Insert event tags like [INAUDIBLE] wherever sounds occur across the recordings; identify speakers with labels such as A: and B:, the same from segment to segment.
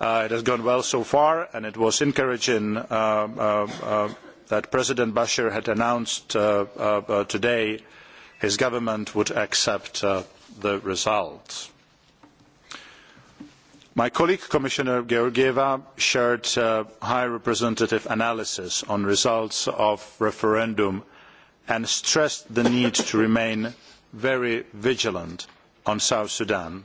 A: Uh, it has gone well so far and it was encouraging uh, uh, that president bashir had announced today that his government would accept the results. my colleague commissioner georgieva shared the high representative's analysis on the results of the referendum and stressed the need to remain very vigilant on south sudan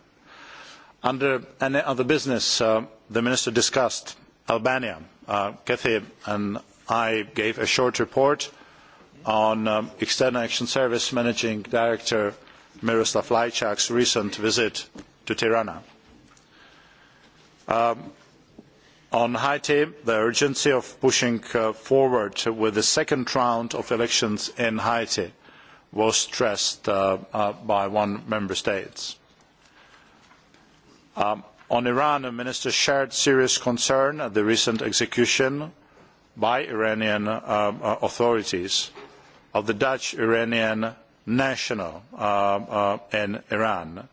A: under any other business uh, the minister discussed albania. Uh, cathy and i gave a short report on the um, external action service managing director miroslav lajcak's recent visit to tirana. Um, on haiti the urgency of pushing uh, forward with the second round of elections in haiti was stressed by one member state. Um, on iran a minister shared serious concern at the recent execution by iranian um, uh, authorities of the dutch iranian national um, uh, in iran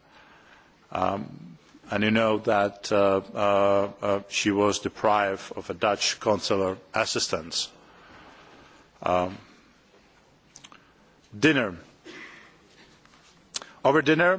A: and you know that uh, she was deprived of dutch consular assistance. over dinner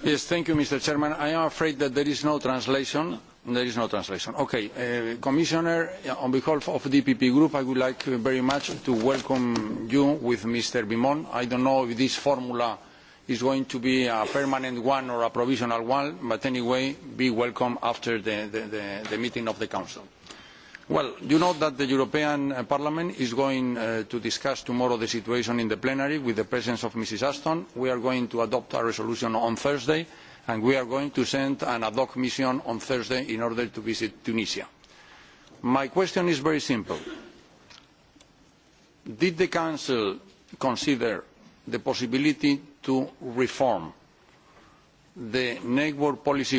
B: mr president i am afraid that there is no translation. there is no translation. Uh, commissioner uh, on behalf of the epp group i would like very much to welcome you with mr vimont. i do not know if this formula is going to be a permanent one or a provisional one but anyway be welcome after the meeting of the council you know that the european uh, parliament is going uh, to discuss tomorrow the situation in the plenary with the presence of ms ashton. we are going to adopt a resolution on thursday and we are going to send an ad hoc mission on thursday in order to visit tunisia. my question is very simple did the council consider the possibility of reforming the neighbourhood policy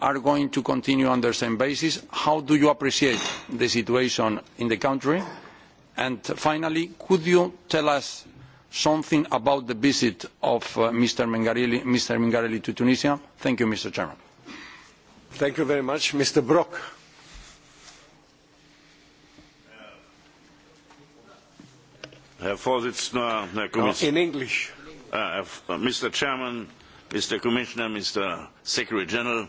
B: are going to continue on the same basis? How do you appreciate the situation in the country? And finally, could you tell us something about the visit of uh, Mr. Mengarelli, Mr. Mengarelli to Tunisia? Thank you, Mr. Chairman.
C: Thank you very much. Mr. Brock.
D: Uh, no, in English. Uh, Mr. Uh, Chairman, Mr. Commissioner, Mr. Secretary General,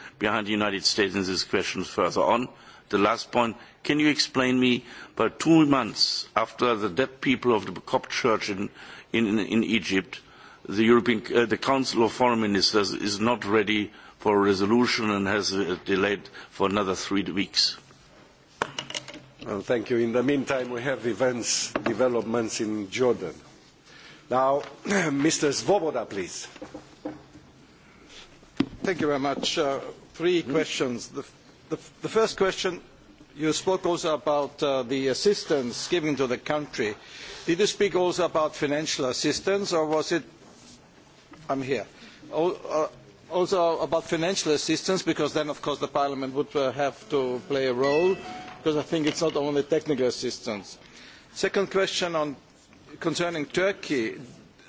D: behind the United States in this question further on. The last point, can you explain me, about two months after the dead people of the Copt Church in, in, in Egypt, the, European, uh, the Council of Foreign Ministers is not ready for a resolution and has uh, delayed for another three weeks?
C: Well, thank you. In the meantime, we have events, developments in Jordan. Now, [CLEARS THROAT]
E: Mr. Svoboda, please. Thank you very much. Uh, three hmm? questions. The first question, you spoke also about uh, the assistance given to the country. Did you speak also about financial assistance or was it, I'm here, uh, also about financial assistance because then of course the parliament would uh, have to play a role because I think it's not only technical assistance. Second question on, concerning Turkey,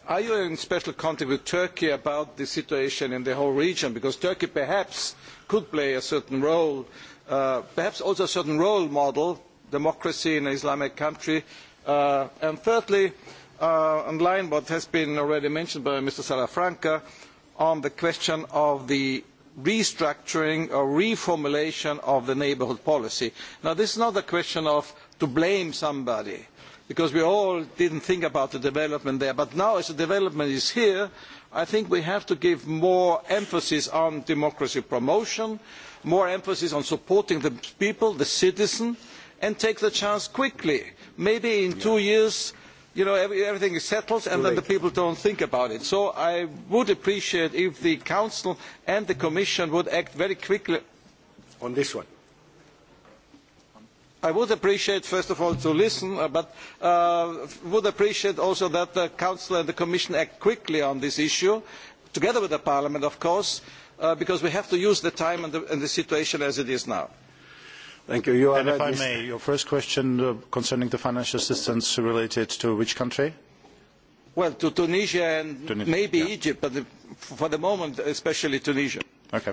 E: are you in special contact with Turkey about the situation in the whole region? Because Turkey perhaps could play a certain role, uh, perhaps also a certain role model, democracy in an Islamic country. Uh, and thirdly, uh, in line what has been already mentioned by Mr. Salafranca, on the question of the restructuring or reformulation of the neighbourhood policy. Now, this is not a question of to blame somebody because we all did not think about the development there. But now, as the development is here, I think we have to give more emphasis on democracy promotion, more emphasis on supporting the people, the citizen, and take the chance quickly. Maybe in yeah. two years, you know, every, everything is settled and then the people don't think about it. So I would appreciate if the Council and the Commission would act very quickly. On this one. I would appreciate, first of all, to listen, uh, but uh, would appreciate also that the Council and the Commission act quickly on this issue, together with the Parliament, of course, uh, because we have to use the time and the, and the situation as it is now.
A: Thank you. you are and if right I this... may, your first question uh, concerning the financial assistance related to which country?
E: Well, to Tunisia and Tunis maybe yeah. Egypt, but the, for the moment, especially Tunisia.
A: Okay.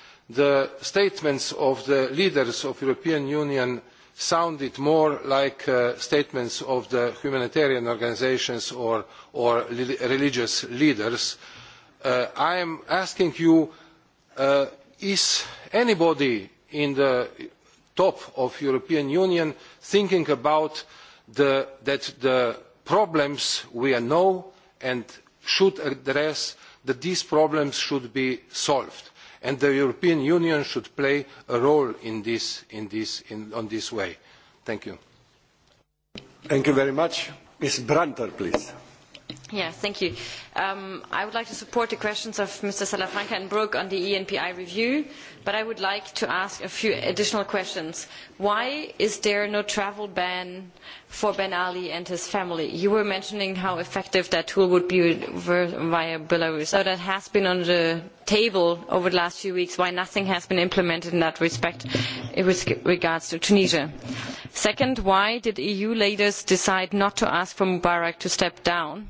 F: the statements of the leaders of the european union sounded more like the uh, statements of humanitarian organisations or religious leaders. Uh, i am asking you uh, is anybody at the top of the european union thinking about the fact that the problems we know and should address should be solved? and the european union should play a role in this in this in this way. thank you.
G: Um, i would like to support the questions of mr salafranca and mr brok on the enpi review but i would like to ask a few additional questions why is there no travel ban for ben ali and his family? you were mentioning how effective that tool would be via belarus. so that has been on the table over the last few weeks. why nothing has been implemented in that respect with regards to tunisia? second why did eu leaders decide not to ask for mubarak to step down?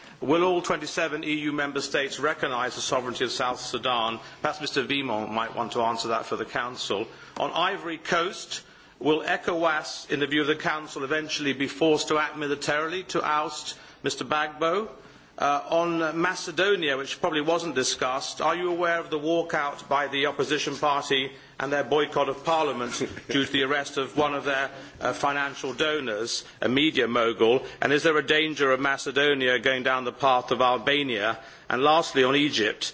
H: will all twenty seven eu member states recognise the sovereignty of south sudan? perhaps mr vimont might want to answer that for the council. on ivory coast will ecowas in the view of the council eventually be forced to act militarily to oust mr gbagbo? Uh, on macedonia which probably was not discussed are you aware of the walkout by the opposition party and their boycott of parliament [LAUGHS] due to the arrest of one of their uh, financial donors a media mogul and is there a danger of macedonia going down the path of albania and lastly on egypt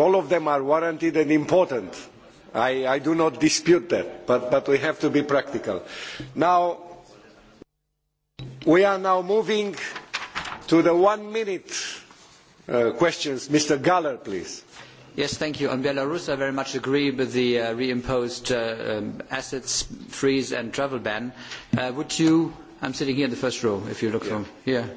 C: all of them are warranted and important. I, I do not dispute that, but, but we have to be practical. Now, we are now moving to the one-minute uh, questions. Mr. Galler, please.
I: Yes, thank you. On Belarus, I very much agree with the uh, reimposed uh, um, assets freeze and travel ban. Uh, would you... I'm sitting here in the first row, if you look yeah. from here.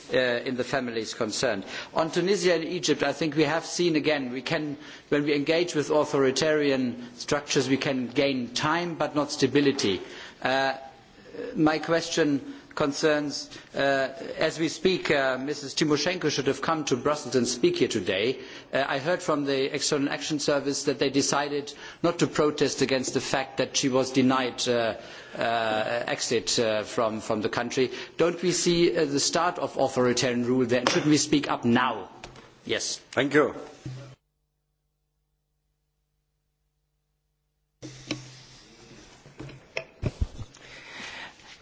I: Uh, in the families concerned. On Tunisia and Egypt, I think we have seen again, we can, when we engage with authoritarian structures, we can gain time but not stability. Uh, my question concerns, uh, as we speak, uh, Mrs. Timoshenko should have come to Brussels and speak here today. Uh, I heard from the External Action Service that they decided not to protest against the fact that she was denied uh, uh, exit uh, from, from the country. Don't we see uh, the start of authoritarian rule there? Shouldn't we speak up now?
J: Yes. Thank you.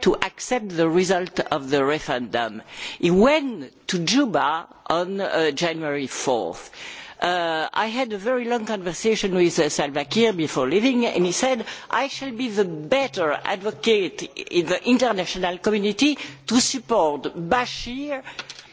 K: to accept the result of the referendum. he went to juba on four uh, january. Uh, i had a very long conversation with uh, salva kiir before leaving and he said i shall be the better advocate in the international community to support bashir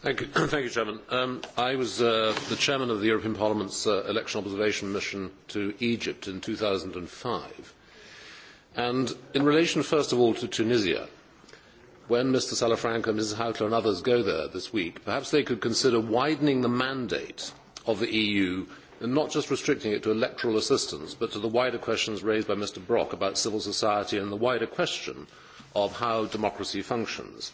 K: [CLEARS THROAT] Um, i was uh,
F: the chairman of the european parliament's uh, election observation mission to egypt in two thousand and five and in relation first of all to tunisia when mr salafranca ms hautala and others go there this week perhaps they could consider widening the mandate of the eu and not just restricting it to electoral assistance but to the wider questions raised by mr brok about civil society and the wider question of how democracy functions.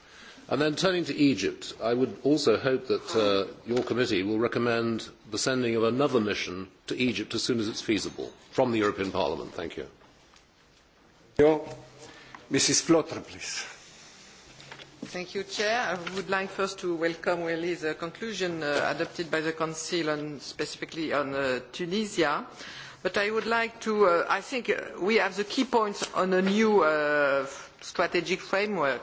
F: Turning to Egypt, I would also hope that uh, your committee will recommend the sending of another mission to Egypt as soon as it's feasible from the European Parliament. Thank you.
C: Mrs. Flautre, please.
L: Thank you, Chair. I would like first to welcome really the conclusion uh, adopted by the Council on, specifically on uh, Tunisia. I would like to, I think we have the key points on a new strategic framework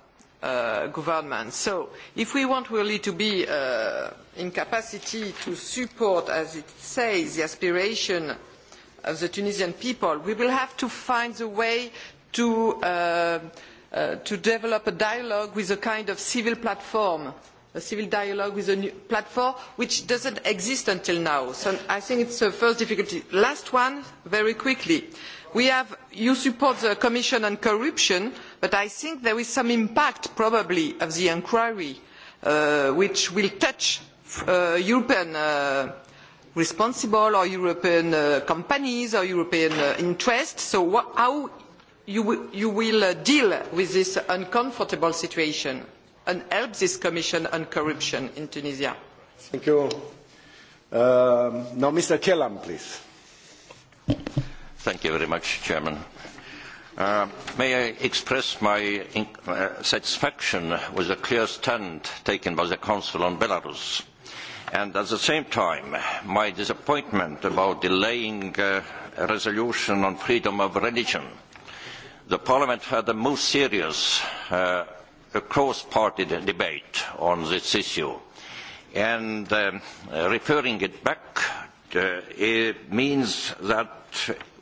L: uh, government. So if we want really to be uh, in capacity to support, as it says, the aspiration of the Tunisian people, we will have to find a way to, uh, uh, to develop a dialogue with a kind of civil platform, a civil dialogue with a new platform which doesn't exist until now. So I think it's the first difficulty. Last one, very quickly. Uh, you support the commission on corruption but i think there is some impact probably of the inquiry uh, which will touch uh, european uh, responsible or european companies or european interests so how you will deal with this uncomfortable situation and help this commission on corruption in tunisia
C: thank you uh, now mr kellam please
J: Thank you very much, Chairman. Uh, may I express my inc- uh, satisfaction with the clear stand taken by the Council on Belarus, and at the same time, my disappointment about delaying uh, a resolution on freedom of religion. The Parliament had a most serious uh, cross-party debate on this issue, and uh, referring it back uh, it means that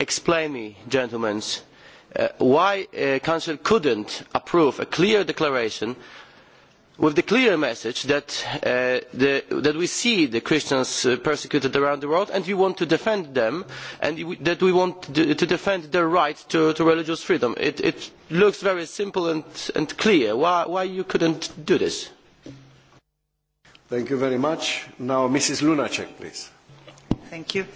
E: explain to me gentlemen uh, why the uh, council could not approve a clear declaration with the clear message that uh, we see the christians persecuted around the world and we want to defend them and that we want to defend their right to religious freedom. it looks very simple and clear. why could you not do this? thank you very much. now ms lunacek please.
M: thank you.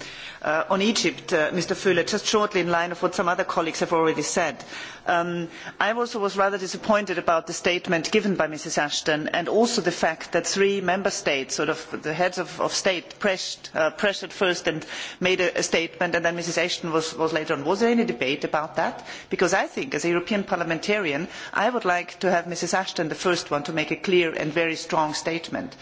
M: Uh, on egypt uh, mr fle just shortly in line with what some other colleagues have already
K: said um, i was also rather disappointed about the statement given by mrs ashton and also the fact that three member states the heads of state uh, pressured first and made a statement and then mrs ashton was later on. was there any debate about that?
M: because i think as a european parliamentarian i would like to have mrs ashton be the first one to make a clear and very strong statement.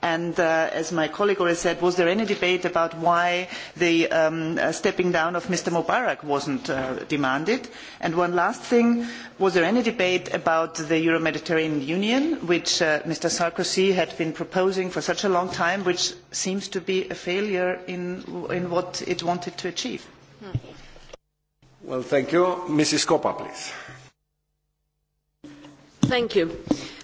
M: as my colleague already said was there any debate about
K: why the um, uh, stepping down of Mr. Mubarak wasn't uh, demanded. And one last thing, was there any debate about the Euro-Mediterranean Union, which uh, Mr. Sarkozy had been proposing for such a long time, which seems to be a failure in, in what it wanted to achieve?
C: Well, thank you. Mrs. Kopa, please.
K: Thank you.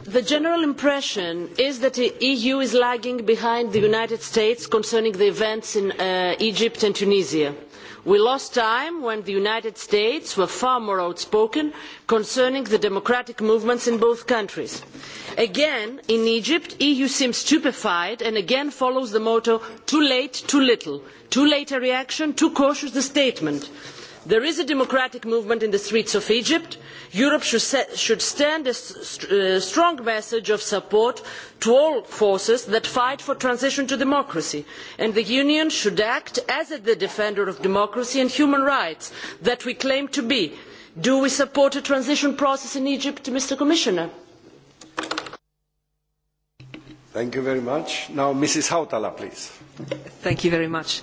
K: The general impression is that the EU is lagging behind the United States concerning the events in uh, Egypt and Tunisia. We lost time when the United States were far more outspoken concerning the democratic movements in both countries. Again, in Egypt, EU seems stupefied and again follows the motto, too late, too little. Too late a reaction, too cautious a statement there is a democratic movement in the streets of egypt europe should send a uh, strong message of support to all forces that fight for transition to democracy and the union should act as the defender of democracy and human rights that we claim to be. do we support a transition process in egypt mr commissioner?
C: thank you very much. now mrs hautala please.
K: thank you very much.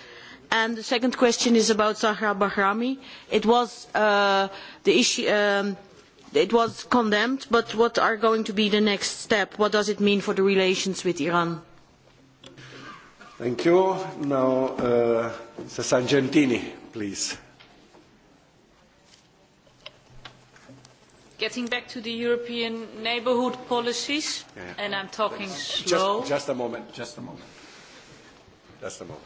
K: and the second question is about Zahra Bahrami. It was uh, the issue. Um, it was condemned, but what are going to be the next step? What does it mean for the relations with Iran?
C: Thank you. Now, uh, Sasan Gentini, please.
M: Getting back to the European neighbourhood policies, yeah. and I'm talking just, slow.
C: Just a moment. Just a moment. Just a moment.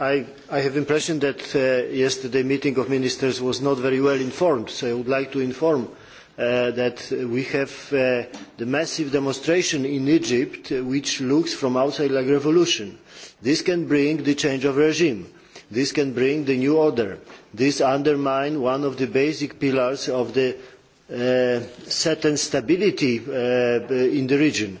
N: i have the impression that uh, yesterday's meeting of ministers was not very well informed so i would like to inform uh, that we have uh, the massive demonstration in egypt uh, which looks from outside like revolution this can bring the change of regime this can bring the new order this undermine one of the basic pillars of the uh, certain stability uh, in the region uh,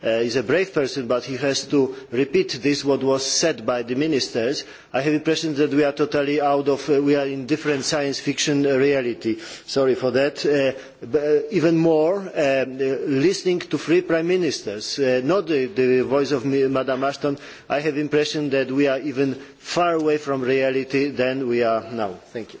N: Uh, is a brave person but he has to repeat this what was said by the ministers i have the impression that we are totally out of uh, we are in different science fiction reality sorry for that uh, but uh, even more um, uh, listening to three prime ministers uh, not the, the voice of madam ashton i have the impression that we are even far away from reality than we are now thank you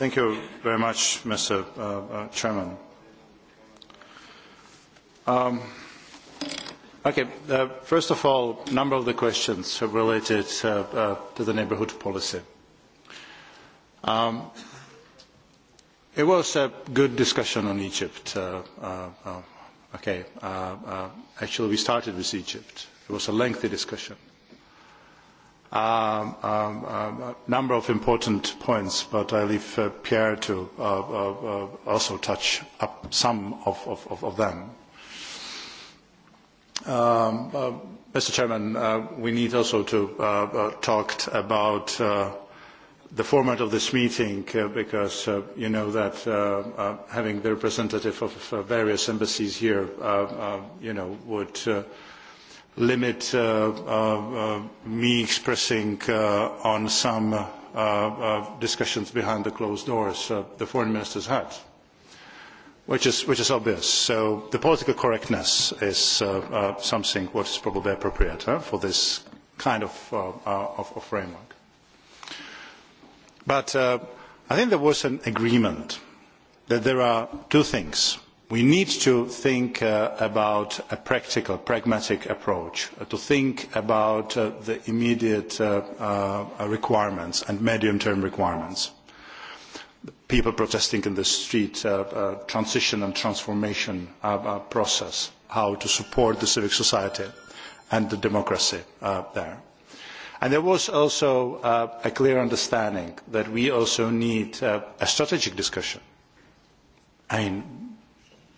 A: Thank you very much, Mr. Uh, uh, Chairman. Um, okay, uh, first of all, a number of the questions are related uh, uh, to the neighbourhood policy. Um, it was a good discussion on Egypt. Uh, uh, uh, okay, uh, uh, actually, we started with Egypt. It was a lengthy discussion. Um, um, um, number of important points but i leave uh, pierre to uh, uh, also touch up some of them. mr president we need also to talk about the format of this meeting because you know that having the representative of various embassies here would limit uh, uh, uh, me expressing on some discussions behind the closed doors the foreign ministers had which is obvious. so political correctness is something that is probably appropriate for this kind of framework. but i think there was an agreement that there are two things we need to think uh, about a practical pragmatic approach uh, to think about uh, the immediate requirements and medium term requirements people protesting in the street uh, uh, transition and transformation uh, uh, process how to support the civic society and the democracy uh, there and there was also uh, a clear understanding that we also need uh, a strategic discussion I mean,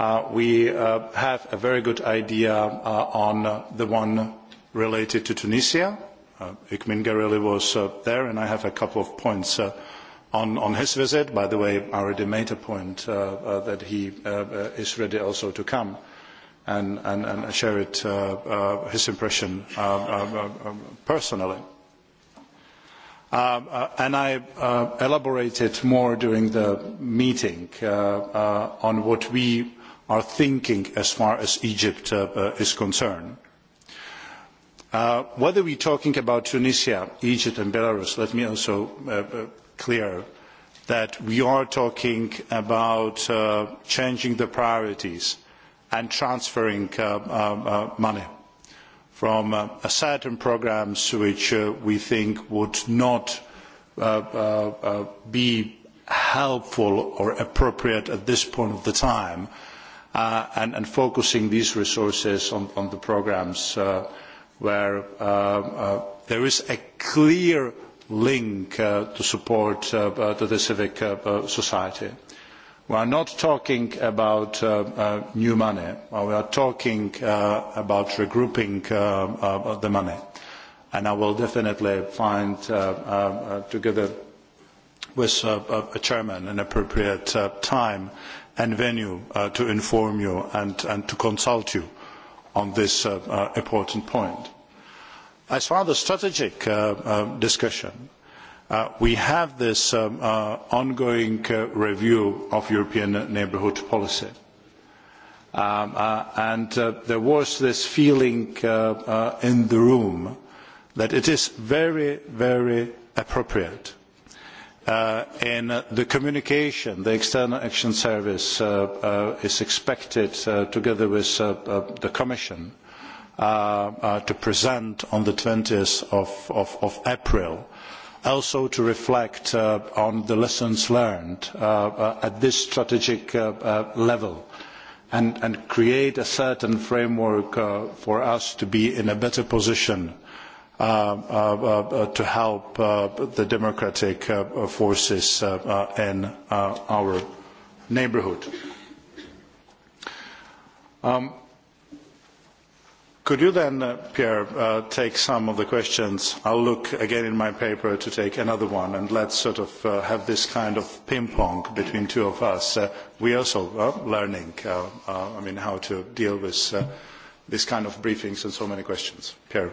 A: Uh, we uh, have a very good idea uh, on the one related to Tunisia. Hikmet Ghareeli was there, and I have a couple of points on his visit. By the way, I already made a point that he is ready also to come and share his impression personally. I elaborated more during the meeting on what we our thinking as far as egypt uh, uh, is concerned. Uh, whether we are talking about tunisia egypt or belarus let me also make clear that we are talking about changing the priorities and transferring money from certain programmes which we think would not be helpful or appropriate at this point in time Uh, and focusing these resources on the programs uh, where uh, there is a clear link to support the civic society. We are not talking about new money. We are talking about regrouping the money. I will definitely find together with a, uh, a, a chairman an appropriate uh, time and venue uh, to inform you and, and to consult you on this uh, uh, important point. As far as the strategic uh, uh, discussion, uh, we have this um, uh, ongoing uh, review of European neighbourhood policy. Um, uh, and uh, there was this feeling uh, uh, in the room that it is very, very appropriate Uh, in the communication the external action service uh, uh, is expected together with the commission to present on twenty april also to reflect on the lessons learned at this strategic level and create a certain framework for us to be in a better position uh, uh, uh, to help uh, the democratic uh, forces uh, uh, in uh, our neighborhood. Um, could you then, uh, Pierre, uh, take some of the questions? I'll look again in my paper to take another one, and let's sort of uh, have this kind of ping-pong between two of us. Uh, we also are uh, learning, uh, uh, I mean, how to deal with uh, this kind
O: of briefings and so many questions. Pierre.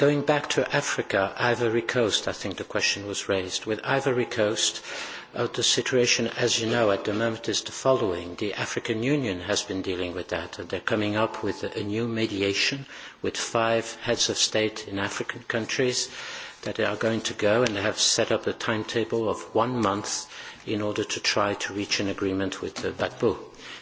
O: Going back to Africa, Ivory Coast, I think the question was raised. With Ivory Coast, uh, the situation, as you know, at the moment is the following. The African Union has been dealing with that. And they're coming up with a new mediation with five heads of state in African countries that are going to go and they have set up a timetable of one month in order to try to reach an agreement with uh, Bakbu.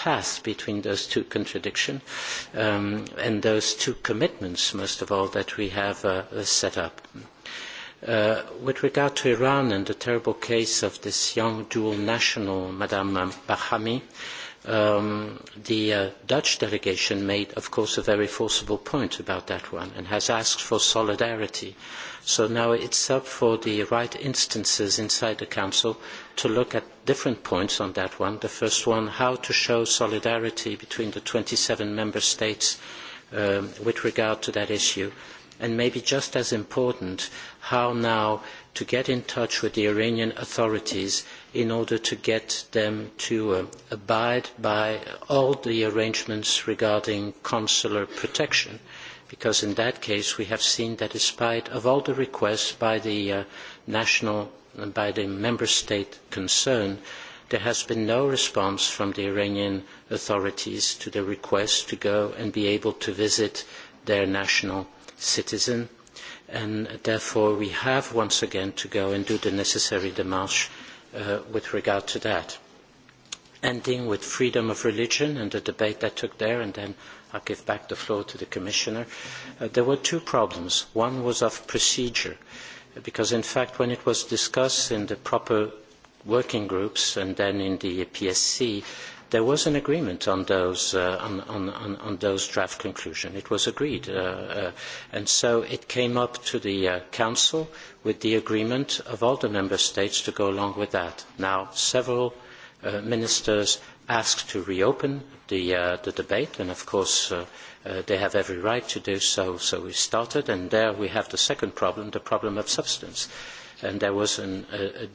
O: path between those two contradictions um, and those two commitments, most of all, that we have uh, set up. Uh, with regard to Iran and the terrible case of this young dual national, Madame Bahami, um, the uh, Dutch delegation made, of course, a very forcible point about that one and has asked for solidarity uh, So now it's up for the right instances inside the Council to look at different points on that one. The first one, how to show solidarity between the 27 member states um, with regard to that issue. And maybe just as important, how now to get in touch with the Iranian authorities in order to get them to uh, abide by all the arrangements regarding consular protection. Uh, because in that case we have seen that despite of all the requests by the uh, national uh, by the member state concerned there has been no response from the Iranian authorities to the request to go and be able to visit their national citizen and therefore we have once again to go and do the necessary demarche uh, with regard to that ending with freedom of religion and the debate that took there, and then I'll give back the floor to the Commissioner. Uh, there were two problems. One was of procedure, because in fact when it was discussed in the proper working groups and then in the PSC, there was an agreement on those, uh, on, on, on those draft conclusions. It was agreed. Uh, uh, and so it came up to the uh, Council with the agreement of all the Member States to go along with that. Now, several uh, ministers asked to reopen the, uh, the debate, and of course uh, uh, they have every right to do so, so we started, and there we have the second problem, the problem of substance. And there was an, a, a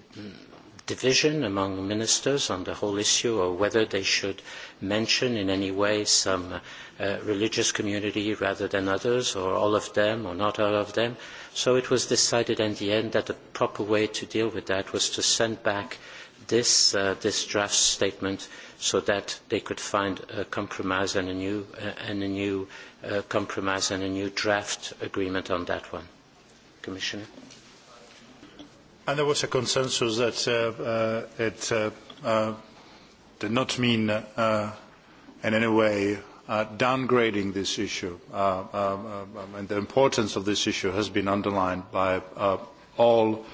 O: division among ministers on the whole issue of whether they should mention in any way some uh, religious community rather than others, or all of them, or not all of them. So it was decided in the end that the proper way to deal with that was to send back uh, this, uh, this draft statement so that they could find a compromise and a new, uh, and a new uh, compromise and a new draft agreement on that one. Commissioner?
A: And there was a consensus that uh, uh, it uh, uh, did not mean uh, in any way uh, downgrading this issue. Uh, um, um, and the importance of this issue has been underlined by uh, all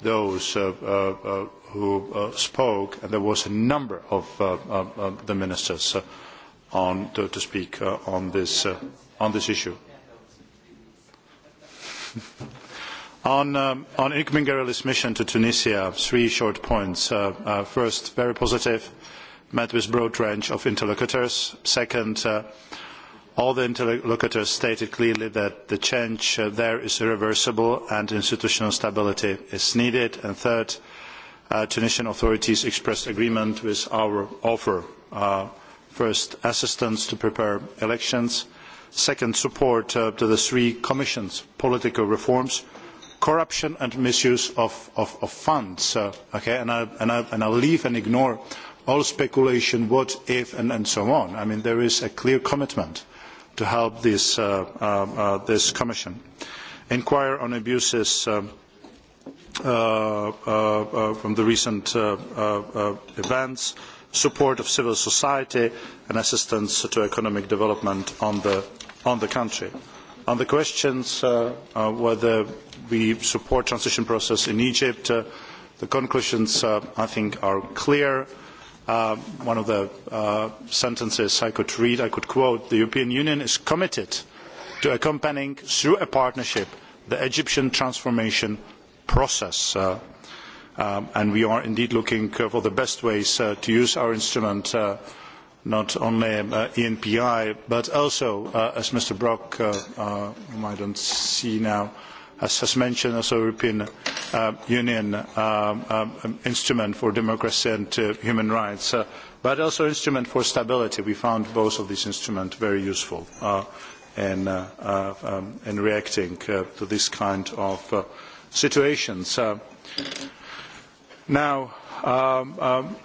A: those uh, uh, who uh, spoke and there were a number of uh, uh, the ministers on to, to speak on this on this issue [LAUGHS] on um, on incoming Gerali's mission to Tunisia three short points uh, uh, first very positive met with broad range of interlocutors second uh, all the interlocutors stated clearly that the change uh, there is irreversible and institutional stability is needed. And third, uh, Uh, tunisian authorities expressed agreement with our offer uh, first assistance to prepare elections second support uh, to the three commission's political reforms corruption and misuse of, of, of funds okay and I, and I and i leave and ignore all speculation what if and, and so on i mean there is a clear commitment to help this uh, uh, this commission inquire on abuses uh, Uh, uh, uh, from the recent uh, uh, uh, events, support of civil society, and assistance to economic development on the, on the country. On the questions uh, uh, whether we support transition process in Egypt, uh, the conclusions uh, I think are clear. Uh, one of the uh, sentences I could read, I could quote, the European Union is committed to accompanying through a partnership the Egyptian transformation process uh, um, and we are indeed looking uh, for the best ways uh, to use our instrument not only enpi but also as mr brok whom i do not see now has mentioned as a european union um, um, instrument for democracy and human rights but also an instrument for stability. we found both of these instruments very useful in reacting to this kind of situations. Uh, now, um, um,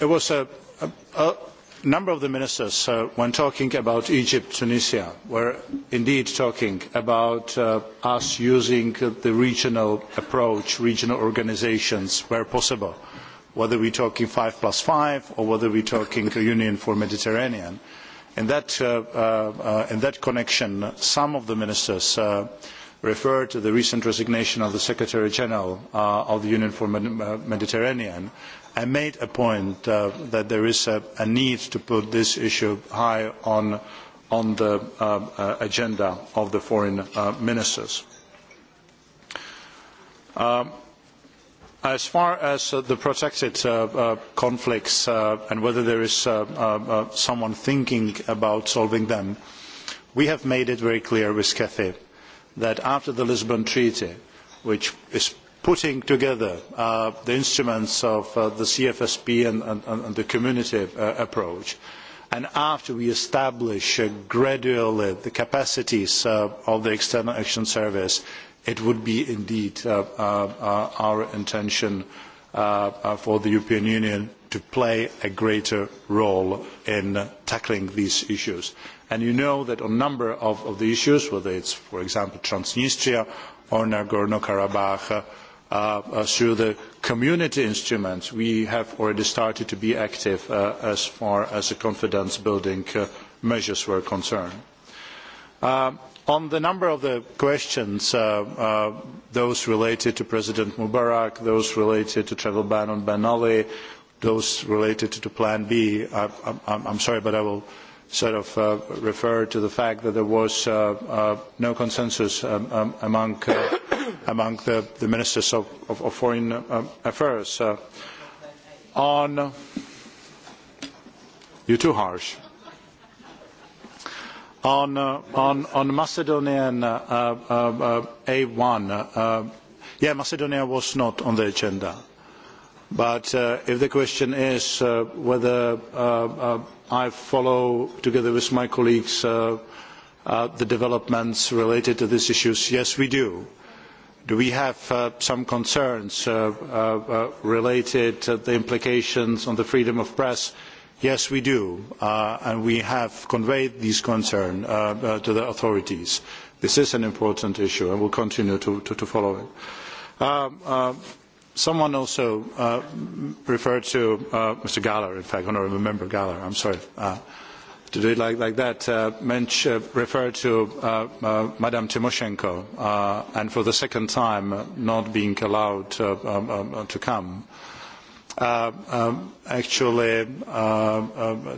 A: it was a, a, a number of the ministers uh, when talking about Egypt, Tunisia, were indeed talking about uh, us using the regional approach, regional organisations where possible. Whether we're talking five plus five, or whether we're talking a union for Mediterranean, in that uh, uh, uh, in that connection, some of the ministers. Uh, refer to the recent resignation of the secretary general uh, of the union for the uh, mediterranean i made a point uh, that there is a need to put this issue high on the agenda of the foreign ministers. as far as the protected conflicts and whether there is someone thinking about solving them we have made it very clear with that after the lisbon treaty which is putting together uh, the instruments of uh, the cfsp and the community uh, approach and after we establish gradually the capacities of the external action service it would be indeed our intention for the european union to play a greater role in tackling these issues and you know that on a number of the issues whether it is for example transnistria or nagorno karabakh uh, uh, through the community instruments, we have already started to be active uh, as far as the confidence building uh, measures were concerned. Uh, on the number of the questions, uh, uh, those related to President Mubarak, those related to travel ban on Ben Ali, those related to Plan B, I, I, I'm sorry, but I will uh, sort of uh, referred to the fact that there was uh, uh, no consensus um, um, among uh, [COUGHS] among the, the ministers of, of, of foreign uh, affairs uh, on uh, you're too harsh on uh, on on Macedonian uh, uh, uh, A1 uh, uh, yeah Macedonia was not on the agenda but uh, if the question is uh, whether uh, uh, I follow, together with my colleagues, uh, uh, the developments related to these issues, yes, we do. Do we have uh, some concerns uh, uh, uh, related to the implications on the freedom of press? Yes, we do, uh, and we have conveyed these concerns uh, uh, to the authorities. This is an important issue, and we'll continue to, to, to follow it. Um, uh, someone also uh, referred to uh, mr gahler in fact honourable member gahler i am sorry uh, to do it like that referred to madam tymoshenko and for the second time not being allowed to um, um, come. Um, actually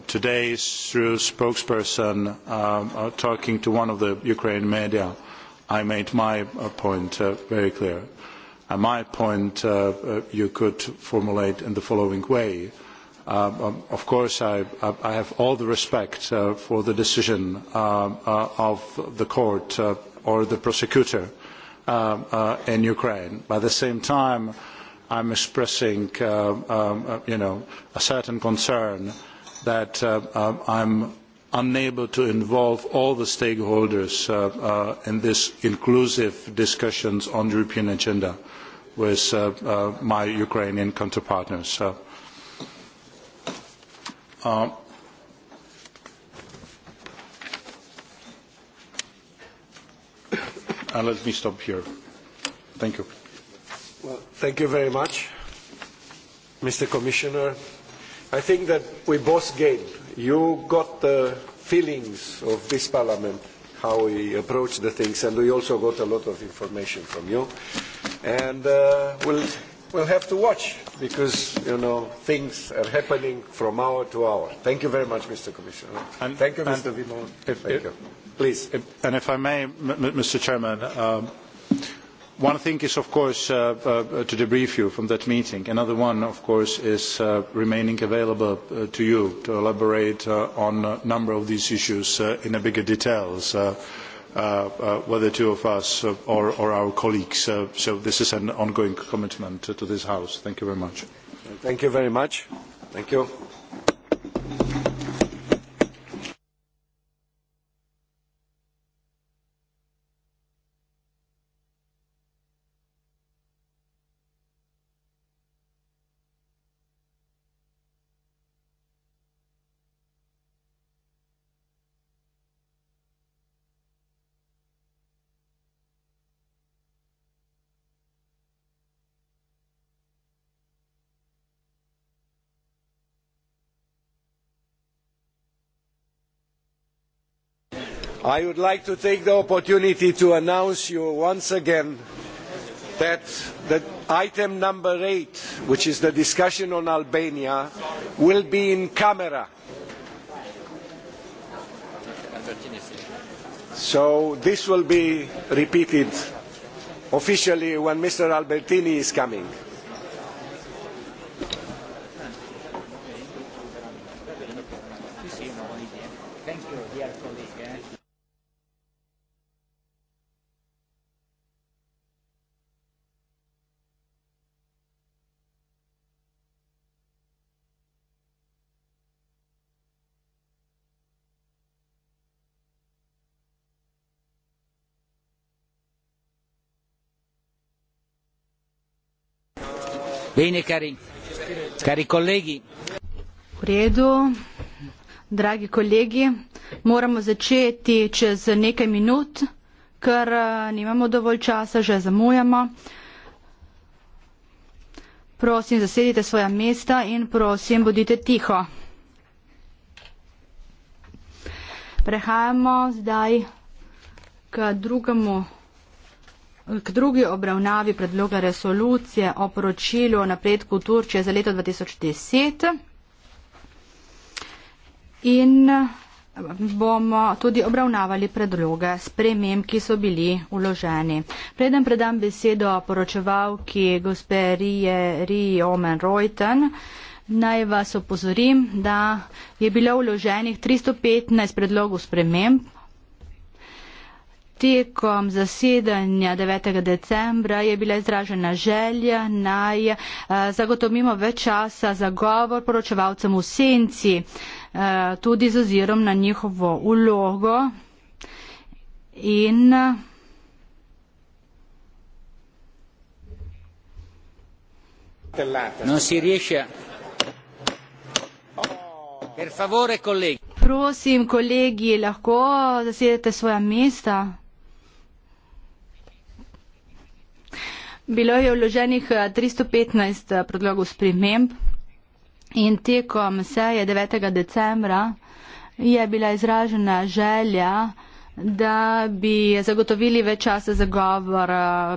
A: today's through spokesperson talking to one of the ukrainian media i made my point very clear my point uh, uh, you could formulate in the following way uh, um, of course i have all the respect for the decision of the court or the prosecutor in ukraine but at the same time i am expressing um, you know a certain concern that i am unable to involve all the stakeholders in this inclusive discussions on the european agenda with uh, uh, my Ukrainian counterpartners. So, uh, and let me stop here. Thank you.
C: Well, thank you very much, Mr. Commissioner. I think that we both gained. You got the feelings of this Parliament, how we approach the things, and we also got a lot of information from you and uh, we'll, we'll have to watch because, you know, things are happening from hour to hour. Thank you very much, Mr. Commissioner. And, Thank you, and Mr.
A: Vimon. Thank you. Please. If, and if I may, M- Mr. Chairman, um, one thing is, of course, uh, uh, to debrief you from that meeting. Another one, of course, is uh, remaining available uh, to you to elaborate uh, on a number of these issues uh, in a bigger details. Uh, Uh, uh, whether two of us uh, or our colleagues so this is an ongoing commitment to this house. thank you
C: very much. i would like to take the opportunity to announce you once again that the item number eight which is the discussion on albania will be in camera so this will be repeated officially when mr albertini is coming.
I: Bene, cari,
O: cari colleghi.
P: V redu, dragi kolegi, moramo začeti čez nekaj minut, ker eh, nimamo dovolj časa, že zamujamo. Prosim, zasedite svoja mesta in prosim, bodite tiho. Prehajamo zdaj k drugemu K drugi obravnavi predloga resolucije o poročilu o napredku Turčije za leto 2010 in bomo tudi obravnavali predloge sprememb, ki so bili vloženi. Preden predam besedo poročevalki gospe Rije Rije Omen Reuten, naj vas opozorim, da je bilo vloženih 315 predlogov sprememb tekom zasedanja 9. decembra je bila izražena želja naj eh, zagotovimo več časa za govor poročevalcem v senci, eh, tudi z ozirom na njihovo ulogo in
O: Non si riesce a... Per favore, colleghi.
P: Prosim, colleghi, lahko zasedete svoja mesta. Bilo je vloženih 315 eh, eh, predlogov sprememb in tekom seje 9. decembra je bila izražena želja, da bi zagotovili več časa za govor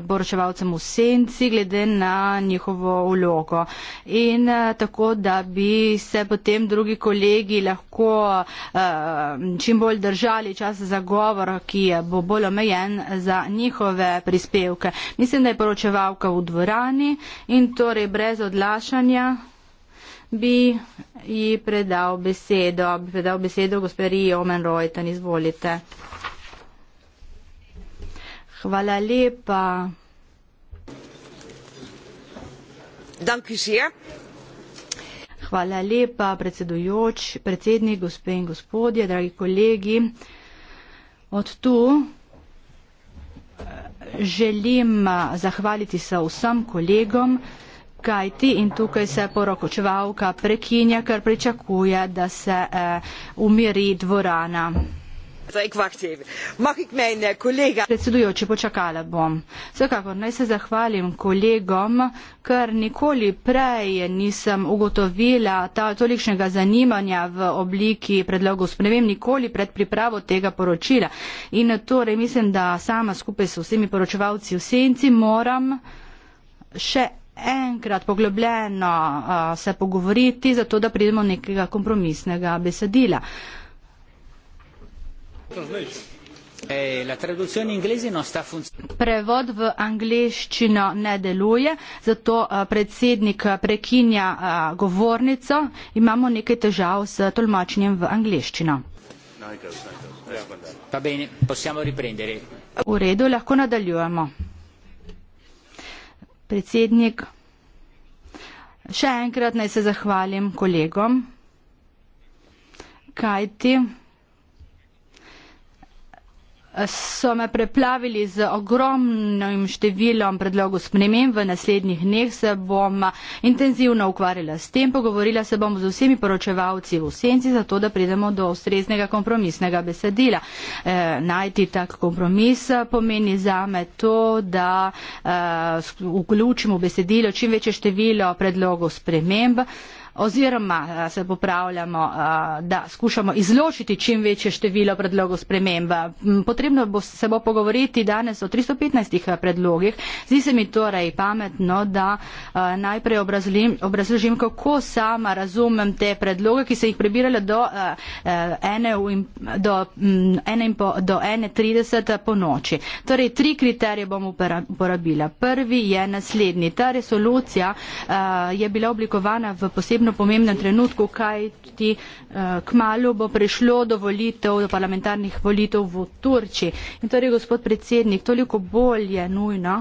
P: boroševalcem eh, v senci glede na njihovo vlogo in eh, tako, da bi se potem drugi kolegi lahko eh, čim bolj držali čas za govor, ki bo bolj omejen za njihove prispevke. Mislim, da je poročevalka v dvorani in torej brez odlašanja bi ji predal besedo, bi predal besedo gospodari Omen Rojten, izvolite. Hvala lepa.
D: Dank u zeer.
P: Hvala lepa, predsedujoč, predsednik, gospe in gospodje, dragi kolegi. Od tu eh, želim eh, zahvaliti se vsem kolegom, kajti in tukaj se porokočevalka prekinja, ker pričakuje, da se eh, umiri dvorana.
G: Eh,
P: Predsedujoči, počakala bom. Vsekakor naj se zahvalim kolegom, ker nikoli prej nisem ugotovila ta tolikšnega zanimanja v obliki predlogov, ne vem, nikoli pred pripravo tega poročila. In torej mislim, da sama skupaj s vsemi poročevalci v senci moram še enkrat poglobljeno uh, se pogovoriti, zato da pridemo nekega kompromisnega besedila. Uh, Eh, Prevod v angliščino ne deluje, zato eh, predsednik eh, prekinja govornico. Imamo nekaj težav s tolmačenjem v angliščino. V redu, lahko nadaljujemo. Predsednik, še enkrat naj se zahvalim kolegom, kajti so me preplavili z ogromnim številom predlogov sprememb. V naslednjih dneh se bom intenzivno ukvarjala s tem, pogovorila se bom z vsemi poročevalci v senci, zato da pridemo do ustreznega kompromisnega besedila. E, najti tak kompromis pomeni za me to, da e, vključimo besedilo čim večje število predlogov sprememb oziroma eh, se popravljamo, eh, da skušamo izločiti čim večje število predlogov sprememb. Potrebno bo se bo pogovoriti danes o 315 eh, predlogih. Zdi se mi torej pametno, da najprej obrazlim, obrazložim, kako sama razumem te predloge, ki se jih prebirala do 1.30 mm, po noči. Torej, tri kriterije bom uporabila. Prvi je naslednji. Ta resolucija je bila oblikovana v posebnem izredno pomembnem trenutku, kaj ti eh, k malu bo prišlo do volitev, do parlamentarnih volitev v Turčiji. In torej, gospod predsednik, toliko bolj je nujno,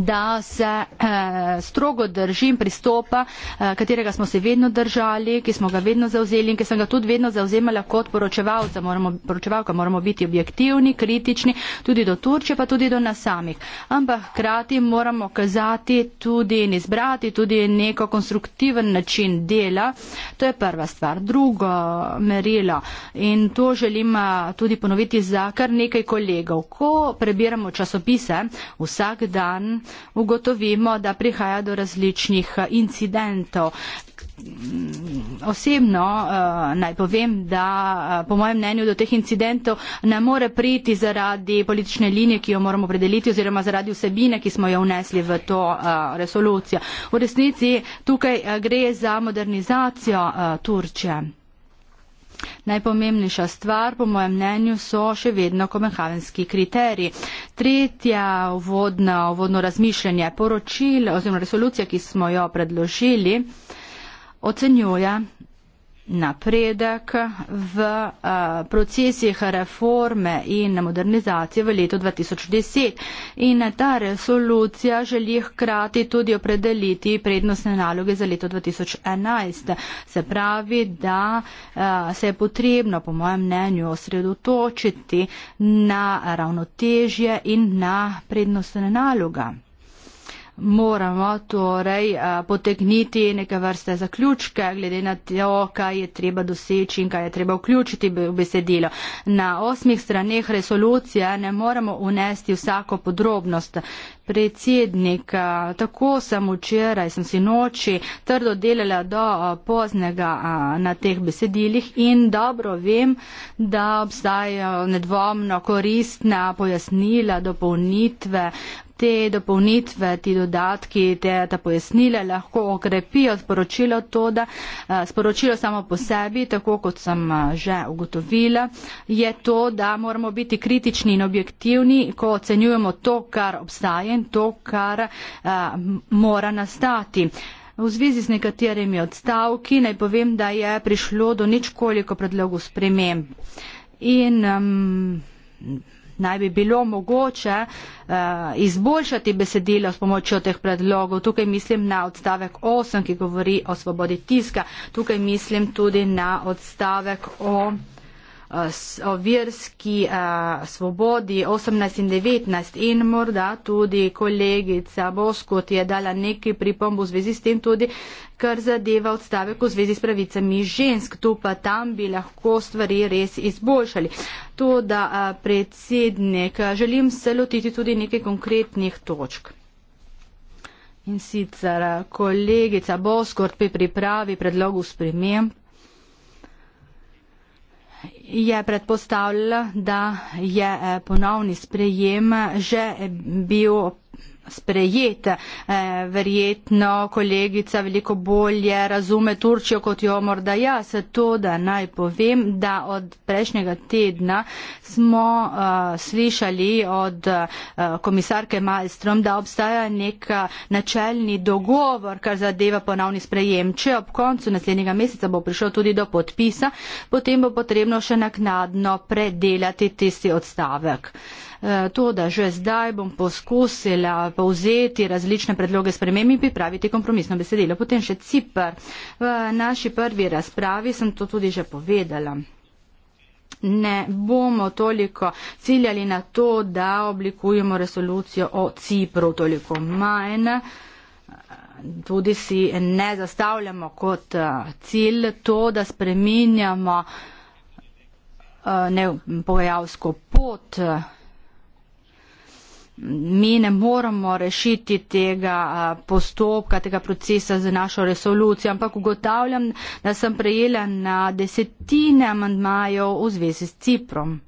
P: da se eh, strogo držim pristopa, eh, katerega smo se vedno držali, ki smo ga vedno zauzeli in ki sem ga tudi vedno zauzemala kot poročevalca. Moramo, poročevalka moramo biti objektivni, kritični, tudi do Turčije, pa tudi do nas samih. Ampak hkrati moramo kazati tudi in izbrati tudi neko konstruktiven način dela. To je prva stvar. Drugo merilo in to želim eh, tudi ponoviti za kar nekaj kolegov. Ko prebiramo časopise vsak dan, ugotovimo, da prihaja do različnih eh, incidentov. Osebno eh, naj povem, da eh, po mojem mnenju do teh incidentov ne more priti zaradi politične linije, ki jo moramo predeliti oziroma zaradi vsebine, ki smo jo vnesli v to resolucijo. V resnici tukaj gre za modernizacijo Turčije. Najpomembnejša stvar, po mojem mnenju, so še vedno komenhavenski kriteriji. Tretja vodna, vodno razmišljanje poročil oziroma resolucija, ki smo jo predložili, ocenjuje napredek v uh, procesih reforme in modernizacije v letu 2010. In ta resolucija želi hkrati tudi opredeliti prednostne naloge za leto 2011. Se pravi, da uh, se je potrebno, po mojem mnenju, osredotočiti na ravnotežje in na prednostne naloge moramo torej eh, potegniti neke vrste zaključke glede na to, kaj je treba doseči in kaj je treba vključiti v besedilo. Na osmih straneh resolucije ne moremo unesti vsako podrobnost. Predsednik, eh, tako sem včeraj, sem si noči trdo delala do eh, poznega na teh besedilih in dobro vem, da obstajajo nedvomno koristna pojasnila, dopolnitve, te dopolnitve, ti dodatki, te, ta pojasnile lahko okrepijo sporočilo to, da eh, sporočilo samo po sebi, tako kot sem eh, že ugotovila, je to, da moramo biti kritični in objektivni, ko ocenjujemo to, kar obstaja in to, kar a, eh, mora nastati. V zvezi z nekaterimi odstavki naj povem, da je prišlo do ničkoliko predlogov sprememb. In, um, naj bi bilo mogoče eh, izboljšati besedilo s pomočjo teh predlogov. Tukaj mislim na odstavek 8, ki govori o svobodi tiska. Tukaj mislim tudi na odstavek o o verski svobodi 18 in 19 in morda tudi kolegica Boskot je dala neki pripomb v zvezi s tem tudi, kar zadeva odstavek v zvezi s pravicami žensk. Tu pa tam bi lahko stvari res izboljšali. To, da predsednik, želim se lotiti tudi nekaj konkretnih točk. In sicer kolegica Boskort pri pripravi predlogu sprememb je predpostavljala, da je eh, ponovni sprejem že eh, bil sprejet. Eh, verjetno kolegica veliko bolje razume Turčijo kot jo morda jaz. To, da naj povem, da od prejšnjega tedna smo uh, slišali od uh, komisarke Malstrom, da obstaja nek načelni dogovor, kar zadeva ponovni sprejem. Če ob koncu naslednjega meseca bo prišel tudi do podpisa, potem bo potrebno še naknadno predelati tisti odstavek. Eh, to, da že zdaj bom poskusila povzeti različne predloge spremem in pripraviti kompromisno besedilo. Potem še Cipr. V naši prvi razpravi sem to tudi že povedala. Ne bomo toliko ciljali na to, da oblikujemo resolucijo o Cipru, toliko manj. Tudi si ne zastavljamo kot eh, cilj to, da spreminjamo eh, pogajalsko pot mi ne moremo rešiti tega postopka, tega procesa z našo resolucijo, ampak ugotavljam, da sem prejela na desetine amandmajev v zvezi s Ciprom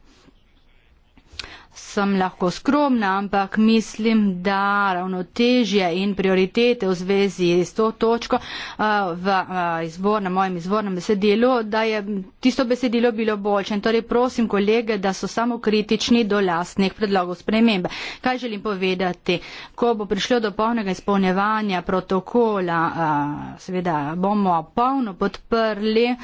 P: sem lahko skromna, ampak mislim, da ravnotežje in prioritete v zvezi s to točko eh, v eh, izvornem, mojem izvornem besedilu, da je tisto besedilo bilo boljše. Torej prosim kolege, da so samo kritični do lastnih predlogov spremembe. Kaj želim povedati? Ko bo prišlo do polnega izpolnevanja protokola, eh, seveda bomo polno podprli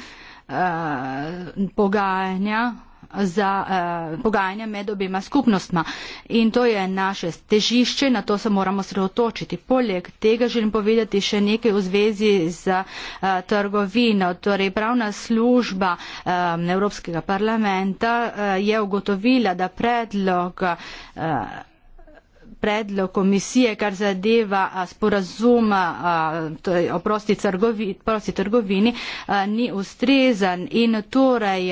P: pogajanja za eh, pogajanja med obima skupnostma. In to je naše težišče, na to se moramo sredotočiti. Poleg tega želim povedati še nekaj v zvezi z eh, trgovino. Torej, pravna služba eh, Evropskega parlamenta eh, je ugotovila, da predlog eh, predlog komisije, kar zadeva sporazuma o prosti, trgovi, prosti trgovini, ni ustrezan in torej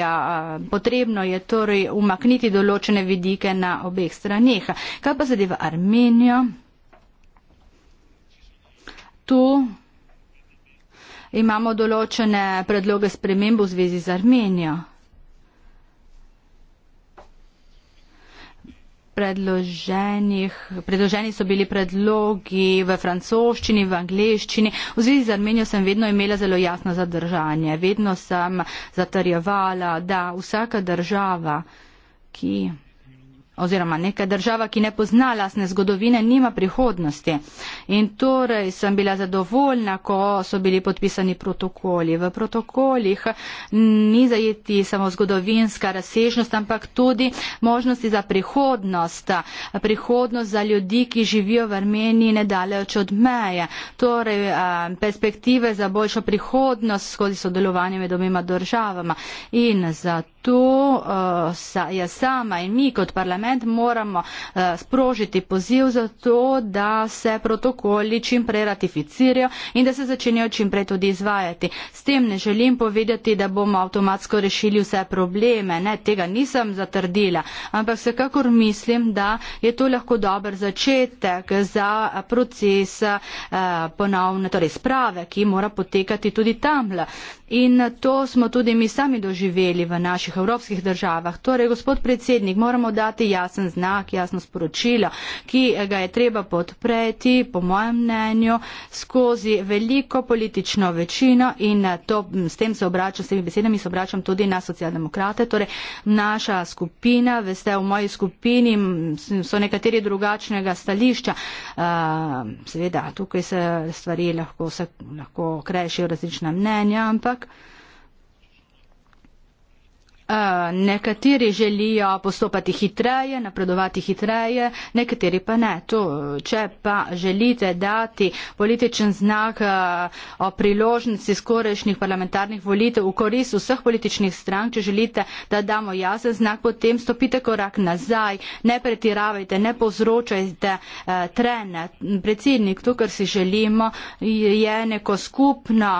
P: potrebno je torej umakniti določene vidike na obeh straneh. Kaj pa zadeva Armenijo? Tu imamo določene predloge spremembo v zvezi z Armenijo. predloženi so bili predlogi v francoščini, v angliščini. V zvezi z Armenijo sem vedno imela zelo jasno zadržanje. Vedno sem zatrjevala, da vsaka država, ki oziroma neka država, ki ne pozna lasne zgodovine, nima prihodnosti. In torej sem bila zadovoljna, ko so bili podpisani protokoli. V protokolih ni zajeti samo zgodovinska razsežnost, ampak tudi možnosti za prihodnost. Prihodnost za ljudi, ki živijo v Armeniji nedaleč od meje. Torej perspektive za boljšo prihodnost skozi sodelovanje med obima državama. In zato uh, sa, jaz sama in mi kot parlament parlament moramo eh, sprožiti poziv za to, da se protokoli čim prej ratificirajo in da se začnejo čim prej tudi izvajati. S tem ne želim povedati, da bomo avtomatsko rešili vse probleme. Ne, tega nisem zatrdila, ampak vsekakor mislim, da je to lahko dober začetek za proces eh, ponovne, torej sprave, ki mora potekati tudi tamle. In to smo tudi mi sami doživeli v naših evropskih državah. Torej, gospod predsednik, moramo dati jasen znak, jasno sporočilo, ki ga je treba podpreti, po mojem mnenju, skozi veliko politično večino in to, s, tem se obračam, s temi besedami se obračam tudi na socialdemokrate. Torej, naša skupina, veste, v moji skupini so nekateri drugačnega stališča. Seveda, tukaj se stvari lahko, lahko krešijo različna mnenja, ampak ampak Eh, nekateri želijo postopati hitreje, napredovati hitreje, nekateri pa ne. To, če pa želite dati političen znak eh, o priložnosti skorešnjih parlamentarnih volitev v korist vseh političnih strank, če želite, da damo jasen znak, potem stopite korak nazaj, ne pretiravajte, ne povzročajte eh, trene. Predsednik, to, kar si želimo, je neko skupno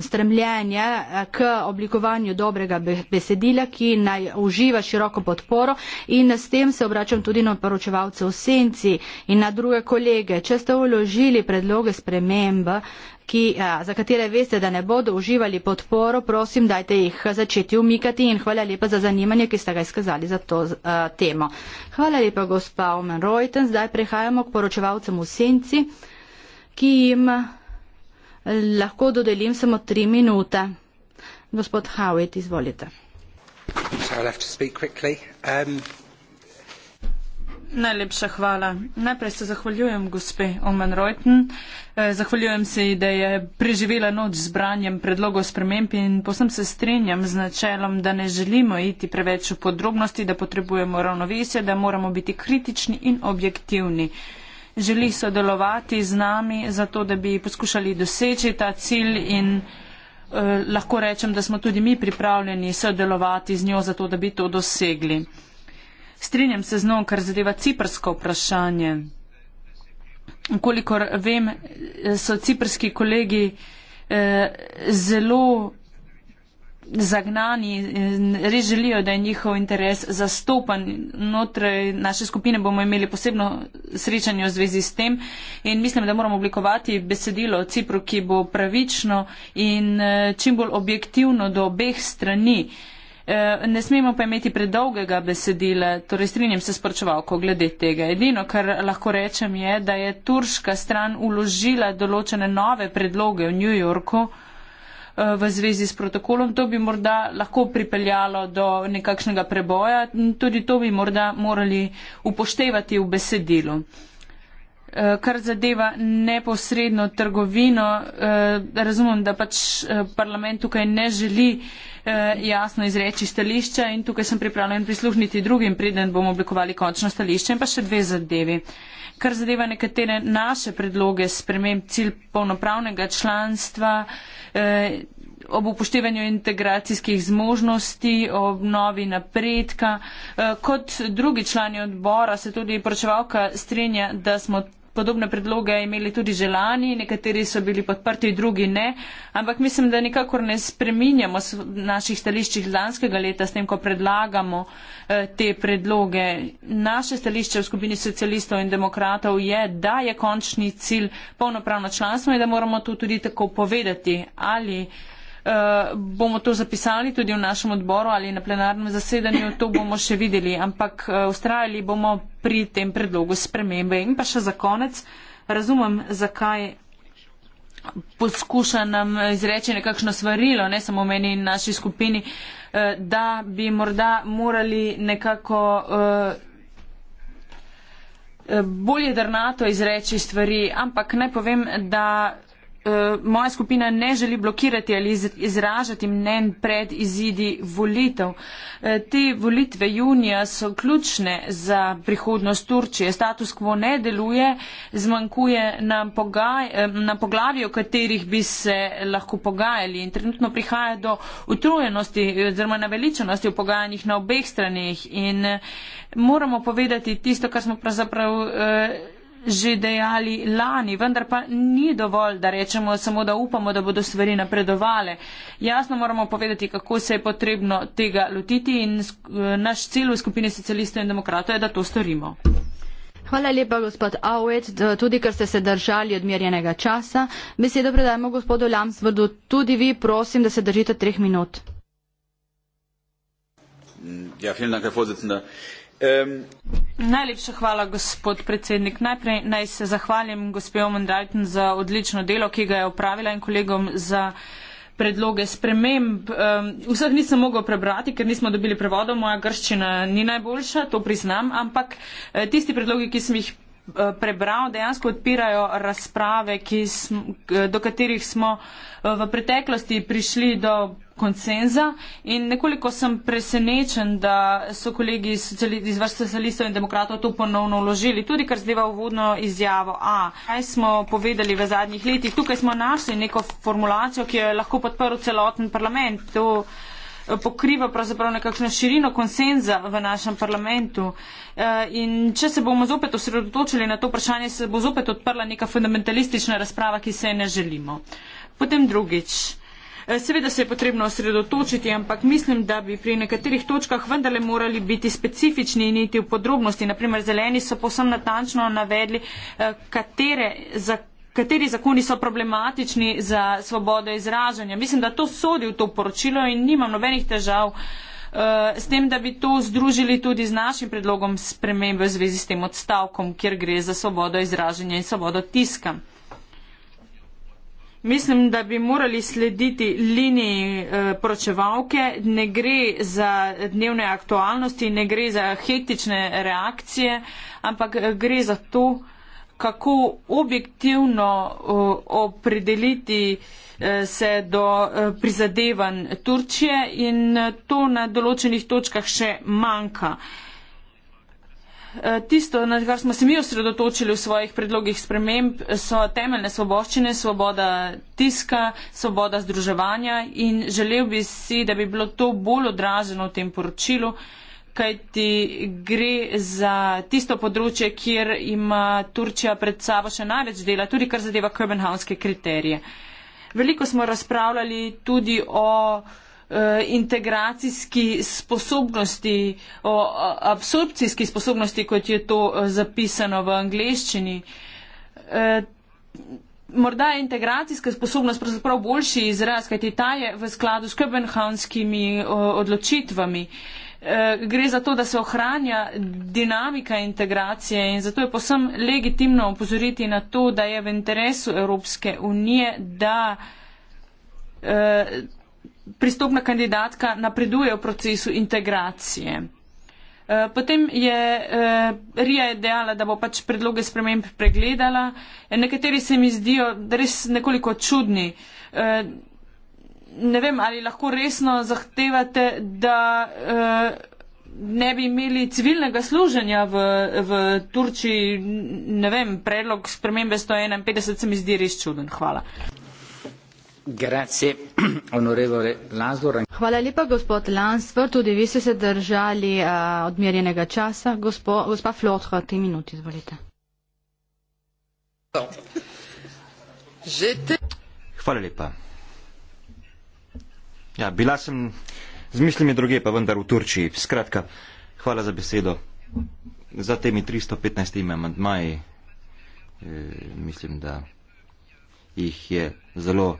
P: stremljenje k oblikovanju dobrega behavlja besedila, ki naj uživa široko podporo in s tem se obračam tudi na poročevalce v senci in na druge kolege. Če ste vložili predloge sprememb, ki, a, za katere veste, da ne bodo uživali podporo, prosim, dajte jih začeti umikati in hvala lepa za zanimanje, ki ste ga izkazali za to a, temo. Hvala lepa, gospa Omen Reuten. Zdaj prehajamo k poročevalcem v senci, ki jim lahko dodelim samo tri minute. Gospod Howitt, izvolite.
O: Um,
M: Najlepša hvala. Najprej se zahvaljujem gospe Oman Reuten. Eh, zahvaljujem se ji, da je preživela noč z branjem predlogov sprememb in posem se strinjam z načelom, da ne želimo iti preveč v podrobnosti, da potrebujemo ravnovesje, da moramo biti kritični in objektivni. Želi sodelovati z nami, zato da bi poskušali doseči ta cilj in. Eh, lahko rečem, da smo tudi mi pripravljeni sodelovati z njo za to, da bi to dosegli. Strinjam se z njo, kar zadeva ciprsko vprašanje. Kolikor vem, so ciprski kolegi eh, zelo zagnani in res želijo, da je njihov interes zastopan. Notraj naše skupine bomo imeli posebno srečanje v zvezi s tem in mislim, da moramo oblikovati besedilo o Cipru, ki bo pravično in eh, čim bolj objektivno do obeh strani. Eh, ne smemo pa imeti predolgega besedila, torej strinjam se s pročevalko glede tega. Edino, kar lahko rečem, je, da je turška stran uložila določene nove predloge v New Yorku, Eh, v zvezi s protokolom. To bi morda lahko pripeljalo do nekakšnega preboja. Tudi to bi morda morali upoštevati v besedilu. Eh, kar zadeva neposredno trgovino. Eh, razumem, da pač eh, parlament tukaj ne želi jasno izreči stališča in tukaj sem pripravljen prisluhniti drugim, preden bomo oblikovali končno stališče in pa še dve zadevi. Kar zadeva nekatere naše predloge sprememb cilj polnopravnega članstva, ob upoštevanju integracijskih zmožnosti, ob novi napredka. Kot drugi člani odbora se tudi poročevalka strinja, da smo podobne predloge imeli tudi želani, nekateri so bili podprti, drugi ne, ampak mislim, da nikakor ne spreminjamo naših stališčih lanskega leta s tem, ko predlagamo eh, te predloge. Naše stališče v skupini socialistov in demokratov je, da je končni cilj polnopravno članstvo in da moramo to tudi tako povedati. Ali Eh, bomo to zapisali tudi v našem odboru ali na plenarnem zasedanju, to bomo še videli, ampak ustrajali eh, bomo pri tem predlogu spremembe. In pa še za konec, razumem, zakaj poskuša nam izreči nekakšno svarilo, ne samo meni in naši skupini, eh, da bi morda morali nekako bolje drnato izreči stvari, ampak naj povem, da Eh, moja skupina ne želi blokirati ali izražati mnen pred izidi volitev. Eh, te volitve junija so ključne za prihodnost Turčije. Status quo ne deluje, zmanjkuje na, pogaj, eh, na poglavju, katerih bi se lahko pogajali in trenutno prihaja do utrujenosti oziroma naveličenosti v pogajanjih na obeh stranih in moramo povedati tisto, kar smo pravzaprav. Eh, že dejali lani, vendar pa ni dovolj, da rečemo samo, da upamo, da bodo stvari napredovale. Jasno moramo povedati, kako se je potrebno tega lotiti in eh, naš cilj v skupini socialistov in demokratov je, da to storimo.
P: Hvala lepa, gospod Awet, tudi ker ste se držali odmerjenega časa. Besedo predajmo gospodu Lamsvrdu. Tudi vi prosim, da se držite treh minut.
J: Ja,
I: vielen Dank, Herr Vorsitzender. Um,
M: Najlepša hvala, gospod predsednik. Najprej naj se zahvalim gospe Omendajten za odlično delo, ki ga je opravila in kolegom za predloge sprememb. Um, vseh nisem mogel prebrati, ker nismo dobili prevodov, moja grščina ni najboljša, to priznam, ampak eh, tisti predlogi, ki sem jih prebral, dejansko odpirajo razprave, sm, do katerih smo eh, v preteklosti prišli do konsenza in nekoliko sem presenečen, da so kolegi iz vrst socialistov in demokratov to ponovno vložili, tudi kar zdaj v uvodno izjavo. A, kaj smo povedali v zadnjih letih? Tukaj smo našli neko formulacijo, ki jo je lahko podprl celoten parlament. To, pokriva pravzaprav nekakšno širino konsenza v našem parlamentu. E, in če se bomo zopet osredotočili na to vprašanje, se bo zopet odprla neka fundamentalistična razprava, ki se je ne želimo. Potem drugič. E, seveda se je potrebno osredotočiti, ampak mislim, da bi pri nekaterih točkah vendarle morali biti specifični in iti v podrobnosti. Naprimer, zeleni so posebno natančno navedli, e, katere, za kateri zakoni so problematični za svobodo izražanja. Mislim, da to sodi v to poročilo in nimam nobenih težav eh, s tem, da bi to združili tudi z našim predlogom spremembe v zvezi s tem odstavkom, kjer gre za svobodo izražanja in svobodo tiska. Mislim, da bi morali slediti liniji eh, poročevalke, ne gre za dnevne aktualnosti, ne gre za hektične reakcije, ampak eh, gre za to, kako objektivno eh, opredeliti eh, se do eh, prizadevanj Turčije in to na določenih točkah še manjka. Tisto, na kar smo se mi osredotočili v svojih predlogih sprememb, so temeljne svoboščine, svoboda tiska, svoboda združevanja in želel bi si, da bi bilo to bolj odraženo v tem poročilu kajti gre za tisto področje, kjer ima Turčija pred sabo še največ dela, tudi kar zadeva kopenhavnske kriterije. Veliko smo razpravljali tudi o eh, integracijski sposobnosti, o absorpcijski sposobnosti, kot je to eh, zapisano v angleščini. Eh, morda je integracijska sposobnost pravzaprav boljši izraz, kajti ta je v skladu s kopenhavnskimi odločitvami. Eh, gre za to, da se ohranja dinamika integracije in zato je posem legitimno opozoriti na to, da je v interesu Evropske unije, da eh, pristopna kandidatka napreduje v procesu integracije. Eh, potem je Rija je dejala, da bo pač predloge sprememb pregledala. Nekateri se mi zdijo res nekoliko čudni ne vem, ali lahko resno zahtevate, da uh, ne bi imeli civilnega služenja v, v Turčiji. Ne vem, predlog spremembe 151 se mi zdi res čuden. Hvala.
O: Grazie,
I: [CLEARS THROAT] onorevole Lanzor.
P: Hvala lepa, gospod Lanzor. Tudi vi ste se držali uh, odmerjenega časa. Gospo, gospa Flotho, tri minuti, izvolite.
Q: Hvala lepa. Ja, bila sem z mislimi druge, pa vendar v Turčiji. Skratka, hvala za besedo. Za temi 315 amantmaji, e, mislim, da jih je zelo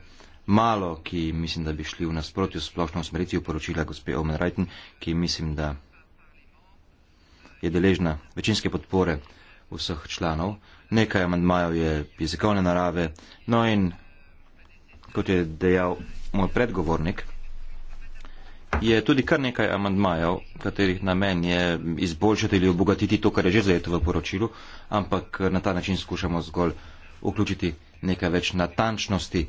Q: malo, ki mislim, da bi šli v nasprotju splošno usmeriti v poročila gospe Omen Reitn, ki mislim, da je deležna večinske podpore vseh članov. Nekaj amantmajev je jezikovne narave, no in kot je dejal moj predgovornik, je tudi kar nekaj amandmajev, katerih namen je izboljšati ali obogatiti to, kar je že zajeto v poročilu, ampak na ta način skušamo zgolj vključiti nekaj več natančnosti,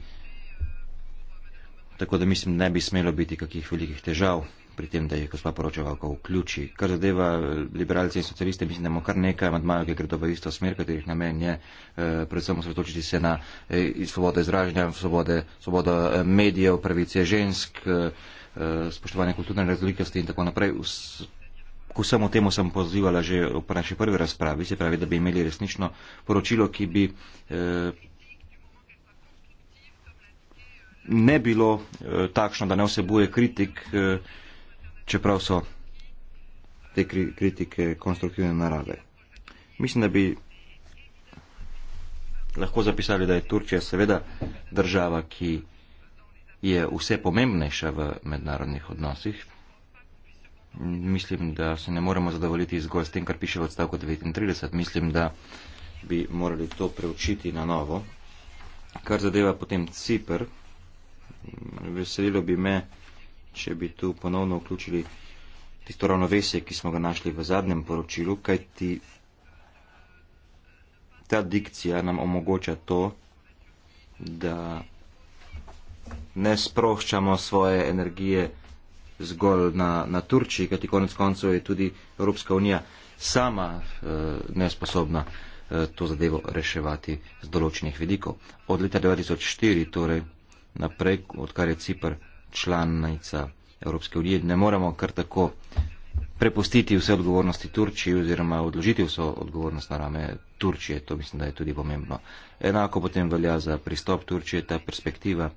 Q: tako da mislim, ne bi smelo biti kakih velikih težav pri tem, da je gospa poročevalka vključi. Kar zadeva eh, liberalce in socialiste, mislim, da imamo kar nekaj amandmajev, ki gredo v isto smer, katerih namen je eh, predvsem osredotočiti se na eh, svobodo izražanja, eh, svobodo medijev, pravice žensk. Eh, Eh, spoštovanje kulturne razlikosti in tako naprej. K vsemu temu sem pozivala že v naši prvi razpravi, se pravi, da bi imeli resnično poročilo, ki bi eh, ne bilo eh, takšno, da ne vsebuje kritik, eh, čeprav so te kri kritike konstruktivne narave. Mislim, da bi lahko zapisali, da je Turčija seveda država, ki je vse pomembnejša v mednarodnih odnosih. Mislim, da se ne moremo zadovoljiti zgolj s tem, kar piše v odstavku 39. Mislim, da bi morali to preučiti na novo. Kar zadeva potem Cipr, veselilo bi me, če bi tu ponovno vključili tisto ravnovesje, ki smo ga našli v zadnjem poročilu, kaj ti ta dikcija nam omogoča to, da ne sproščamo svoje energije zgolj na, na Turčiji, kajti konec koncev je tudi Evropska unija sama e, nesposobna e, to zadevo reševati z določenih vidikov. Od leta 2004, torej naprej, odkar je Cipr članica Evropske unije, ne moramo kar tako prepustiti vse odgovornosti Turčiji oziroma odložiti vso odgovornost na rame Turčije. To mislim, da je tudi pomembno. Enako potem velja za pristop Turčije ta perspektiva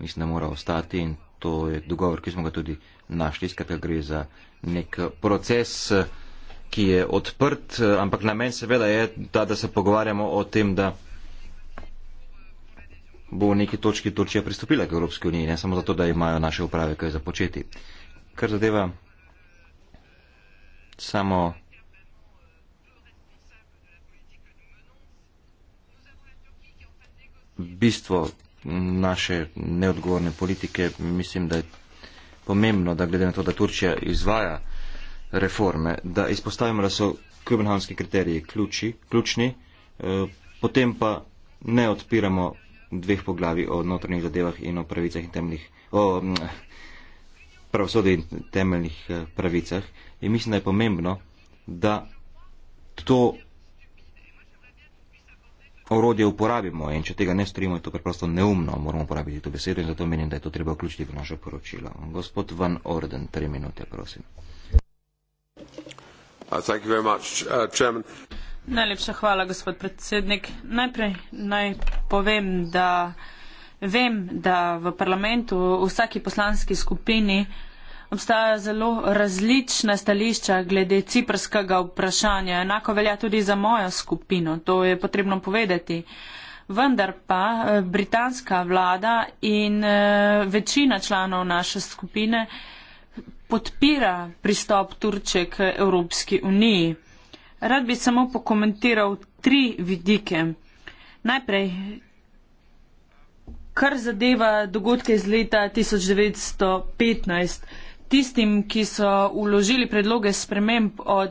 Q: mislim, da mora ostati in to je dogovor, ki smo ga tudi našli, skratka gre za nek proces, ki je odprt, ampak namen seveda je ta, da se pogovarjamo o tem, da bo v neki točki Turčija pristopila k Evropski uniji, ne samo zato, da imajo naše uprave kaj započeti. Kar zadeva samo. Bistvo naše neodgovorne politike, mislim, da je pomembno, da glede na to, da Turčija izvaja reforme, da izpostavimo, da so kubenhamski kriteriji ključi, ključni, eh, potem pa ne odpiramo dveh poglavi o notranjih zadevah in o pravicah in temeljih, o mm, pravosodnih temeljnih eh, pravicah. In mislim, da je pomembno, da to orodje uporabimo in če tega ne storimo, je to preprosto neumno, moramo uporabiti to besedo in zato menim, da je to treba vključiti v naše poročilo. Gospod Van Orden, tri minute, prosim.
F: Uh, uh,
M: Najlepša hvala, gospod predsednik. Najprej naj povem, da vem, da v parlamentu v vsaki poslanski skupini obstajajo zelo različna stališča glede ciprskega vprašanja. Enako velja tudi za mojo skupino, to je potrebno povedati. Vendar pa eh, britanska vlada in eh, večina članov naše skupine podpira pristop Turčije k Evropski uniji. Rad bi samo pokomentiral tri vidike. Najprej, kar zadeva dogodke iz leta 1915 tistim, ki so uložili predloge sprememb o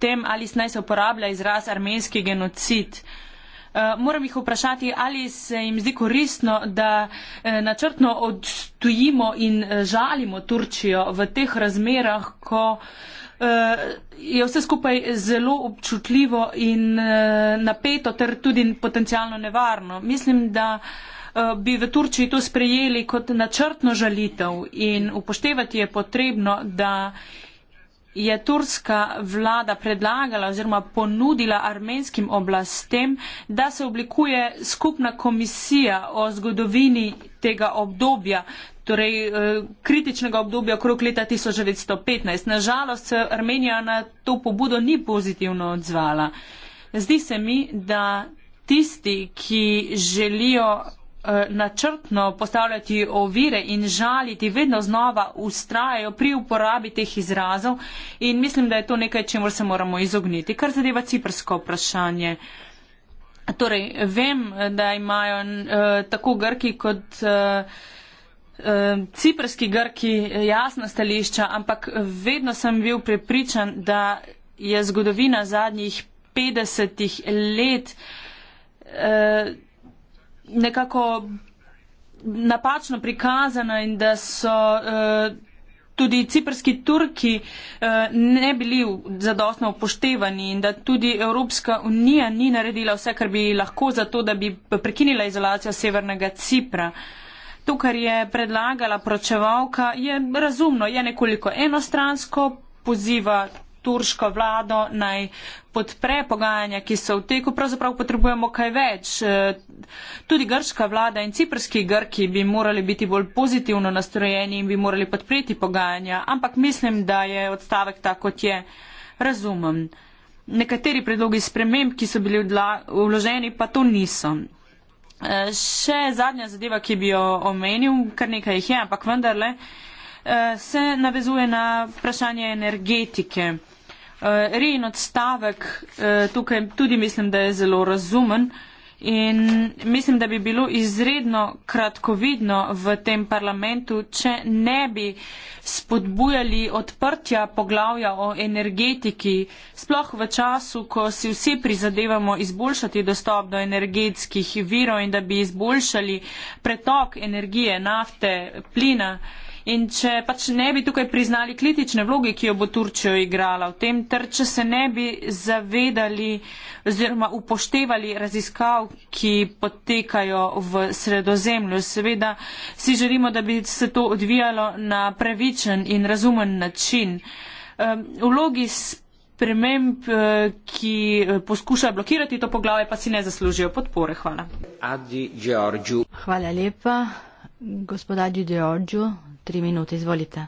M: tem, ali naj se uporablja izraz armenski genocid. Eh, moram jih vprašati, ali se jim zdi koristno, da eh, načrtno odstojimo in eh, žalimo Turčijo v teh razmerah, ko je vse skupaj zelo občutljivo in napeto ter tudi potencialno nevarno. Mislim, da. Eh, bi v Turčiji to sprejeli kot načrtno žalitev in upoštevati je potrebno, da je turska vlada predlagala oziroma ponudila armenskim oblastem, da se oblikuje skupna komisija o zgodovini tega obdobja, torej eh, kritičnega obdobja okrog leta 1915. Nažalost, Armenija na to pobudo ni pozitivno odzvala. Zdi se mi, da tisti, ki želijo Eh, načrtno postavljati ovire in žaliti, vedno znova ustrajajo pri uporabi teh izrazov in mislim, da je to nekaj, čemur se moramo izogniti. Kar zadeva ciprsko vprašanje. Torej, vem, da imajo eh, tako Grki kot eh, ciprski Grki jasna stališča, ampak vedno sem bil prepričan, da je zgodovina zadnjih 50 let nekako napačno prikazana in da so eh, tudi ciprski Turki eh, ne bili zadostno upoštevani in da tudi Evropska unija ni naredila vse, kar bi lahko za to, da bi prekinila izolacijo Severnega Cipra. To, kar je predlagala pročevalka, je razumno, je nekoliko enostransko, poziva turško vlado naj podpre pogajanja, ki so v teku. Pravzaprav potrebujemo kaj več. E, tudi grška vlada in ciprski grki bi morali biti bolj pozitivno nastrojeni in bi morali podpreti pogajanja, ampak mislim, da je odstavek tako, kot je razumem. Nekateri predlogi sprememb, ki so bili vloženi, pa to niso. E, še zadnja zadeva, ki bi jo omenil, kar nekaj jih je, ampak vendarle, e, se navezuje na vprašanje energetike. Eh, rejen odstavek, eh, tukaj tudi mislim, da je zelo razumen in mislim, da bi bilo izredno kratkovidno v tem parlamentu, če ne bi spodbujali odprtja poglavja o energetiki, sploh v času, ko si vsi prizadevamo izboljšati dostop do energetskih virov in da bi izboljšali pretok energije, nafte, plina. In če pač ne bi tukaj priznali kritične vloge, ki jo bo Turčijo igrala v tem, ter če se ne bi zavedali oziroma upoštevali raziskav, ki potekajo v sredozemlju. Seveda si želimo, da bi se to odvijalo na pravičen in razumen način. Ehm, vlogi sprememb, eh, ki eh, poskušajo blokirati to poglavje, pa si ne zaslužijo
O: podpore. Hvala.
P: Hvala lepa. Gospod Adi Georgiu, tri minute, izvolite.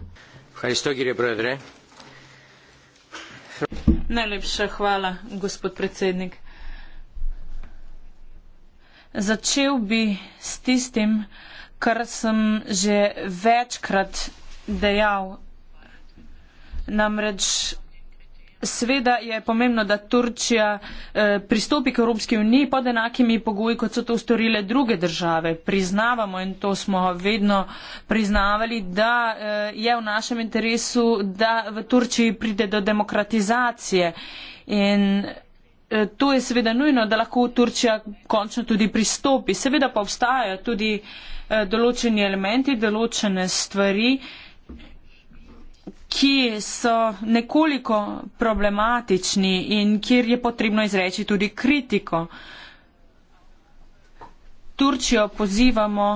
M: Najlepša hvala, gospod
P: predsednik.
M: Začel bi s tistim, kar sem že večkrat dejal. Namreč Sveda je pomembno, da Turčija eh, pristopi k Evropski uniji pod enakimi pogoji, kot so to storile druge države. Priznavamo in to smo vedno priznavali, da eh, je v našem interesu, da v Turčiji pride do demokratizacije. In eh, to je seveda nujno, da lahko Turčija končno tudi pristopi. Seveda pa obstajajo tudi določeni elementi, določene stvari, ki so nekoliko problematični in kjer je potrebno izreči tudi kritiko. Turčijo pozivamo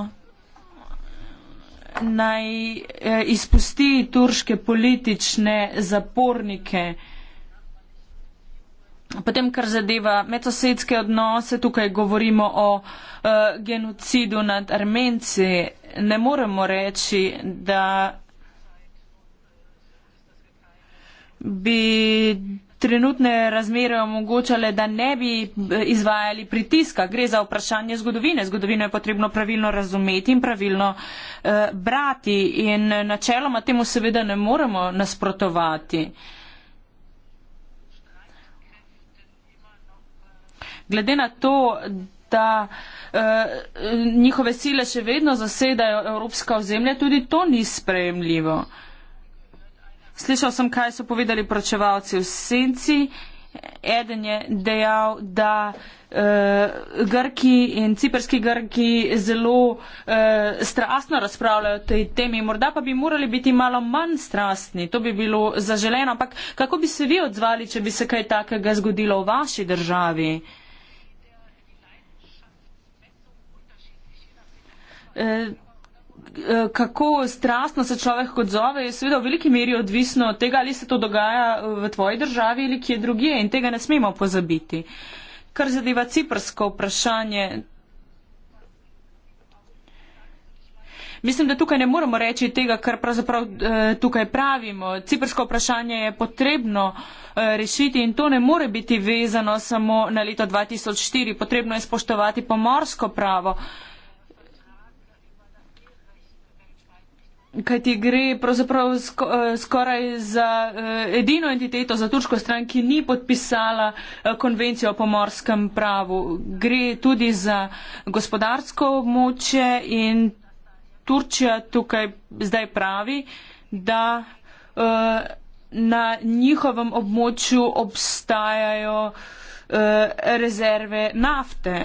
M: naj eh, izpusti turške politične zapornike. Potem, kar zadeva medsosedske odnose, tukaj govorimo o uh, genocidu nad Armenci. Ne moremo reči, da bi trenutne razmere omogočale, da ne bi eh, izvajali pritiska. Gre za vprašanje zgodovine. Zgodovino je potrebno pravilno razumeti in pravilno eh, brati. In eh, načeloma temu seveda ne moremo nasprotovati. Glede na to, da eh, eh, njihove sile še vedno zasedajo evropska ozemlja, tudi to ni sprejemljivo. Slišal sem, kaj so povedali pračevalci v senci. Eden je dejal, da uh, grki in ciperski grki zelo uh, strastno razpravljajo o tej temi. Morda pa bi morali biti malo manj strastni. To bi bilo zaželeno. Ampak kako bi se vi odzvali, če bi se kaj takega zgodilo v vaši državi? Uh, Eh, kako strastno se človek odzove, je seveda v veliki meri odvisno od tega, ali se to dogaja eh, v tvoji državi ali kje drugje in tega ne smemo pozabiti. Kar zadeva ciprsko vprašanje. Mislim, da tukaj ne moramo reči tega, kar pravzaprav eh, tukaj pravimo. Ciprsko vprašanje je potrebno eh, rešiti in to ne more biti vezano samo na leto 2004. Potrebno je spoštovati pomorsko pravo. Eh, Kaj ti gre pravzaprav sko, eh, skoraj za eh, edino entiteto, za turško stran, ki ni podpisala eh, konvencijo o pomorskem pravu. Gre tudi za gospodarsko območje in Turčija tukaj zdaj pravi, da na njihovem območju obstajajo rezerve nafte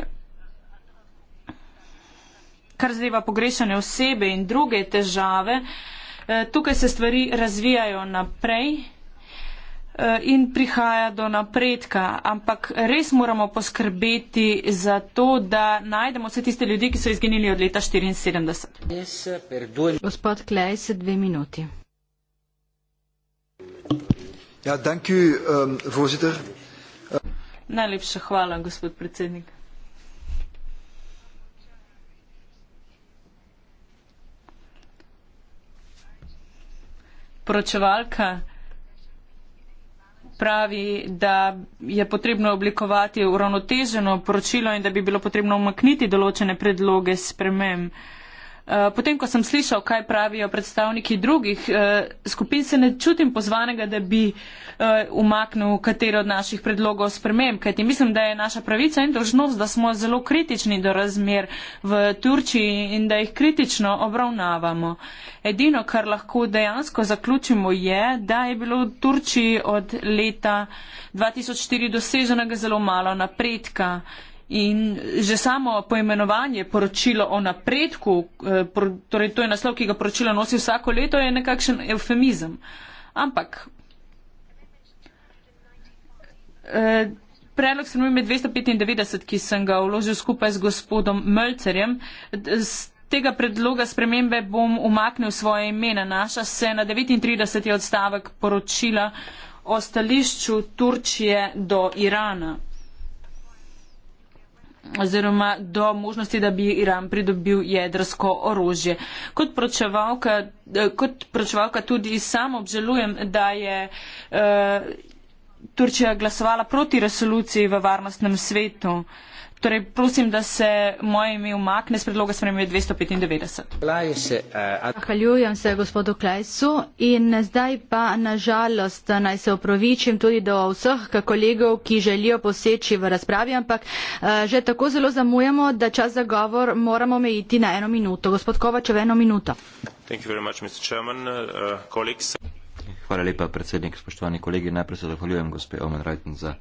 M: kar zadeva pogrešane osebe in druge težave, eh, tukaj se stvari razvijajo naprej eh, in prihaja do napredka, ampak res moramo poskrbeti za to, da najdemo vse tiste ljudi, ki so izginili od leta
P: 1974. Eh, gospod Klej, se dve minuti.
N: Ja, danki, um, ehm, voziter.
M: Najlepša hvala, gospod predsednik. poročevalka pravi, da je potrebno oblikovati uravnoteženo poročilo in da bi bilo potrebno umakniti določene predloge spremem. Uh, Eh, potem, ko sem slišal, kaj pravijo predstavniki drugih eh, skupin, se ne čutim pozvanega, da bi eh, umaknil katero od naših predlogov sprememb, kajti mislim, da je naša pravica in dožnost, da smo zelo kritični do razmer v Turčiji in da jih kritično obravnavamo. Edino, kar lahko dejansko zaključimo, je, da je bilo v Turčiji od leta 2004 doseženega zelo malo napredka. In že samo poimenovanje poročilo o napredku, eh, torej to je naslov, ki ga poročilo nosi vsako leto, je nekakšen eufemizem. Ampak eh, predlog srnume 295, ki sem ga vložil skupaj z gospodom Mölcerjem, tega predloga spremembe bom umaknil svoje ime na naša se na 39. odstavek poročila o stališču Turčije do Irana oziroma do možnosti, da bi Iran pridobil jedrsko orožje. Kot pročevalka, eh, kot pročevalka tudi sam obžalujem, da je uh, Turčija glasovala proti resoluciji v varnostnem svetu. Uh, Torej, prosim, da se moj ime umakne s predloga spremembe 295.
I: Eh,
P: zahvaljujem se gospodu Klajsu in zdaj pa nažalost naj se opravičim tudi do vseh kolegov, ki želijo poseči v razpravi, ampak eh, že tako zelo zamujamo, da čas za govor moramo omejiti na eno minuto. Gospod Kovačev, eno minuto.
A: Eh,
Q: Hvala lepa, predsednik, spoštovani kolegi. Najprej se zahvaljujem gospe Omen Rajten za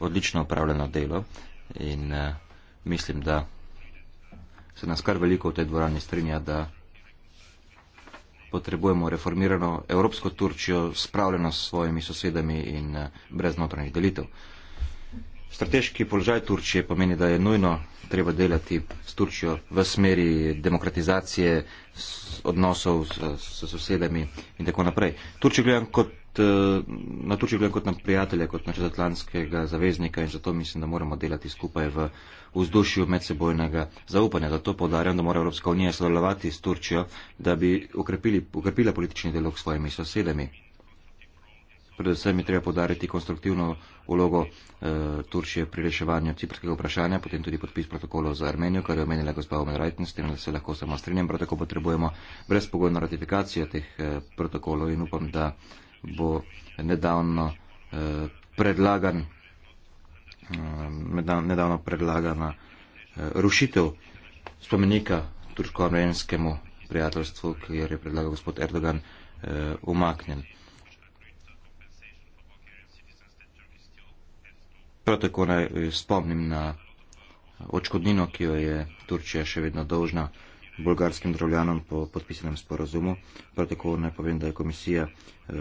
Q: odlično upravljeno delo in uh, mislim, da se nas kar veliko v tej dvorani strinja, da potrebujemo reformirano Evropsko Turčijo, spravljeno s svojimi sosedami in eh, brez notranjih delitev. Strateški položaj Turčije pomeni, da je nujno treba delati s Turčijo v smeri demokratizacije odnosov s sosedami in tako naprej. Turčijo gledam kot Eh, na točki gledajo kot na prijatelja, kot na čezatlantskega zaveznika in zato mislim, da moramo delati skupaj v vzdušju medsebojnega zaupanja. Zato podarjam, da mora Evropska unija sodelovati s Turčijo, da bi ukrepili, ukrepila politični delog s svojimi sosedami. Predvsem je treba podariti konstruktivno ulogo e, eh, Turčije pri reševanju ciprskega vprašanja, potem tudi podpis protokola za Armenijo, kar je omenila gospa Omerajtin, s tem, da se lahko samo strinjam, prav tako potrebujemo brezpogojno ratifikacijo teh e, protokolov in upam, da bo nedavno eh, predlagan, eh, nedavno predlagana eh, rušitev spomenika turško-armenskemu prijateljstvu, ki jo je predlagal gospod Erdogan, umaknjen. Prav tako naj spomnim na očkodnino, ki jo je Turčija še vedno dolžna bolgarskim državljanom po podpisanem sporazumu. Prav tako naj povem, da je komisija eh,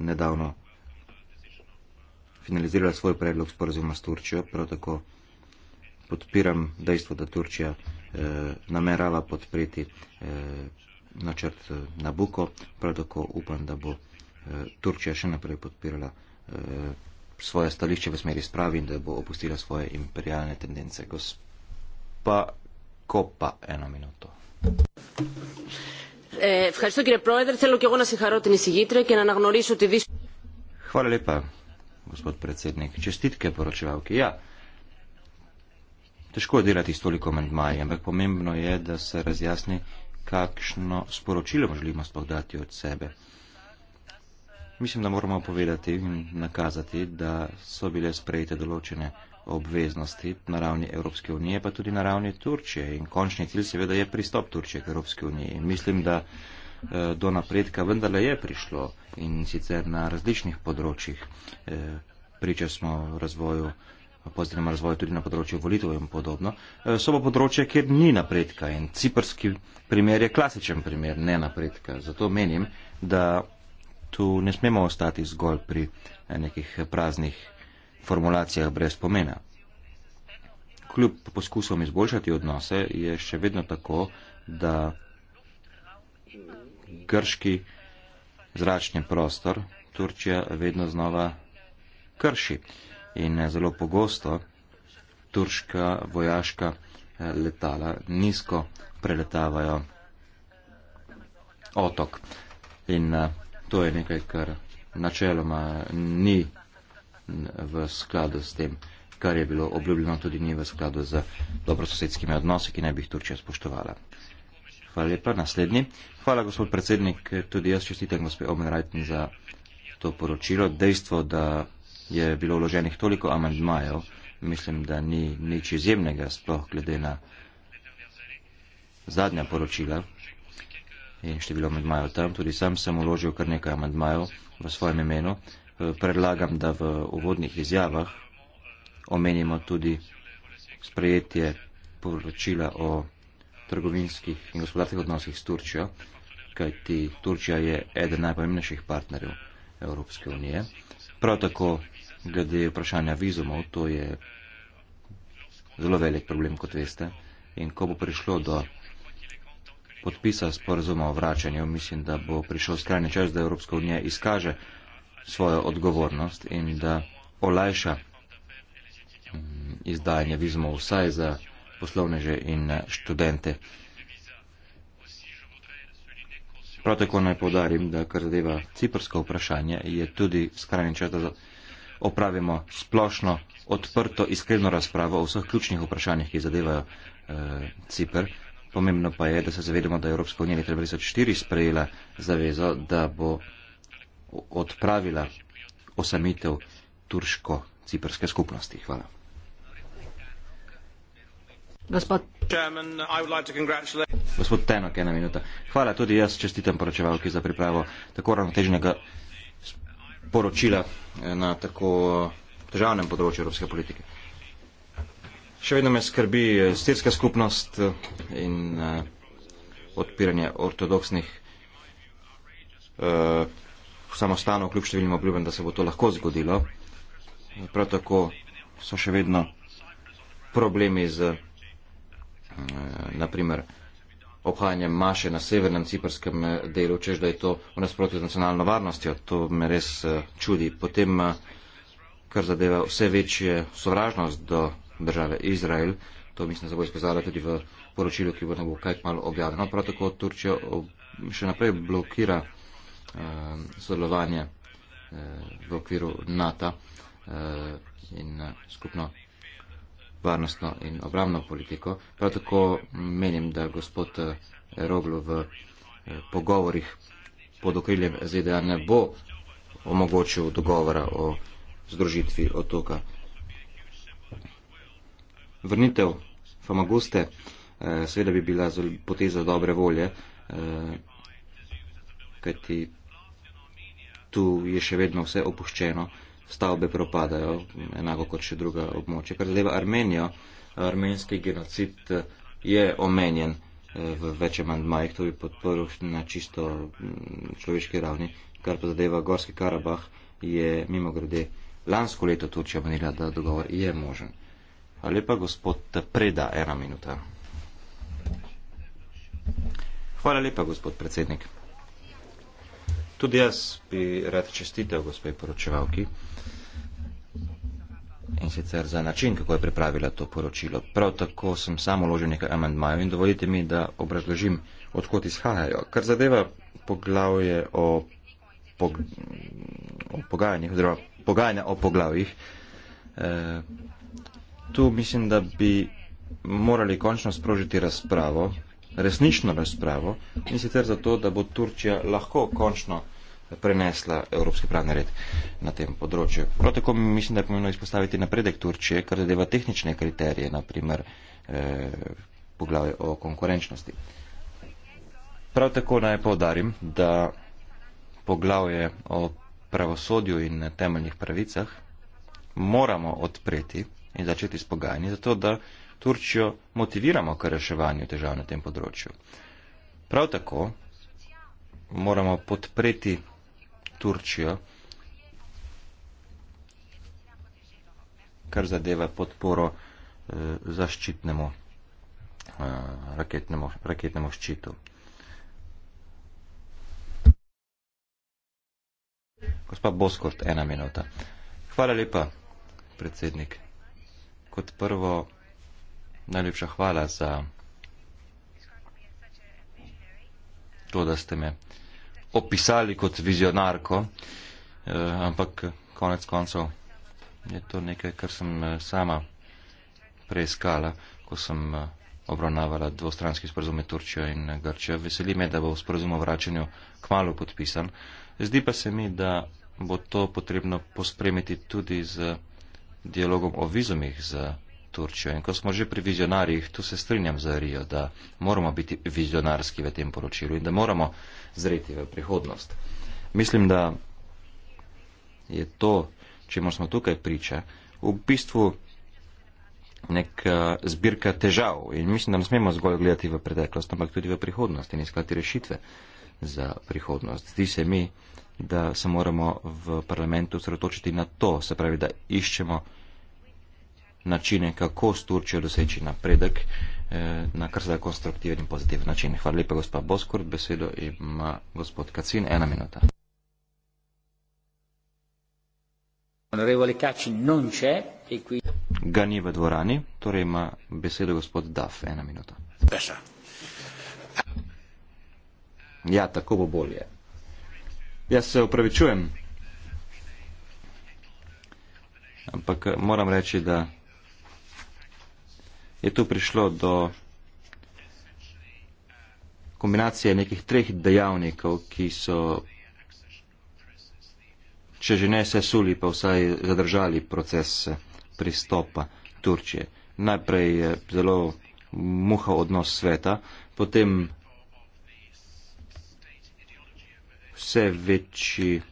Q: nedavno finalizirala svoj predlog sporazuma s Turčijo. Prav tako podpiram dejstvo, da Turčija eh, namerava podpreti eh, načrt eh, Nabuko. Prav tako upam, da bo eh, Turčija še naprej podpirala. Eh, svoje stališče v smeri spravi in da bo opustila svoje imperialne tendence. Gospa Kopa, eno minuto.
M: Kyrie eh, Proeder, θέλω και εγώ να συγχαρώ την εισηγήτρια και να αναγνωρίσω τη δύσκολη.
Q: Χωρά λίπα, господ Πρεσέντνικ. Τσεστήτηκε προτσιβάω και Το σκοτήρα τη στο λίγο μεντμάι, αν πεκπομίμπνο η έντα σε ραζιάσνη κάξνο σπουροτσίλεμο λίμα στο δάτι ο τσέμπε. Μίσιμ να μπορούμε να αποβίδατε, να κάζατε, να σοβιλέ πρέιτε δολότσινε obveznosti na ravni Evropske unije, pa tudi na ravni Turčije. In končni cilj seveda je pristop Turčije k Evropske unije. Mislim, da eh, do napredka vendarle je prišlo in sicer na različnih področjih. Eh, Priča smo razvoju, pozitivnem razvoju tudi na področju volitev in podobno. Eh, so pa področje, kjer ni napredka in ciprski primer je klasičen primer ne napredka. Zato menim, da tu ne smemo ostati zgolj pri nekih praznih formulacijah brez pomena. Kljub poskusom izboljšati odnose je še vedno tako, da grški zračni prostor Turčija vedno znova krši in zelo pogosto turška vojaška eh, letala nizko preletavajo otok. In eh, to je nekaj, kar načeloma ni v skladu s tem, kar je bilo obljubljeno, tudi ni v skladu z dobrososedskimi odnosi, ki naj bi jih Turčija spoštovala. Hvala lepa. Naslednji. Hvala, gospod predsednik. Tudi jaz čestitam gospe Omenrajtni za to poročilo. Dejstvo, da je bilo vloženih toliko amandmajev, mislim, da ni nič izjemnega, sploh glede na zadnja poročila in število amandmajev tam. Tudi sam sem vložil kar nekaj amandmajev v svojem imenu predlagam, da v uvodnih izjavah omenimo tudi sprejetje poročila o trgovinskih in gospodarskih odnosih s Turčijo, kajti Turčija je eden najpomembnejših partnerjev Evropske unije. Prav tako glede vprašanja vizumov, to je zelo velik problem, kot veste. In ko bo prišlo do podpisa sporazuma o vračanju, mislim, da bo prišel skrajni čas, da Evropska unija izkaže, svojo odgovornost in da olajša mm, izdajanje vizumov vsaj za poslovneže in eh, študente. Prav tako naj povdarim, da kar zadeva ciprsko vprašanje, je tudi skrajni čas, da opravimo splošno, odprto, iskreno razpravo o vseh ključnih vprašanjih, ki zadevajo eh, Cipr. Pomembno pa je, da se zavedamo, da je Evropska unija leta 2004 sprejela zavezo, da bo odpravila osamitev turško-ciprske skupnosti. Hvala. Gospod Tenok, ena minuta. Hvala tudi jaz, čestitam poročevalki za pripravo tako ravnotežnega poročila eh, na tako državnem eh, področju evropske politike. Še vedno me skrbi eh, sirska skupnost in odpiranje ortodoksnih samostano, kljub številnim obljubam, da se bo to lahko zgodilo. Prav tako so še vedno problemi z, eh, naprimer, obhajanjem maše na severnem ciprskem eh, delu, čež da je to v nasprotju z nacionalno varnostjo. To me res eh, čudi. Potem, kar zadeva vse večje sovražnost do države Izrael, to mislim, da se bo izkazalo tudi v poročilu, ki bo nekaj kaj malo objavljeno. Prav tako Turčijo še naprej blokira uh, sodelovanje uh, v okviru NATO uh, eh, in uh, skupno varnostno in obramno politiko. Prav tako menim, da gospod Roglo v pogovorih pod okriljem ZDA ne bo omogočil dogovora o združitvi otoka. Vrnitev Famaguste seveda bi bila poteza dobre volje, kajti tu je še vedno vse opuščeno, stavbe propadajo, enako kot še druga območja. Kar zadeva Armenijo, armenski genocid eh, je omenjen eh, v večjem mandmajih, to bi podporil na čisto mm, človeški ravni, kar pa zadeva Gorski Karabah je mimo grede lansko leto Turčija menila, da dogovor je možen. Hvala lepa, gospod Preda, ena minuta. Hvala lepa, gospod predsednik. Tudi jaz bi rad čestitev gospej poročevalki in sicer za način, kako je pripravila to poročilo. Prav tako sem samo uložil nekaj amendmajev in dovolite mi, da obrazložim, odkot izhajajo. Kar zadeva poglavje o, pog... o pogajanjih, oziroma pogajanja o poglavjih, eh, tu mislim, da bi morali končno sprožiti razpravo resnično razpravo in sicer zato, da bo Turčija lahko končno prenesla evropski pravni red na tem področju. Prav tako mislim, da je pomembno izpostaviti napredek Turčije, kar zadeva tehnične kriterije, naprimer eh, poglavje o konkurenčnosti. Prav tako naj povdarim, da poglavje o pravosodju in temeljnih pravicah moramo odpreti in začeti s pogajanji, zato da Turčijo motiviramo k reševanju težav na tem področju. Prav tako moramo podpreti Turčijo, kar zadeva podporo eh, zaščitnemu eh, raketnemu, raketnemu ščitu. Gospa Boskort, ena minuta. Hvala lepa, predsednik. Kot prvo, Najlepša hvala za to, da ste me opisali kot vizionarko, eh, ampak konec koncev je to nekaj, kar sem eh, sama preiskala, ko sem eh, obravnavala dvostranski sporozum med Turčijo in Grčijo. Veseli me, da bo sporozum o vračanju kmalo podpisan. Zdi pa se mi, da bo to potrebno pospremiti tudi z dialogom o vizumih za. Turčijo. In ko smo že pri vizionarjih, tu se strinjam z Arijo, da moramo biti vizionarski v tem poročilu in da moramo zreti v prihodnost. Mislim, da je to, če smo tukaj priča, v bistvu neka eh, zbirka težav in mislim, da ne smemo zgolj gledati v preteklost, ampak tudi v prihodnost in iskati rešitve za prihodnost. Zdi se mi, da se moramo v parlamentu sredotočiti na to, se pravi, da iščemo načine, kako s Turčjo doseči napredek eh, na kar zdaj konstruktiven in pozitiven način. Hvala lepa, gospod Boskurt. Besedo ima gospod Kacin. Ena minuta. E Ga ni v dvorani, torej ima besedo gospod Daf. Ena minuta. Ja, tako bo bolje. Jaz se upravičujem, ampak moram reči, da je tu prišlo do kombinacije nekih treh dejavnikov, ki so, če že ne se suli, pa vsaj zadržali proces pristopa Turčije. Najprej je zelo muhal odnos sveta, potem vse večji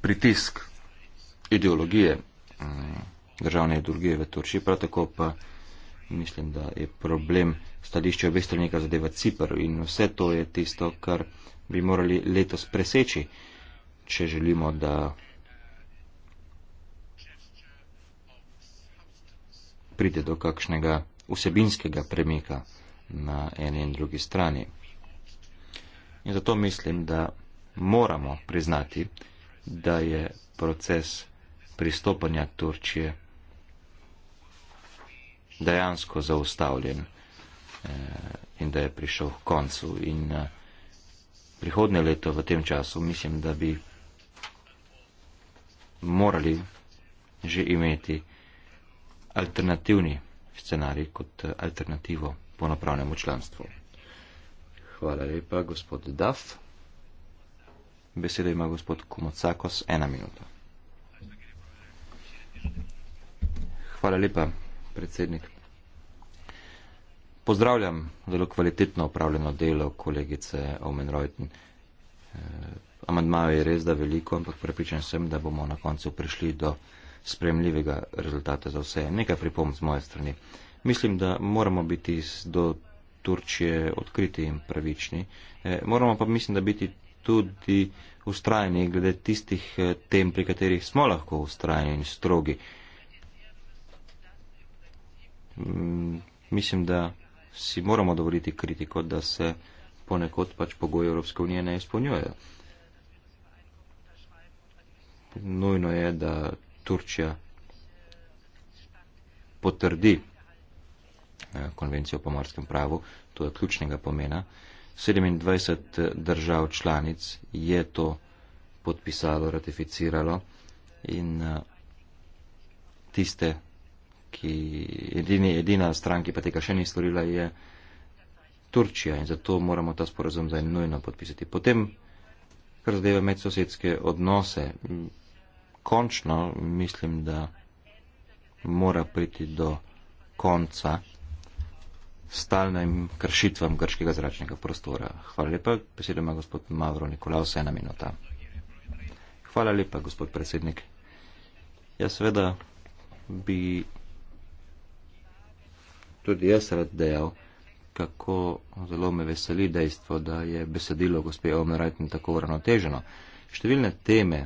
Q: pritisk ideologije, mm, državne ideologije v Turčiji, prav tako pa mislim, da je problem stališče obeh strani, kar zadeva Cipr in vse to je tisto, kar bi morali letos preseči, če želimo, da. pride do kakšnega vsebinskega premika na eni in drugi strani. In zato mislim, da moramo priznati, da je proces pristopanja Turčije dejansko zaustavljen eh, in da je prišel k koncu. In eh, prihodne leto v tem času mislim, da bi morali že imeti alternativni scenarij kot eh, alternativo ponopravnemu članstvu. Hvala lepa, gospod Daf. Besedo ima gospod Kumocakos, ena minuta. Hvala lepa, predsednik. Pozdravljam zelo kvalitetno upravljeno delo kolegice Omenrojten. Eh, Amandmajo je res da veliko, ampak prepričan sem, da bomo na koncu prišli do spremljivega rezultata za vse. Nekaj pripomb z moje strani. Mislim, da moramo biti do Turčije odkriti in pravični. Eh, moramo pa, mislim, da biti tudi ustrajni glede tistih eh, tem, pri katerih smo lahko ustrajni in strogi. Mm, mislim, da si moramo dovoliti kritiko, da se ponekod pač pogoji Evropske unije ne izpolnjujejo. Nujno je, da Turčija potrdi eh, konvencijo o pomorskem pravu, to je ključnega pomena. 27 eh, držav članic je to podpisalo, ratificiralo in eh, tiste ki edini, edina stran, ki pa tega še ni storila, je Turčija in zato moramo ta sporazum zdaj nujno podpisati. Potem, kar zadeva medsosedske odnose, končno mislim, da mora priti do konca stalnim kršitvam grškega zračnega prostora. Hvala lepa, besedo ima gospod Mavro Nikolaus, ena minuta. Hvala lepa, gospod predsednik. Jaz seveda bi tudi jaz rad dejal, kako zelo me veseli dejstvo, da je besedilo gospe Omerajten tako uravnoteženo. Številne teme,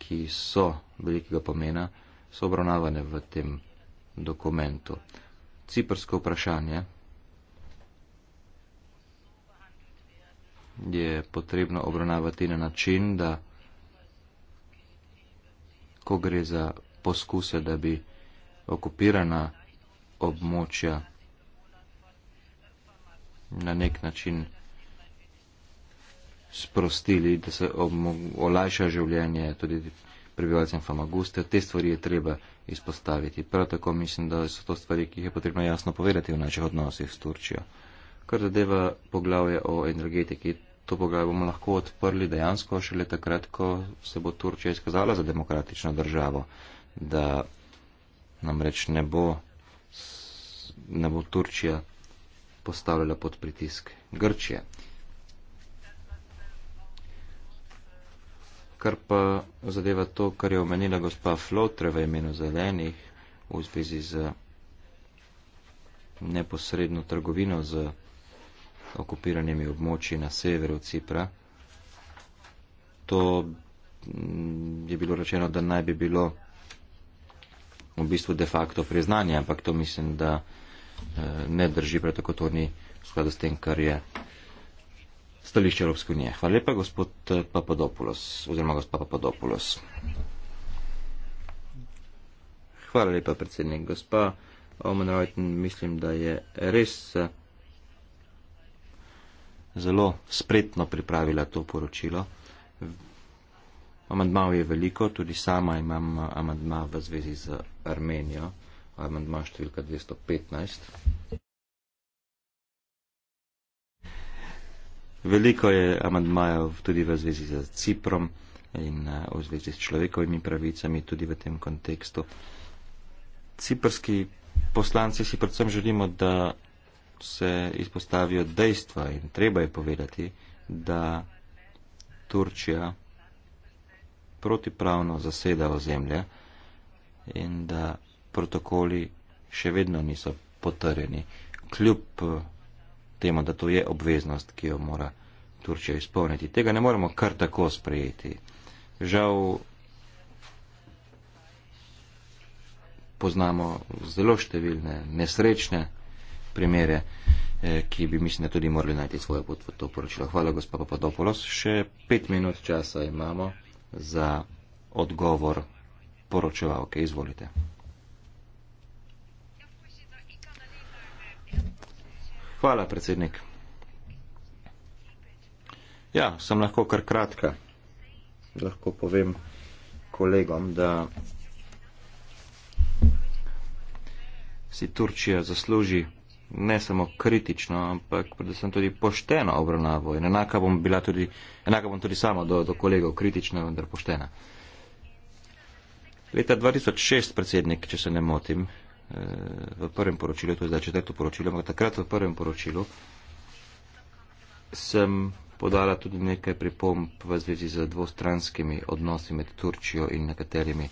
Q: ki so velikega pomena, so obravnavane v tem dokumentu. Ciprsko vprašanje je potrebno obravnavati na način, da ko gre za poskuse, da bi okupirana območja na nek način sprostili, da se olajša življenje tudi prebivalcem Famaguste. Te stvari je treba izpostaviti. Prav tako mislim, da so to stvari, ki jih je potrebno jasno povedati v naših odnosih s Turčijo. Kar zadeva poglavje o energetiki, to poglavje bomo lahko odprli dejansko šele takrat, ko se bo Turčija izkazala za demokratično državo, da namreč ne bo, ne bo Turčija postavljala pod pritisk Grčije. Kar pa zadeva to, kar je omenila gospa Flotre v imenu zelenih v zvezi z neposredno trgovino z okupiranimi območji na severu Cipra. To mm, je bilo rečeno, da naj bi bilo v bistvu de facto priznanje, ampak to mislim, da. Eh, ne drži, prav tako to ni skladu s tem, kar je stališče Evropske unije. Hvala lepa, gospod eh, Papadopoulos, oziroma gospod Papadopoulos. Hvala lepa, predsednik. Gospa Omenrojten, mislim, da je res eh, zelo spretno pripravila to poročilo. Amandmav je veliko, tudi sama imam amandma v zvezi z Armenijo amandma številka 215. Veliko je amandmajev tudi v zvezi z Ciprom in eh, v zvezi s človekovimi pravicami tudi v tem kontekstu. Ciprski poslanci si predvsem želimo, da se izpostavijo dejstva in treba je povedati, da Turčija protipravno zaseda ozemlje in da protokoli še vedno niso potrjeni, kljub eh, temu, da to je obveznost, ki jo mora Turčija izpolniti. Tega ne moremo kar tako sprejeti. Žal poznamo zelo številne nesrečne primere, eh, ki bi mislim, da tudi morali najti svojo pot v to poročilo. Hvala, gospod Papadopoulos. Še pet minut časa imamo za odgovor poročevalke. Izvolite. Hvala, predsednik. Ja, sem lahko kar kratka. Lahko povem kolegom, da si Turčija zasluži ne samo kritično, ampak predvsem tudi pošteno obravnavo. In enaka bom bila tudi, enaka bom tudi sama do, do kolegov kritična, vendar poštena. Leta 2006, predsednik, če se ne motim, v prvem poročilu, to je zdaj četrto poročilo, ampak takrat v prvem poročilu sem podala tudi nekaj pripomb v zvezi z dvostranskimi odnosi med Turčijo in nekaterimi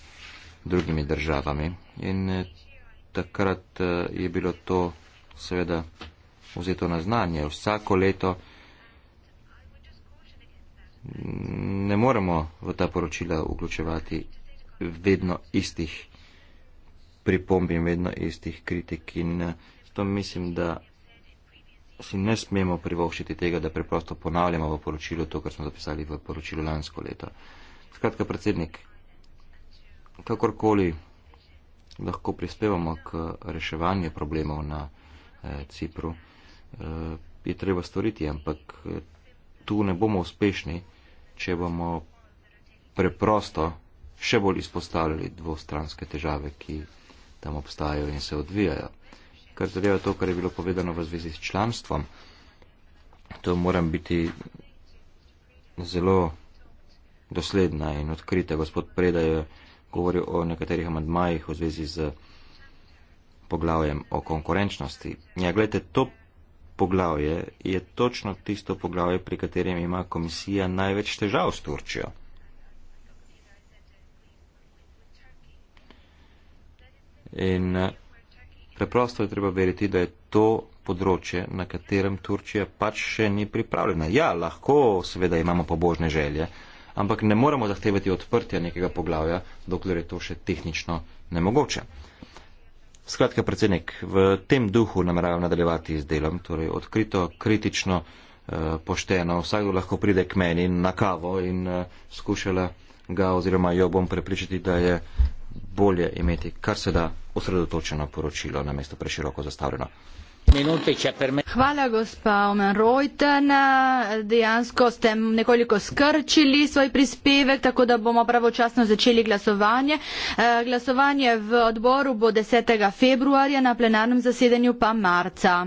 Q: drugimi državami. In eh, takrat eh, je bilo to seveda vzeto na znanje. Vsako leto ne moremo v ta poročila vključevati vedno istih pripombi in vedno istih kritik in eh, to mislim, da si ne smemo privoščiti tega, da preprosto ponavljamo v poročilu to, kar smo zapisali v poročilu lansko leto. Skratka, predsednik, kakorkoli lahko prispevamo k reševanju problemov na eh, Cipru, eh, je treba storiti, ampak eh, tu ne bomo uspešni, če bomo preprosto še bolj izpostavljali dvostranske težave, ki tam obstajajo in se odvijajo. Kar zadeva to, kar je bilo povedano v zvezi s članstvom, to moram biti zelo dosledna in odkrita. Gospod Preda je govoril o nekaterih amadmajih v zvezi z poglavjem o konkurenčnosti. Ja, gledajte, to poglavje je točno tisto poglavje, pri katerem ima komisija največ težav s Turčijo. In eh, preprosto je treba veriti, da je to področje, na katerem Turčija pač še ni pripravljena. Ja, lahko seveda imamo pobožne želje, ampak ne moremo zahtevati odprtja nekega poglavja, dokler je to še tehnično nemogoče. Skratka, predsednik, v tem duhu nameravam nadaljevati z delom, torej odkrito, kritično, eh, pošteno. Vsakdo lahko pride k meni na kavo in eh, skušala ga oziroma jo bom prepričati, da je bolje imeti kar se da osredotočeno poročilo na mesto preširoko zastavljeno.
P: Hvala, gospa Omen Reuten. Dejansko ste nekoliko skrčili svoj prispevek, tako da bomo pravočasno začeli glasovanje. Eh, glasovanje v odboru bo 10. februarja, na plenarnem zasedanju pa marca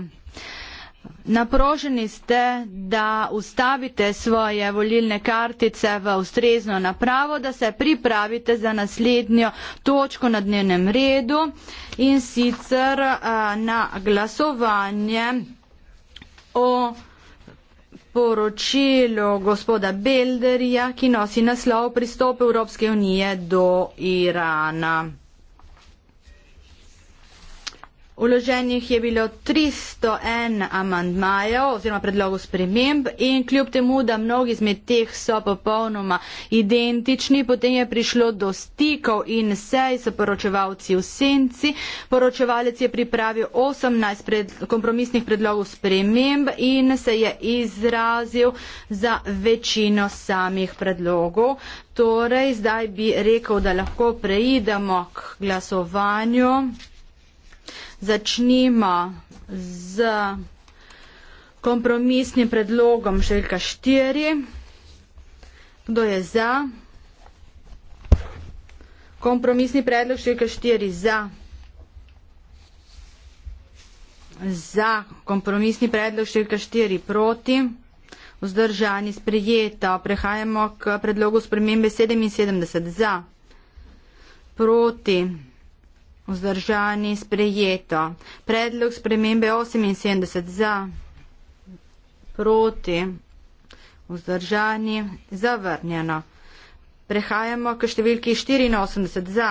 P: naproženi ste, da ustavite svoje volilne kartice v ustrezno napravo, da se pripravite za naslednjo točko na dnevnem redu in sicer eh, na glasovanje o poročilo gospoda Belderja, ki nosi naslov pristop Evropske unije do Irana. Vloženih je bilo 301 amandmajev oziroma predlogov sprememb in kljub temu, da mnogi izmed teh so popolnoma identični, potem je prišlo do stikov in sej so poročevalci v senci. Poročevalec je pripravil 18 pred, kompromisnih predlogov sprememb in se je izrazil za večino samih predlogov. Torej, zdaj bi rekel, da lahko preidemo k glasovanju. Začnimo z kompromisnim predlogom Željka 4. Kdo je za? Kompromisni predlog Željka 4 za. Za kompromisni predlog Željka 4 proti. Vzdržani sprejeto. Prehajamo k predlogu spremembe 77 za. Proti. Vzdržani sprejeto. Predlog spremembe 78 za. Proti. Vzdržani zavrnjeno. Prehajamo k številki 84 za.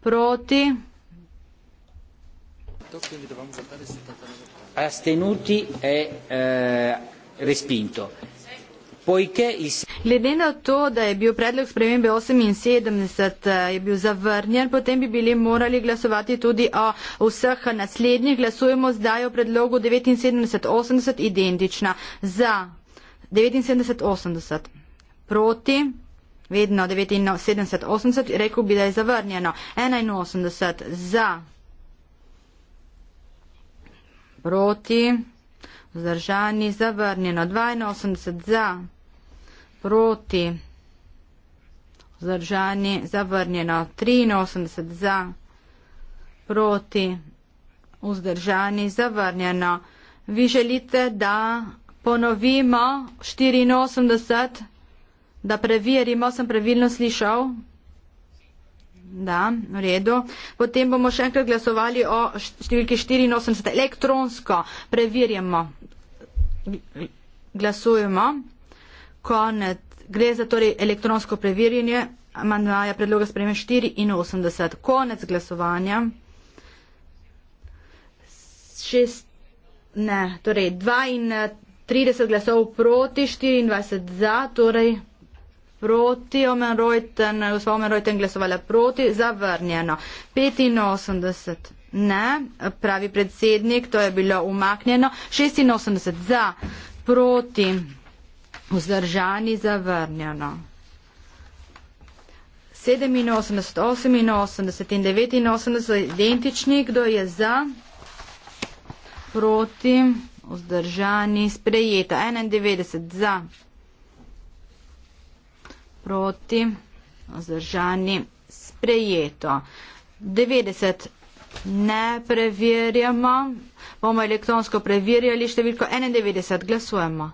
I: Proti. Astenuti e eh, respinto spojke iz.
P: Glede na to, da je bil predlog spremembe 78 eh, je bil zavrnjen, potem bi bili morali glasovati tudi o vseh naslednjih. Glasujemo zdaj o predlogu 79-80 identična. Za 79-80 proti. Vedno 79-80, rekel bi, da je zavrnjeno. 81 za, proti, vzdržani, zavrnjeno. 82 za proti vzdržani zavrnjeno 83 za proti vzdržani zavrnjeno. Vi želite, da ponovimo 84, da preverimo, sem pravilno slišal. Da, v redu. Potem bomo še enkrat glasovali o številki 84. Elektronsko preverjamo. Glasujemo konec. Gre za torej elektronsko preverjanje amandmaja predloga spreme 84. Konec glasovanja. Šest, ne, torej 32 glasov proti, 24 za, torej proti Omen Reuten, gospod Omen Reuten glasovala proti, zavrnjeno. 85 ne, pravi predsednik, to je bilo umaknjeno. 86 za, proti vzdržani zavrnjeno. 87, 88 in 89 so identični, kdo je za, proti, vzdržani, sprejeta. 91 za, proti, vzdržani, sprejeto. 90 ne preverjamo, bomo elektronsko preverjali številko 91, glasujemo.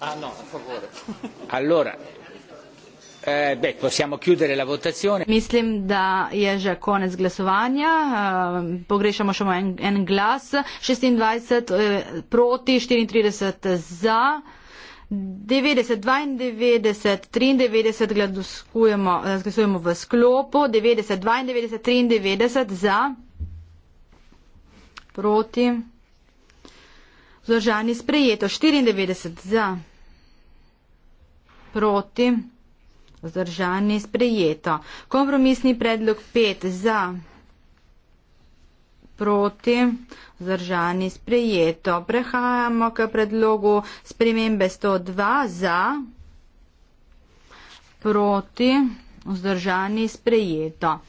O: Ah no, a favore.
I: allora, eh, beh, possiamo chiudere la votazione.
P: Mislim da je že konec glasovanja. Uh, pogrešamo samo en, en glas. 26 eh, proti, 34 za. 90, 92, 93 glasujemo, eh, glasujemo v sklopu, 90, 92, 93 za, proti. Zložani sprejeto 94 za. Proti. Zdržani sprejeto. Kompromisni predlog 5 za. Proti. Zdržani sprejeto. Prehajamo k predlogu spremembe 102 za. Proti. Zdržani sprejeto.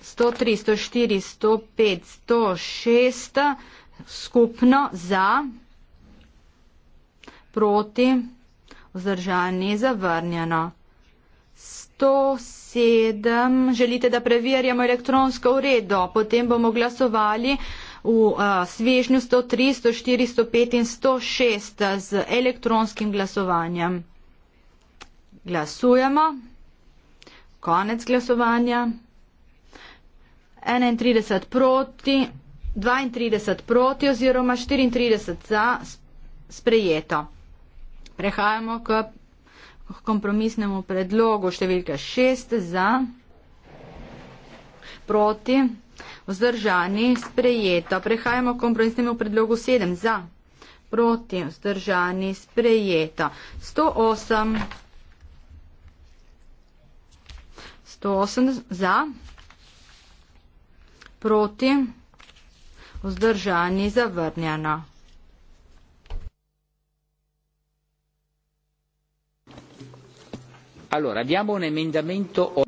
P: 103, 104, 105, 106 skupno za, proti, vzdržanje, zavrnjeno. 107. Želite, da preverjamo elektronsko uredo, potem bomo glasovali v uh, svežnju 103, 104, 105 in 106 z elektronskim glasovanjem. Glasujemo. Konec glasovanja. 31 proti, 32 proti oziroma 34 za sprejeto. Prehajamo k kompromisnemu predlogu številka 6 za proti vzdržani sprejeto. Prehajamo k kompromisnemu predlogu 7 za proti vzdržani sprejeto. 108, 108 za proti vzdržani sprejeto vzdržani zavrnjeno.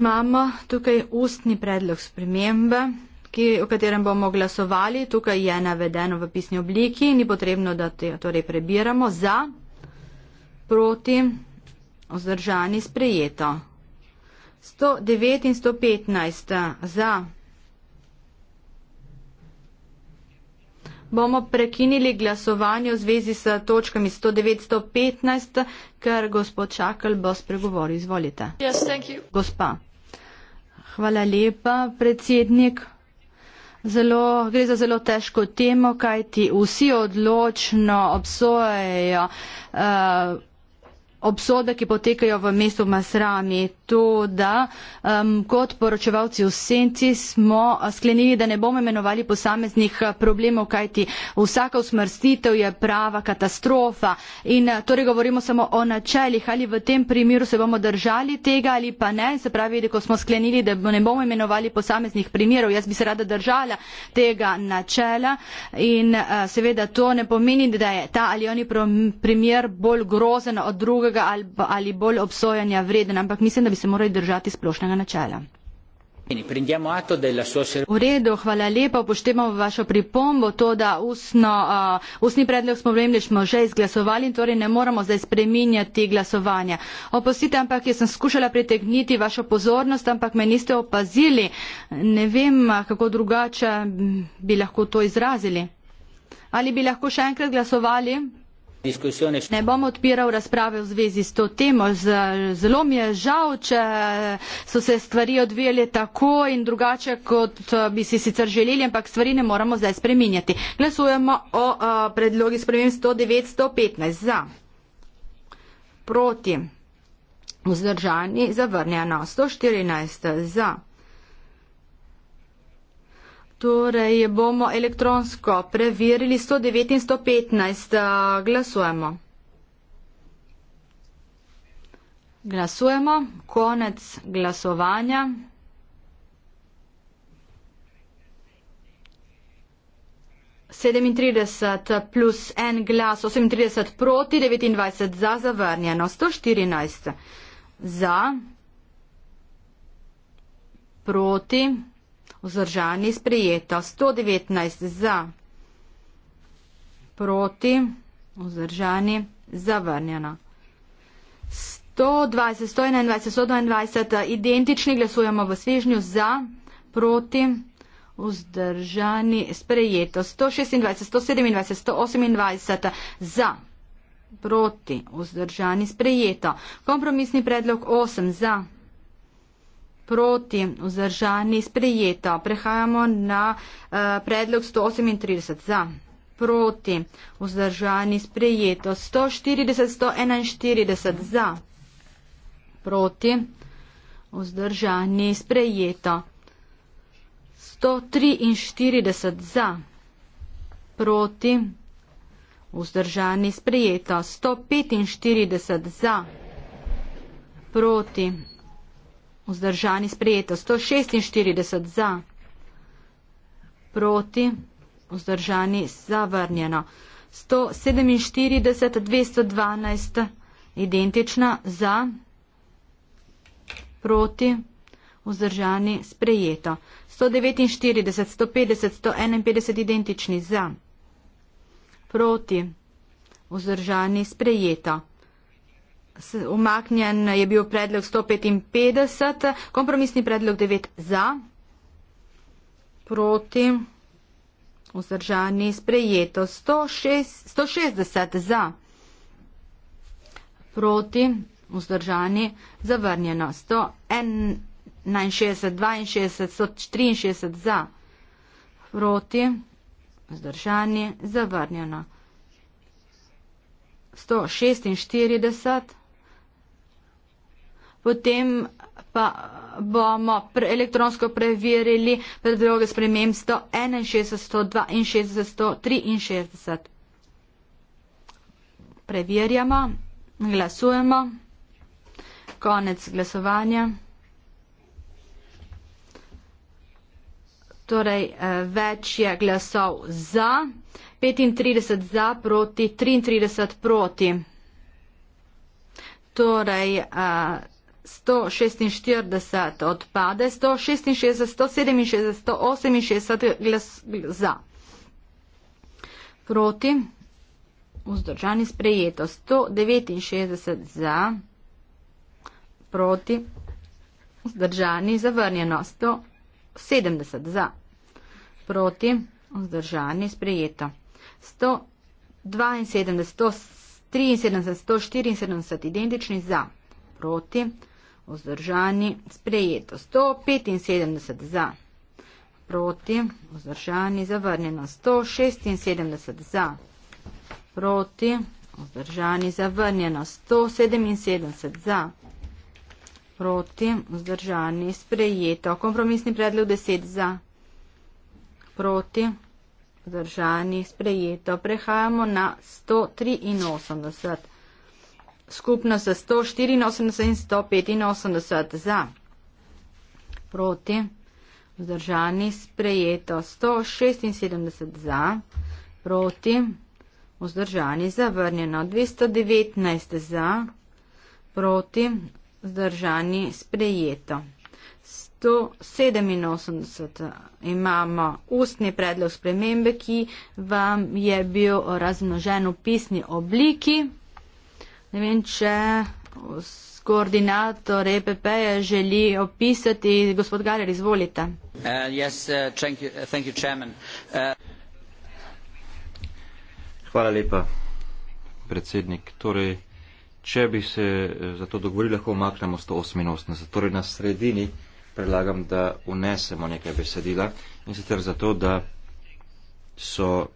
P: Imamo tukaj ustni predlog spremembe, o katerem bomo glasovali. Tukaj je navedeno v pisni obliki, ni potrebno, da te torej prebiramo. Za, proti, vzdržani, sprejeto. 109 in 115 za. bomo prekinili glasovanje v zvezi s točkami 1915, ker gospod Čakl bo spregovoril. Izvolite. Yes, Gospa. Hvala lepa, predsednik. Zelo, gre za zelo težko temo, kajti vsi odločno obsojejo uh, eh, obsode, ki potekajo v mestu Masrami to, da um, kot poročevalci v senci smo sklenili, da ne bomo imenovali posameznih eh, problemov, kajti vsaka usmrstitev je prava katastrofa. In eh, torej govorimo samo o načeljih, ali v tem primeru se bomo držali tega ali pa ne. Se pravi, da ko smo sklenili, da ne bomo imenovali posameznih primerov, jaz bi se rada držala tega načela. In uh, seveda to ne pomeni, da je ta ali oni primer bolj grozen od drugega ali, ali bolj obsojanja vreden. Ampak mislim, da bi bi se morali držati splošnega načela. V redu, hvala lepa, upoštevamo vašo pripombo, to, da usno, uh, usni predlog smo vremeni, smo že izglasovali in torej ne moramo zdaj spreminjati glasovanja. Oprostite, ampak jaz sem skušala pritegniti vašo pozornost, ampak me niste opazili. Ne vem, kako drugače bi lahko to izrazili. Ali bi lahko še enkrat glasovali? Ne bom odpiral razprave v zvezi s to temo. Zelo mi je žal, če so se stvari odvijale tako in drugače, kot eh, bi si sicer želeli, ampak stvari ne moramo zdaj spreminjati. Glasujemo o eh, predlogi spremem 109-115 za. Proti. Vzdržani zavrnjeno. 114 za. Torej bomo elektronsko preverili 119 in 115. Glasujemo. Glasujemo. Konec glasovanja. sedemintrideset plus en glas osemintrideset proti devetindvajset za zavrnjeno sto štirinajst za proti vzdržani sprejeto 119 za proti vzdržani zavrnjeno. 120, 121, 122 identični glasujemo v svežnju za proti vzdržani sprejeto 126, 127, 128 za proti vzdržani sprejeto. Kompromisni predlog 8 za proti vzdržani sprejeto. Prehajamo na eh, predlog 138 za proti vzdržani sprejeto. 140, 141 za proti vzdržani sprejeto. 143 za proti vzdržani sprejeto. 145 za proti vzdržani sprejeto vzdržani sprejeto 146 za, proti vzdržani zavrnjeno 147, 212 identična za, proti vzdržani sprejeto 149, 150, 151 identični za, proti vzdržani sprejeto Umaknjen je bil predlog 155, kompromisni predlog 9 za, proti, vzdržani, sprejeto 106, 160 za, proti, vzdržani, zavrnjeno 161, 62, 163 za, proti, vzdržani, zavrnjeno 146 potem pa bomo pre elektronsko preverili predloge sprememb 161, 162, 163. Preverjamo. Glasujemo. Konec glasovanja. Torej, eh, več je glasov za, 35 za proti, 33 proti. Torej, uh, 146 odpade, 166, 167, 168 glas za. Proti, vzdržani sprejeto, 169 za, proti, vzdržani zavrnjeno, 170 za, proti, vzdržani sprejeto, 172, 173, 174 identični za, proti, vzdržani, sprejeto 175 za, proti, vzdržani, zavrnjeno 176 za, proti, vzdržani, zavrnjeno 177 za, proti, vzdržani, sprejeto, kompromisni predlog 10 za, proti, vzdržani, sprejeto, prehajamo na 183 za skupno s 184 in 185 za. Proti, vzdržani, sprejeto 176 za, proti, vzdržani, zavrnjeno 219 za, proti, vzdržani, sprejeto. 187 imamo ustni predlog spremembe, ki vam je bil razmnožen v pisni obliki. Ne vem, če koordinator EPP -ja želi opisati. Gospod Garer, izvolite.
I: Uh, yes, uh, thank you, uh, thank you, uh...
Q: Hvala lepa, predsednik. Torej, če bi se eh, za to dogovorili, lahko omaknemo 188. Torej, na sredini predlagam, da unesemo nekaj besedila in sicer zato, da so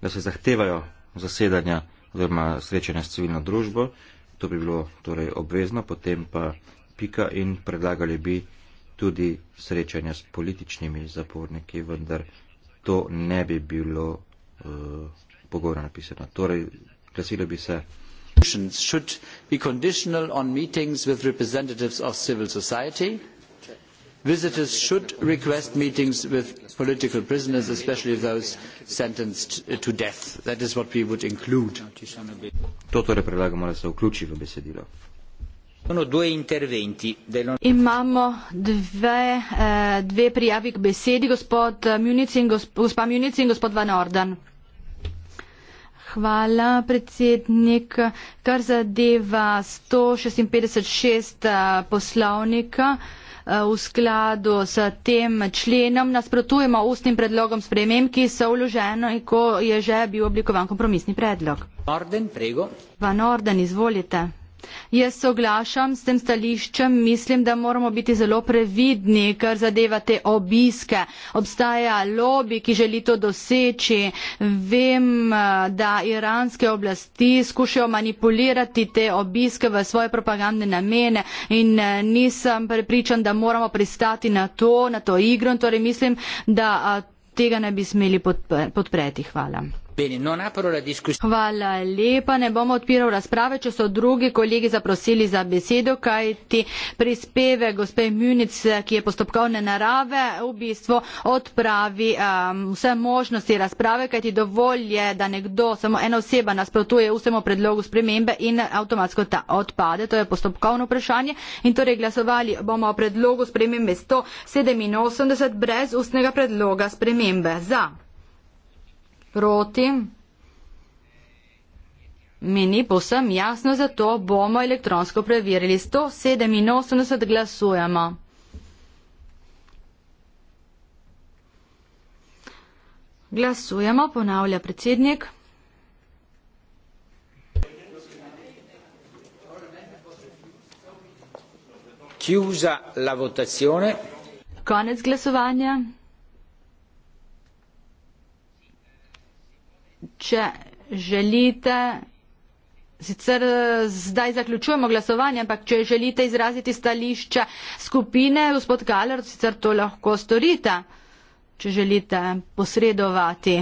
Q: da se zahtevajo zasedanja oziroma srečanje s civilno družbo, to bi bilo torej obvezno, potem pa pika in predlagali bi tudi srečanje s političnimi zaporniki, vendar to ne bi bilo uh, pogovorno napisano. Torej, glasilo bi se. Should
I: be conditional on meetings with representatives of civil society visitors should request meetings with political prisoners, especially those sentenced to death. That is what we would include.
Q: Dottore, prelego, molesto,
P: Imamo dve, eh, dve prijavi k besedi, gospod Munic in gospod, Munic in gospod Van Orden. Hvala, predsednik. Kar zadeva 156.6 eh, poslovnika v skladu s tem členom nasprotujemo ustnim predlogom spremem, ki so vloženo in ko je že bil oblikovan kompromisni predlog. Van Orden, izvolite. Jaz soglašam s tem stališčem, mislim, da moramo biti zelo previdni, kar zadeva te obiske. Obstaja lobby, ki želi to doseči. Vem, eh, da iranske oblasti skušajo manipulirati te obiske v svoje propagandne namene in eh, nisem prepričan, da moramo pristati na to, na to igro. Torej mislim, da eh, tega ne bi smeli podpreti. Hvala
O: skupini. Non apro la discussione.
I: Hvala
P: lepa, ne bom odpiral razprave, če so drugi kolegi zaprosili za besedo, kaj ti prispeve gospe Munice, ki je postopkovne narave, v bistvu odpravi um, vse možnosti razprave, kaj ti dovolj je, da nekdo, samo ena oseba nasprotuje vsemu predlogu spremembe in avtomatsko ta odpade. To je postopkovno vprašanje in torej glasovali bomo o predlogu spremembe 187 brez ustnega predloga spremembe. Za. Protim. Mi ni povsem jasno, zato bomo elektronsko preverili. 187 glasujemo. Glasujemo, ponavlja predsednik.
I: Chiusa la votazione.
P: Konec glasovanja. če želite, sicer zdaj zaključujemo glasovanje, ampak če želite izraziti stališče skupine, gospod Kaler, sicer to lahko storite, če želite posredovati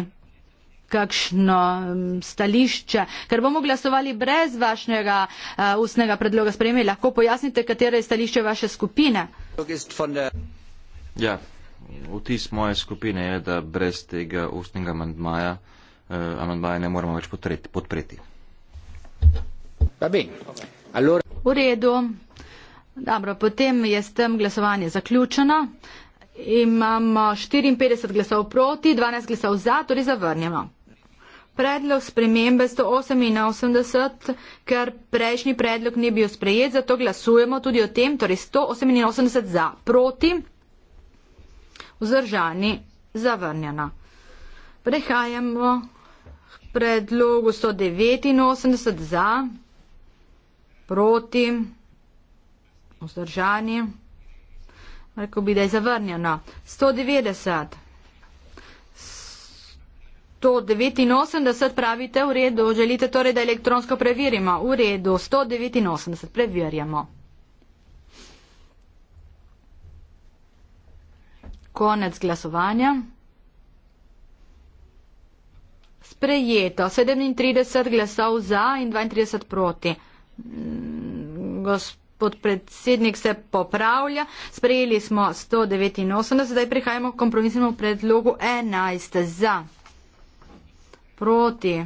P: kakšno stališče, ker bomo glasovali brez vašnega uh, eh, ustnega predloga sprejme. Lahko pojasnite, katero je stališče vaše skupine?
Q: Ja, vtis moje skupine je, da brez tega ustnega mandmaja eh, amandmaje ne moremo več potreti, podpreti.
O: Allora...
P: V redu. Dobro, potem je s tem glasovanje zaključeno. Imamo 54 glasov proti, 12 glasov za, torej zavrnjamo. Predlog spremembe 188, ker prejšnji predlog ni bil sprejet, zato glasujemo tudi o tem, torej 188 za, proti, vzdržani, zavrnjeno. Prehajamo predlogu 189 za, proti, vzdržani. Rekel bi, da je zavrnjeno. 190. 189 pravite v redu, želite torej, da elektronsko preverimo. V redu, 189 preverjamo. Konec glasovanja sprejeto. 37 glasov za in 32 proti. Gospod predsednik se popravlja. Sprejeli smo 189, zdaj prihajamo k kompromisnemu predlogu 11 za. Proti.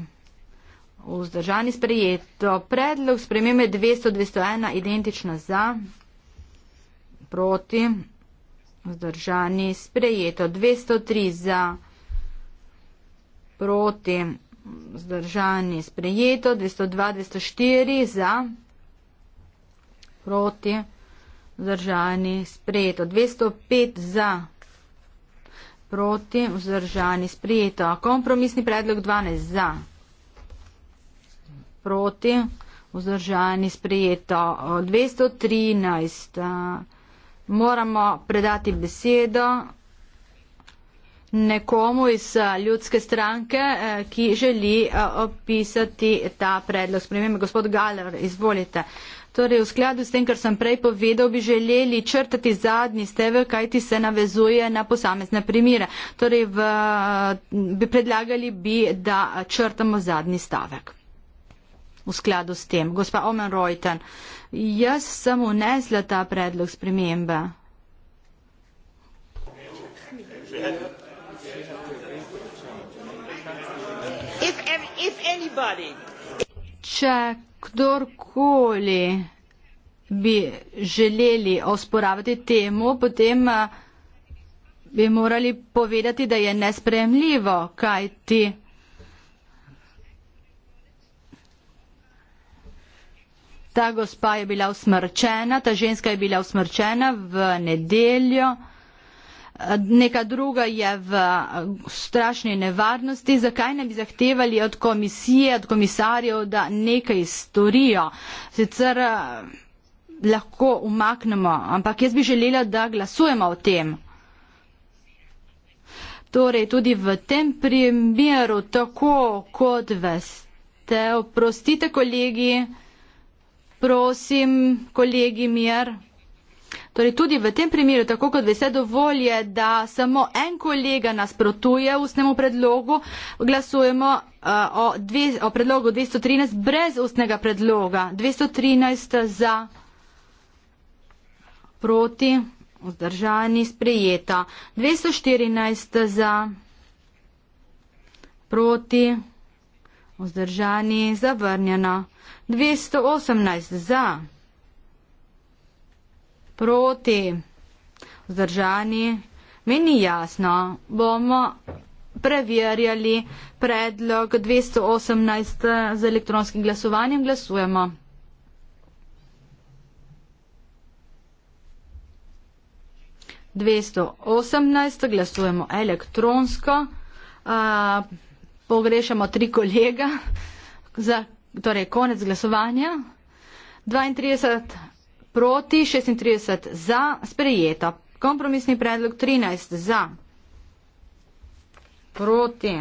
P: Vzdržani sprejeto. Predlog spremembe 201 identično za. Proti. Vzdržani sprejeto. 203 za proti zdržani sprejeto, 202, 204 za proti zdržani sprejeto, 205 za proti vzdržani sprejeto, kompromisni predlog 12 za proti vzdržani sprejeto, 213 moramo predati besedo nekomu iz eh, ljudske stranke, eh, ki želi eh, opisati ta predlog. Spremembe, gospod Galer, izvolite. Torej, v skladu s tem, kar sem prej povedal, bi želeli črtati zadnji stevel, kaj ti se navezuje na posamezne primire. Torej, v, bi predlagali bi, da črtamo zadnji stavek. V skladu s tem, gospa Omen Reuten, jaz sem unesla ta predlog spremembe. Yeah. Če kdorkoli bi želeli osporavati temu, potem eh, bi morali povedati, da je nespremljivo, kaj ti. Ta gospa je bila usmrčena, ta ženska je bila usmrčena v nedeljo neka druga je v strašni nevarnosti, zakaj ne bi zahtevali od komisije, od komisarjev, da nekaj storijo. Sicer eh, lahko umaknemo, ampak jaz bi želela, da glasujemo o tem. Torej, tudi v tem primeru, tako kot veste, oprostite kolegi, prosim kolegi mir. Torej, tudi v tem primeru, tako kot vse dovolj je, da samo en kolega nasprotuje ustnemu predlogu, glasujemo uh, o, dve, o predlogu 213 brez ustnega predloga. 213 za proti, vzdržani, sprejeta. 214 za proti, vzdržani, zavrnjena. 218 za proti, vzdržani. Meni jasno, bomo preverjali predlog 218 z elektronskim glasovanjem. Glasujemo. Glasujemo elektronsko. Uh, pogrešamo tri kolega, za, torej konec glasovanja. 32 proti, 36 za, sprejeto. Kompromisni predlog 13 za, proti,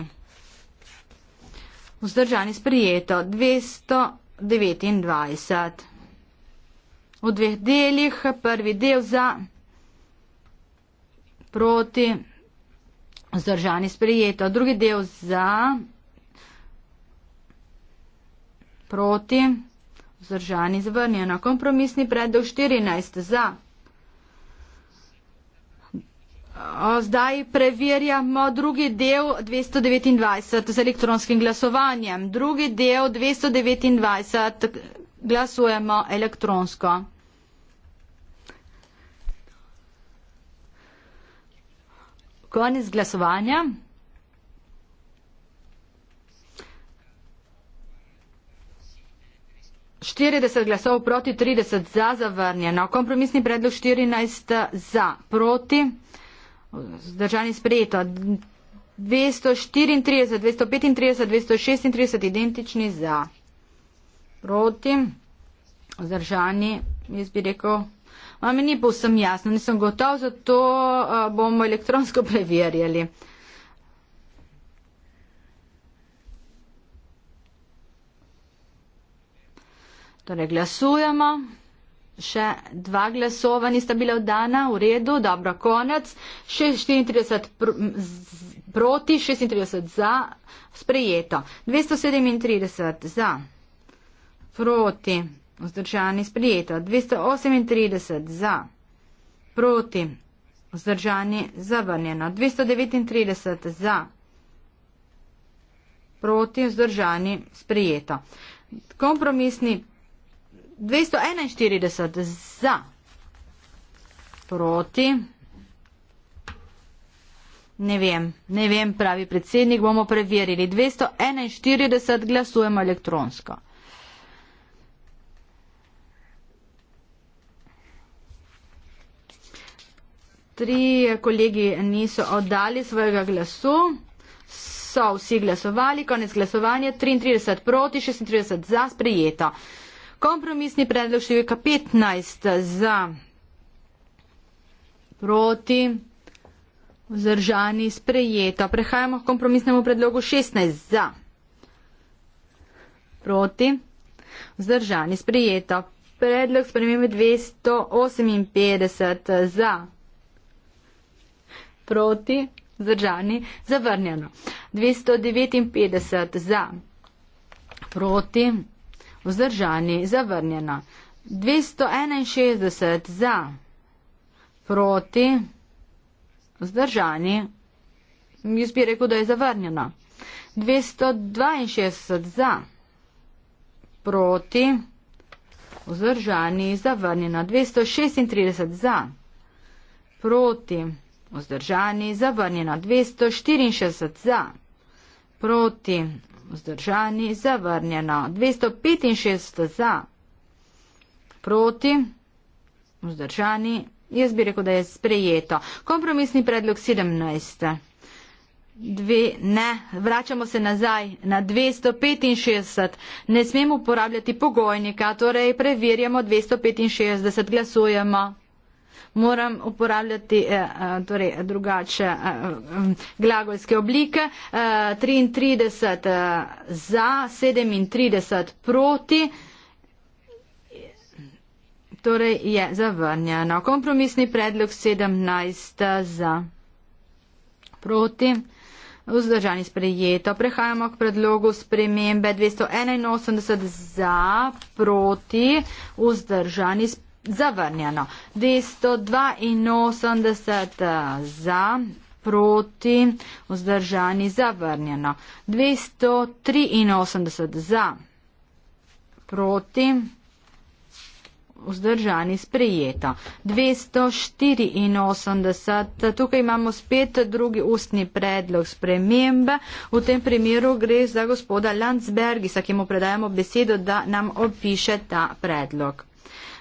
P: vzdržani sprejeto 229. V dveh delih, prvi del za, proti, vzdržani sprejeto, drugi del za, proti, vzdržani sprejeto. Zdržan izvrnje na kompromisni predlog 14 za. O, zdaj preverjamo drugi del 229 z elektronskim glasovanjem. Drugi del 229 glasujemo elektronsko. Konec glasovanja. 40 glasov proti 30 za zavrnjeno. Kompromisni predlog 14 za proti. Zdržanje sprejeto. 234, 235, 236 identični za proti. Zdržani, jaz bi rekel, vam ni povsem jasno, nisem gotov, zato eh, bomo elektronsko [LAUGHS] preverjali. Torej glasujemo. Še dva glasova nista bila oddana, v redu, dobro, konec. 34 proti, 36 za, sprejeto. 237 za, proti, vzdržani, sprejeto. 238 za, proti, vzdržani, zavrnjeno. 239 za, proti, vzdržani, sprejeto. Kompromisni 241 za, proti, ne vem, ne vem, pravi predsednik, bomo preverili. 241 glasujemo elektronsko. Tri kolegi niso oddali svojega glasu. So vsi glasovali, konec glasovanja, 33 proti, 36 za, sprejeto. Kompromisni predlog številka 15 za proti vzdržani sprejeto. Prehajamo k kompromisnemu predlogu 16 za proti vzdržani sprejeto. Predlog spremembe 258 za proti vzdržani zavrnjeno. 259 za proti vzdržani vzdržani, zavrnjena. 261 za, proti, vzdržani, jaz bi rekel, da je zavrnjena. 262 za, proti, vzdržani, zavrnjena. 236 za, proti, vzdržani, zavrnjena. 264 za, proti, vzdržani, zavrnjeno 265 za, proti, vzdržani, jaz bi rekel, da je sprejeto. Kompromisni predlog 17. Dve, ne, vračamo se nazaj na 265. Ne smemo uporabljati pogojnika, torej preverjamo 265, glasujemo moram uporabljati eh, eh, torej, drugače eh, eh glagolske oblike. Eh, 33 eh, za, 37 proti. Torej je zavrnjeno. Kompromisni predlog 17 eh, za proti. Vzdržani sprejeto. Prehajamo k predlogu spremembe 281 za proti. Vzdržani sprejeto zavrnjeno. 282 eh, za, proti, vzdržani, zavrnjeno. 283 za, proti, vzdržani, sprejeto. 284, eh, tukaj imamo spet drugi ustni predlog spremembe. V tem primeru gre za gospoda Landsbergisa, ki mu predajamo besedo, da nam opiše ta predlog.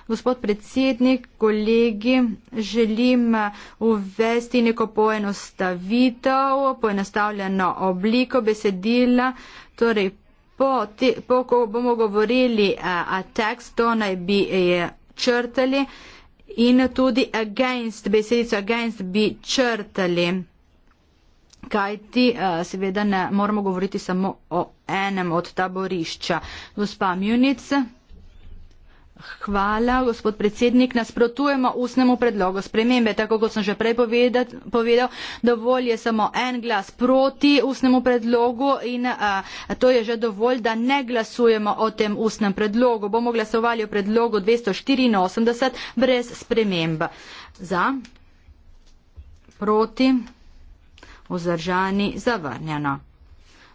P: Gospod predsednik, kolegi, želim eh, uvesti neko poenostavitev, poenostavljeno obliko besedila. Torej, po, te, po ko bomo govorili eh, a tekst, to naj bi je eh, črtali in tudi against, besedico against bi črtali. Kaj ti, seveda ne moramo govoriti samo o enem od taborišča. Gospa Munic. Hvala, gospod predsednik. Nasprotujemo ustnemu predlogu spremembe. Tako kot sem že prej povedal, dovolj je samo en glas proti ustnemu predlogu in a, to je že dovolj, da ne glasujemo o tem ustnem predlogu. Bomo glasovali o predlogu 284 brez sprememb. Za, proti, vzdržani, zavrnjeno.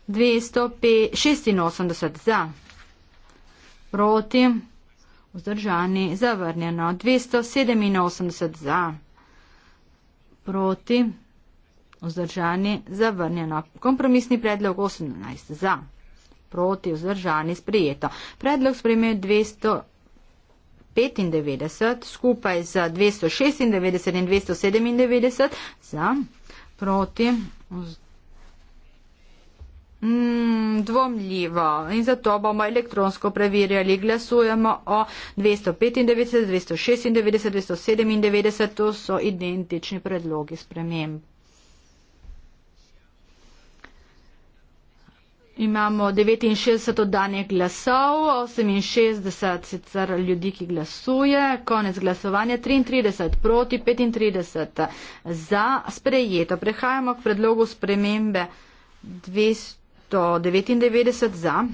P: 286 za, proti, vzdržani, zavrnjeno 287 za, proti, vzdržani, zavrnjeno. Kompromisni predlog 18 za, proti, vzdržani, sprijeto. Predlog spremijo 295 skupaj za 296 in 297 za, proti, vzdržani. Mm, dvomljivo. In zato bomo elektronsko preverjali. Glasujemo o 295, 296, 297. To so identični predlogi sprememb. Imamo 69 oddanih glasov, 68 sicer ljudi, ki glasuje, konec glasovanja 33 proti 35 za sprejeto. Prehajamo k predlogu spremembe 200. 299 za.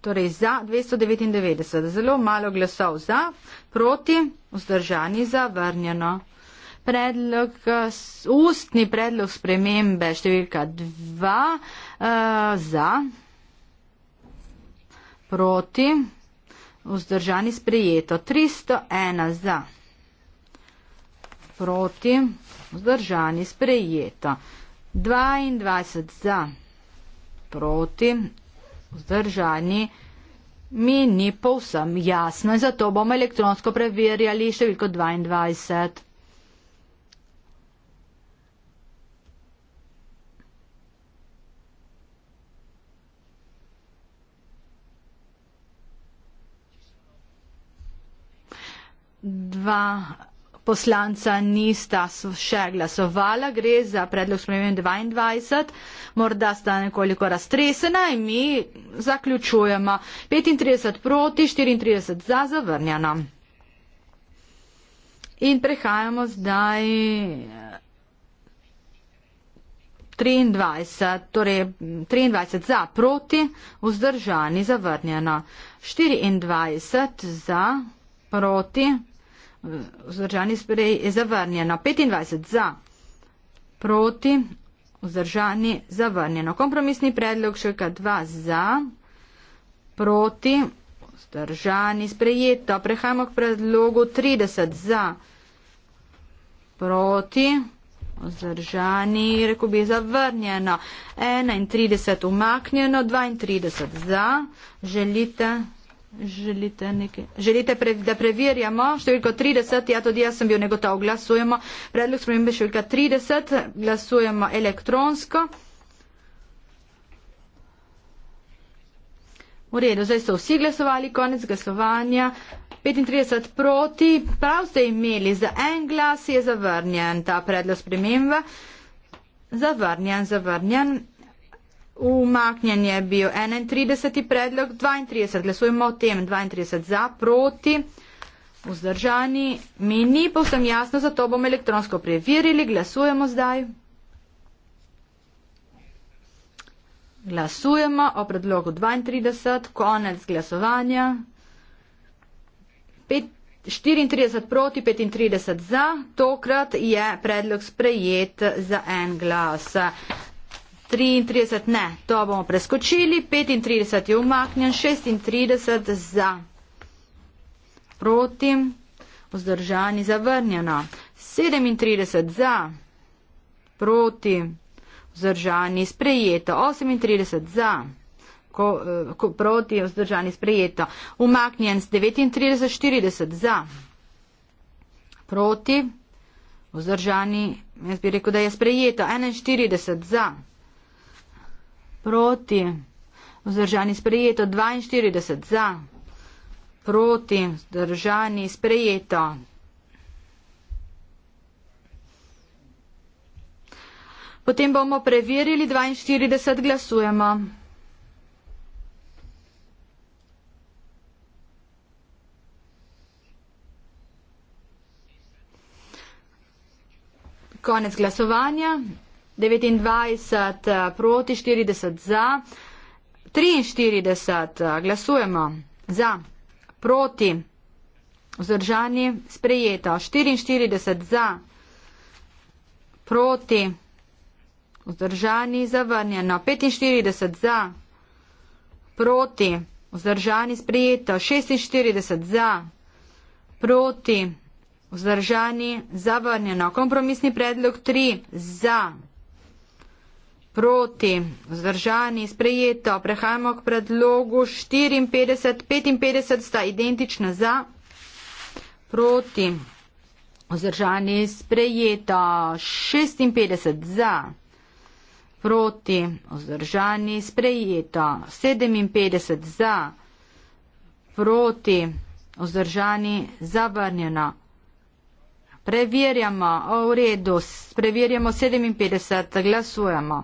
P: Torej za 299. Zelo malo glasov za, proti, vzdržani za, vrnjeno. Predlog, ustni predlog spremembe številka 2 uh, eh, za, proti, vzdržani sprejeto. 301 za, proti, vzdržani sprejeto. 22 za proti, vzdržani, mi ni povsem jasno in zato bomo elektronsko preverjali številko 22. Dva poslanca nista še glasovala, gre za predlog spremenja 22, morda sta nekoliko raztresena in mi zaključujemo 35 proti, 34 za zavrnjeno. In prehajamo zdaj 23, eh, torej 23 za proti, vzdržani, zavrnjeno. 24 za proti, vzdržani sprej je zavrnjeno. 25 za, proti, vzdržani zavrnjeno. Kompromisni predlog še kaj dva za, proti, vzdržani sprejeto. Prehajamo k predlogu 30 za, proti, vzdržani, reko bi zavrnjeno. 31 umaknjeno, 32 za, želite. Želite, neke, želite pre, da preverjamo številko 30? Ja, tudi jaz sem bil negotov. Glasujemo. Predlog spremembe številka 30. Glasujemo elektronsko. V redu, zdaj so vsi glasovali, konec glasovanja. 35 proti, prav ste imeli, za en glas je zavrnjen ta predlog spremembe. Zavrnjen, zavrnjen. Umaknjen je bil 31. predlog, 32 glasujemo o tem, 32 za, proti, vzdržani. Mi ni povsem jasno, zato bomo elektronsko preverili. Glasujemo zdaj. Glasujemo o predlogu 32, konec glasovanja. 34 proti 35 za, tokrat je predlog sprejet za en glas. 33 ne, to bomo preskočili, 35 je umaknjen, 36 za, proti, vzdržani, zavrnjeno, 37 za, proti, vzdržani, sprejeto, 38 za, ko, eh, ko, proti, vzdržani, sprejeto, umaknjen z 39, 40 za, proti, vzdržani, jaz bi rekel, da je sprejeto, 41 za, proti, proti, vzdržani sprejeto 42 za, proti, vzdržani sprejeto. Potem bomo preverili 42 glasujemo. Konec glasovanja. 29 eh, proti 40 za, 43 eh, glasujemo za, proti, vzdržani, sprejeto, 44 za, proti, vzdržani, zavrnjeno, 45 za, proti, vzdržani, sprejeto, 46 za, proti, vzdržani, zavrnjeno, kompromisni predlog 3 za proti vzdržani sprejeto. Prehajamo k predlogu 54, 55 sta identična za, proti vzdržani sprejeto. 56 za, proti vzdržani sprejeto. 57 za, proti vzdržani zavrnjeno. Preverjamo, o, v redu, preverjamo 57, glasujemo.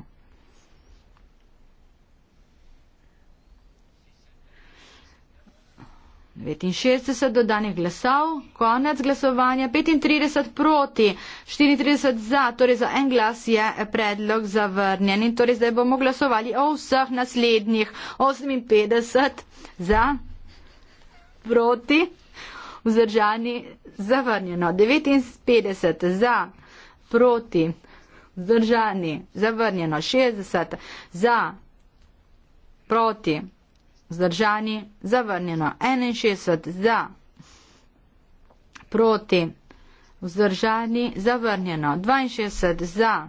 P: 69 dodanih glasov, konec glasovanja 35 proti, 34 za, torej za en glas je predlog zavrnjen in torej zdaj bomo glasovali o vseh naslednjih 58 za, proti, vzdržani, zavrnjeno 59 za, proti, vzdržani, zavrnjeno 60 za, proti, vzdržani, zavrnjeno 61 za, proti vzdržani, zavrnjeno 62 za,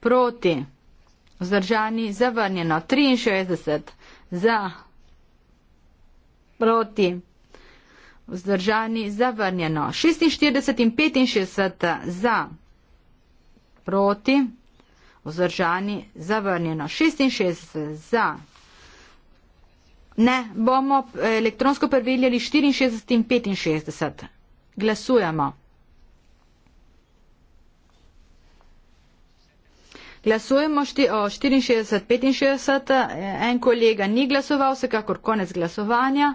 P: proti vzdržani, zavrnjeno 63 za, proti vzdržani, zavrnjeno 46 in 65 za, proti vzdržani, zavrnjeno 66 za. Ne, bomo eh, elektronsko preverjali 64 in 65. Glasujemo. Glasujemo o 64, 65. Eh, en kolega ni glasoval, vsekakor konec glasovanja.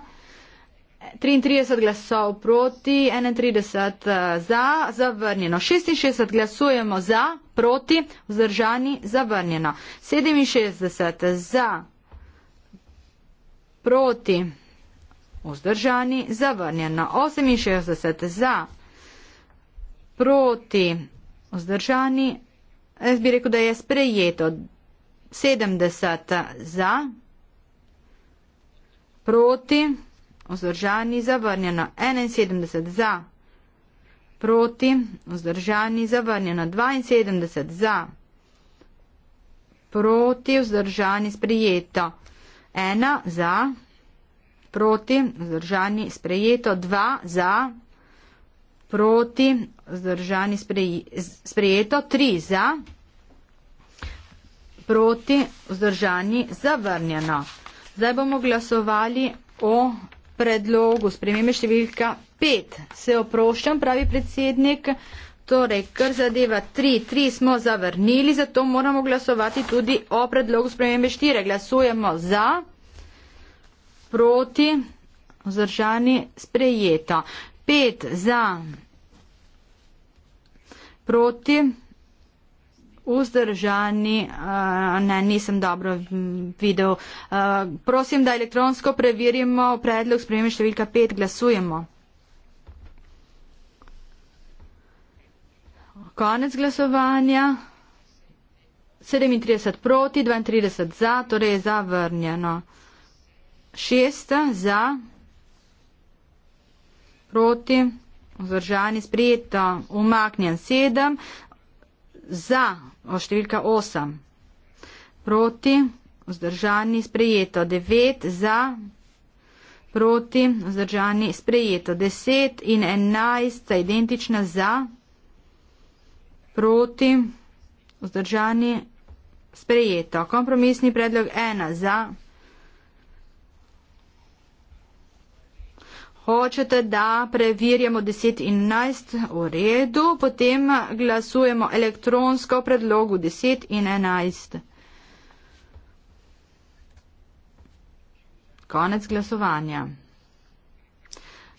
P: 33 glasov proti, 31 eh, za, zavrnjeno. 66 glasujemo za, proti, vzdržani, zavrnjeno. 67 za proti, vzdržani, zavrnjeno, 68 za, proti, vzdržani, jaz bi rekel, da je sprejeto, 70 za, proti, vzdržani, zavrnjeno, 71 za, proti, vzdržani, zavrnjeno, 72 za, proti, vzdržani, sprejeto, ena za, proti, vzdržani, sprejeto, dva za, proti, vzdržani, spreji, sprejeto, tri za, proti, vzdržani, zavrnjeno. Zdaj bomo glasovali o predlogu spremembe številka 5. Se oproščam, pravi predsednik. Torej, kar zadeva 3, 3 smo zavrnili, zato moramo glasovati tudi o predlogu spremembe 4. Glasujemo za, proti, vzdržani, sprejeto. 5 za, proti, vzdržani, uh, ne, nisem dobro videl. Uh, prosim, da elektronsko preverimo predlog spremembe številka 5. Glasujemo. Konec glasovanja. 37 proti, 32 za, torej je zavrnjeno. 6 za, proti, vzdržani sprijeto, umaknjen 7, za, številka 8, proti, vzdržani sprijeto, 9 za, proti, vzdržani sprijeto, 10 in 11 sta identična za proti, vzdržani, sprejeto. Kompromisni predlog ena za. Hočete, da preverjamo 10 in 11 v redu, potem glasujemo elektronsko v predlogu 10 in 11. Konec glasovanja.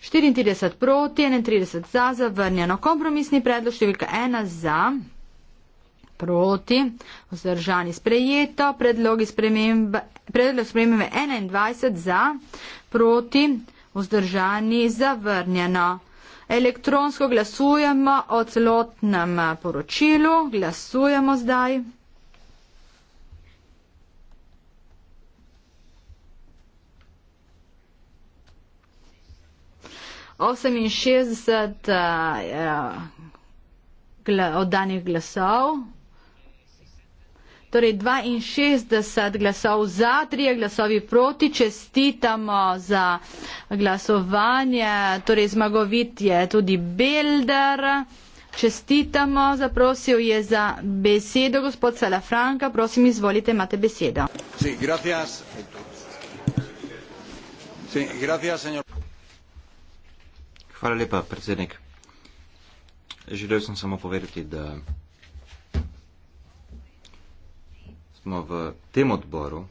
P: 34 proti, 31 za, zavrnjeno. Kompromisni predlog številka 1 za, proti, vzdržani sprejeto, predlogi sprememb, predlog spremembe 21 za, proti, vzdržani, zavrnjeno. Elektronsko glasujemo o celotnem poročilu, glasujemo zdaj. 68 eh, eh, oddanih glasov. Torej 62 glasov za, 3 glasovi proti, čestitamo za glasovanje, torej zmagovit je tudi Belder, čestitamo, zaprosil je za besedo gospod Salafranka, prosim izvolite, imate
B: besedo. Sí, gracias. Sí, gracias, señor...
Q: Hvala lepa, predsednik. Želel sem samo povedati, da smo v tem odboru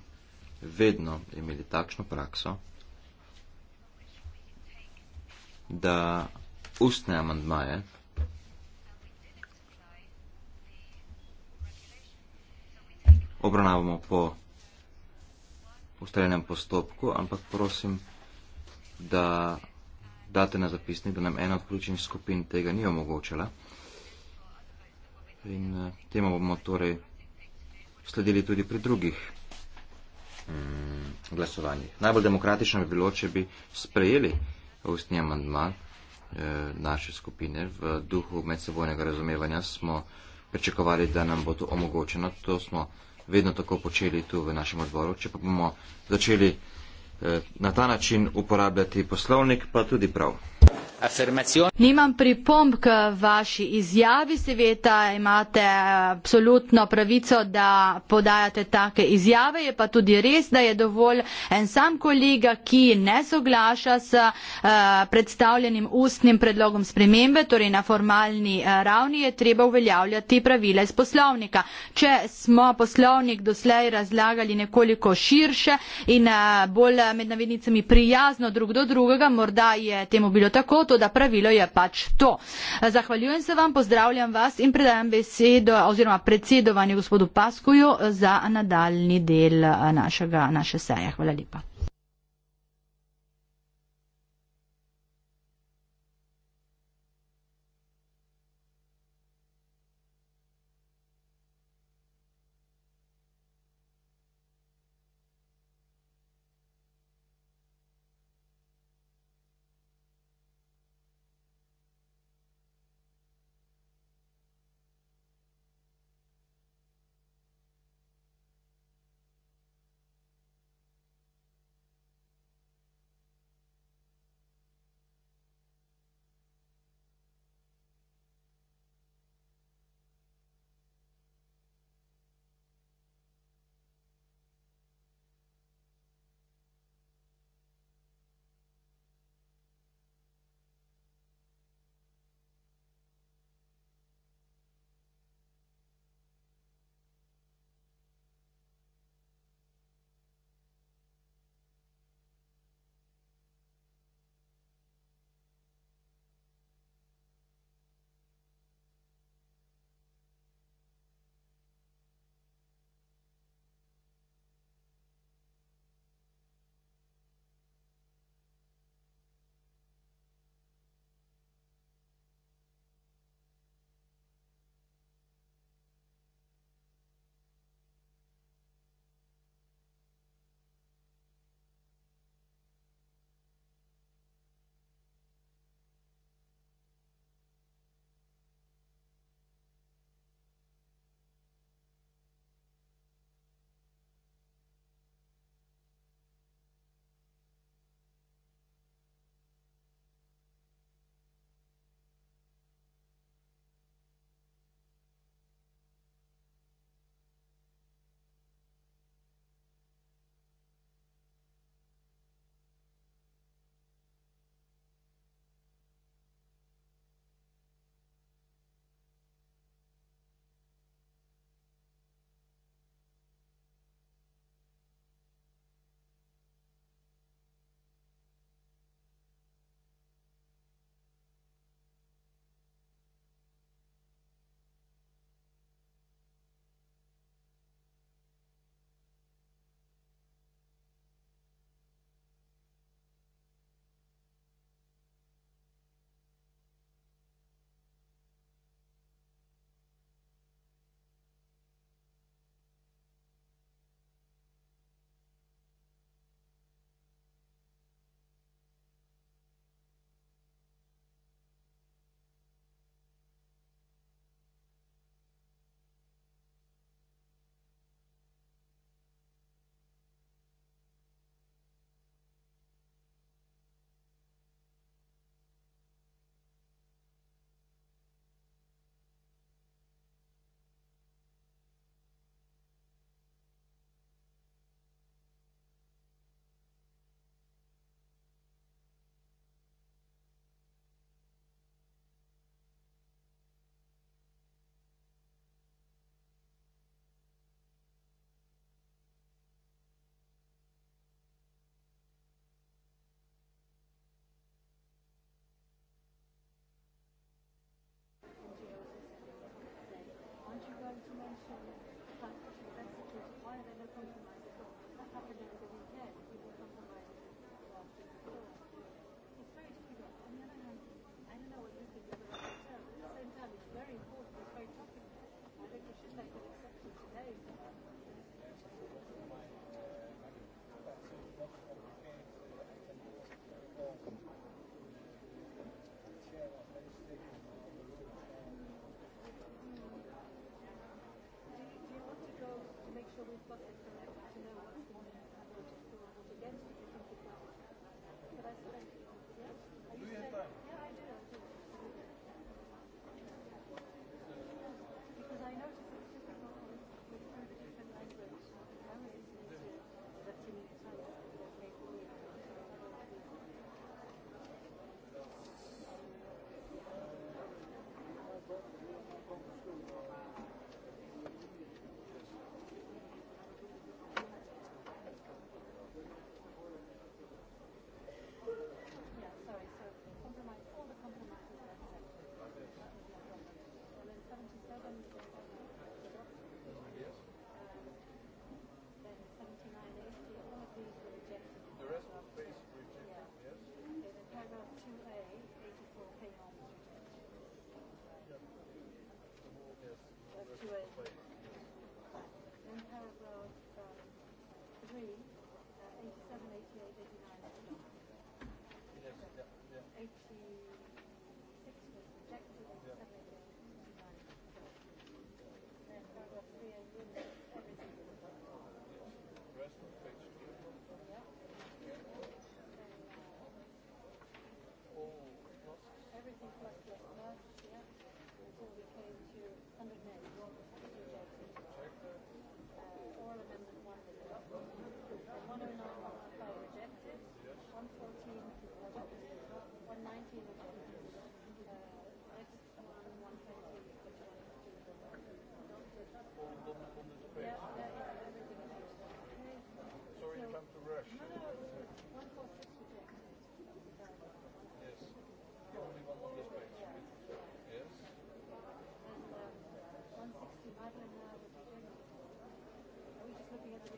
Q: vedno imeli takšno prakso, da ustne amandmaje obravnavamo po ustaljenem postopku, ampak prosim, da date na zapisnik, da nam ena od ključnih skupin tega ni omogočila. In uh, temu bomo torej sledili tudi pri drugih mm, glasovanjih. Najbolj demokratično bi bilo, če bi sprejeli ustni amandman eh, naše skupine. V duhu medsebojnega razumevanja smo pričakovali, da nam bo to omogočeno. To smo vedno tako počeli tu v našem odboru. Če pa bomo začeli Eh, na ta način uporabljati poslovnik, pa tudi prav.
P: Nimam pripomb k vaši izjavi, seveda imate eh, absolutno pravico, da podajate take izjave. Je pa tudi res, da je dovolj en sam kolega, ki ne soglaša s uh, predstavljenim ustnim predlogom spremembe, torej na formalni uh, ravni je treba uveljavljati pravila iz poslovnika. Če smo poslovnik doslej razlagali nekoliko širše in uh, bolj med navednicami prijazno drug do drugega, morda je temu bilo tako toda pravilo je pač to. Zahvaljujem se vam, pozdravljam vas in predajam besedo oziroma predsedovanje gospodu Paskuju za nadaljni del eh, našega, naše seje. Hvala lepa.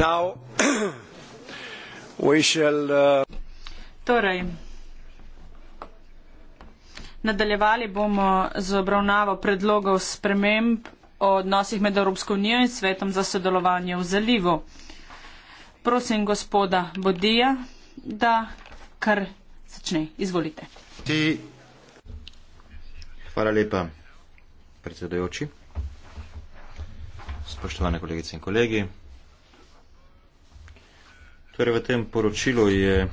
C: [CLEARS THROAT] Uh,
M: torej, nadaljevali bomo z obravnavo predlogov sprememb o odnosih med Evropsko unijo in svetom za sodelovanje v zalivu. Prosim gospoda Bodija, da kar začne. Izvolite.
N: Ti.
Q: Hvala lepa, predsedojoči. Spoštovane kolegice in kolegi, kar je v tem poročilu, je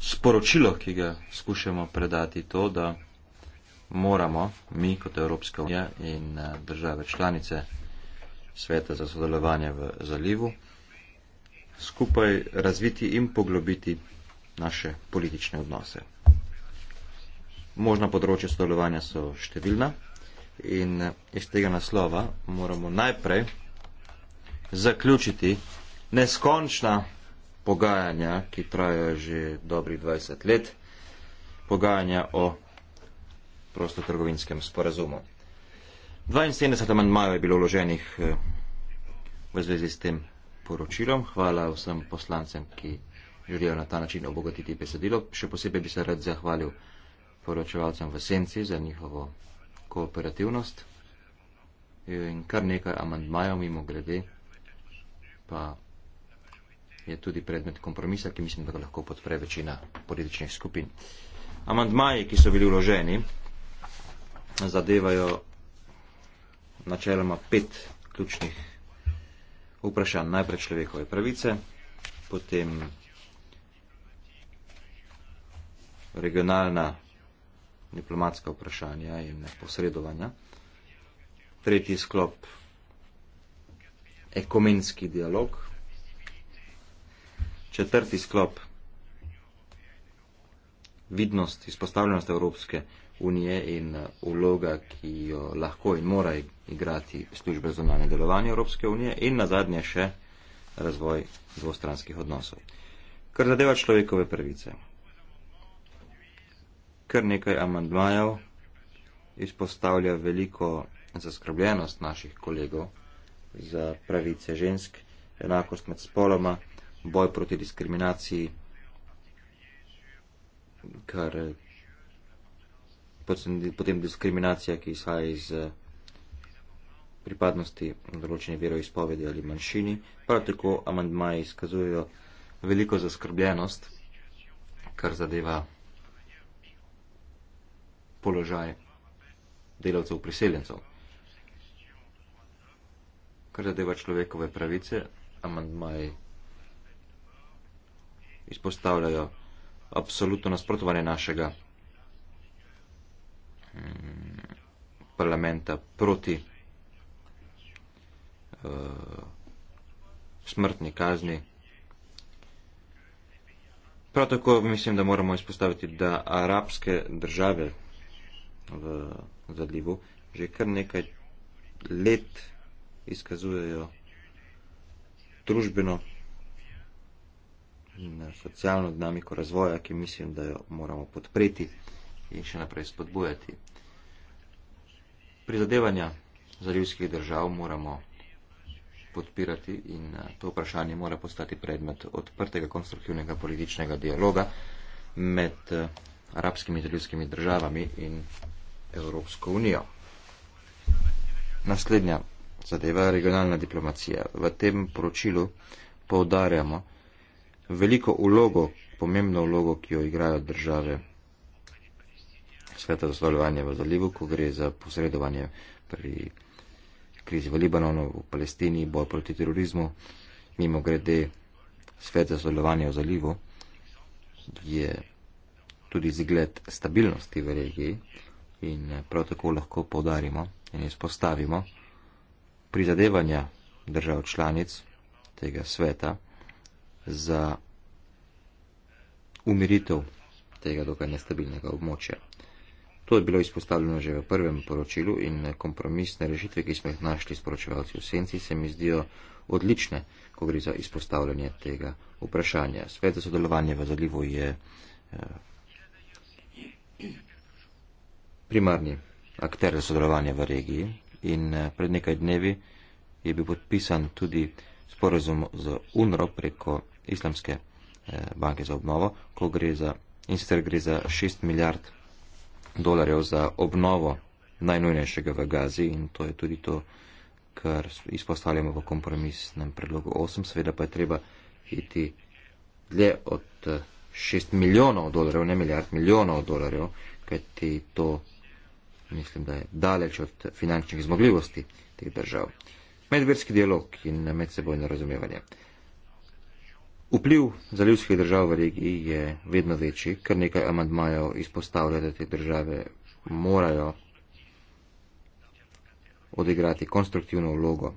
Q: sporočilo, ki ga skušamo predati, to, da moramo mi kot Evropska unija in eh, države članice sveta za sodelovanje v zalivu skupaj razviti in poglobiti naše politične odnose. Možna področja sodelovanja so številna in eh, iz tega naslova moramo najprej zaključiti neskončna pogajanja, ki trajajo že dobrih 20 let, pogajanja o prostotrgovinskem sporazumu. 72 amandmajev je bilo vloženih eh, v zvezi s tem poročilom. Hvala vsem poslancem, ki želijo na ta način obogatiti besedilo. Še posebej bi se rad zahvalil poročevalcem v Senci za njihovo kooperativnost. In kar nekaj amandmajev mimo grede, pa je tudi predmet kompromisa, ki mislim, da ga lahko podpre večina političnih skupin. Amandmaji, ki so bili vloženi, zadevajo načeloma pet ključnih vprašanj. Najprej človekove pravice, potem regionalna diplomatska vprašanja in posredovanja. Tretji sklop ekumenski dialog, Četrti sklop. Vidnost, izpostavljenost Evropske unije in uloga, uh, ki jo lahko in mora igrati službe zunanje delovanja Evropske unije in nazadnje še razvoj dvostranskih odnosov. Kar zadeva človekove prvice. Kar nekaj amandmajev izpostavlja veliko zaskrbljenost naših kolegov za pravice žensk, enakost med spoloma boj proti diskriminaciji, kar potem diskriminacija, ki izhaja iz pripadnosti določene veroizpovedi ali manjšini. Prav tako amandmaji izkazujejo veliko zaskrbljenost, kar zadeva položaj delavcev priseljencev. Kar zadeva človekove pravice, amandmaji izpostavljajo absolutno nasprotovanje našega mm, parlamenta proti uh, smrtni kazni. Prav tako mislim, da moramo izpostaviti, da arabske države v zalivu že kar nekaj let izkazujejo družbeno in socialno dinamiko razvoja, ki mislim, da jo moramo podpreti in še naprej spodbujati. Prizadevanja zalivskih držav moramo podpirati in eh, to vprašanje mora postati predmet odprtega konstruktivnega političnega dialoga med eh, arabskimi zalivskimi državami in Evropsko unijo. Naslednja zadeva je regionalna diplomacija. V tem poročilu poudarjamo, veliko ulogo, pomembno ulogo, ki jo igrajo države sveta zastavljanja v zalivu, ko gre za posredovanje pri krizi v Libanonu, v Palestini, boj proti terorizmu. Mimo grede, svet zastavljanja v zalivu je tudi zgled stabilnosti v regiji in eh, prav tako lahko povdarimo in izpostavimo prizadevanja držav članic tega sveta za umiritev tega dokaj nestabilnega območja. To je bilo izpostavljeno že v prvem poročilu in kompromisne rešitve, ki smo jih našli s poročevalci v senci, se mi zdijo odlične, ko gre za izpostavljanje tega vprašanja. Svet za sodelovanje v zalivu je eh, primarni akter za sodelovanje v regiji in eh, pred nekaj dnevi je bil podpisan tudi sporazum z UNRO preko islamske eh, banke za obnovo, ko gre za, in sicer gre za 6 milijard dolarjev za obnovo najnujnejšega v Gazi in to je tudi to, kar izpostavljamo v kompromisnem predlogu 8, seveda pa je treba iti dlje od 6 eh, milijonov dolarjev, ne milijard, milijonov dolarjev, kajti to mislim, da je daleč od finančnih zmogljivosti teh držav. Medvirski dialog in medsebojno razumevanje. Vpliv zalivskih držav v regiji je vedno večji, kar nekaj amantmajev izpostavlja, da te države morajo odigrati konstruktivno vlogo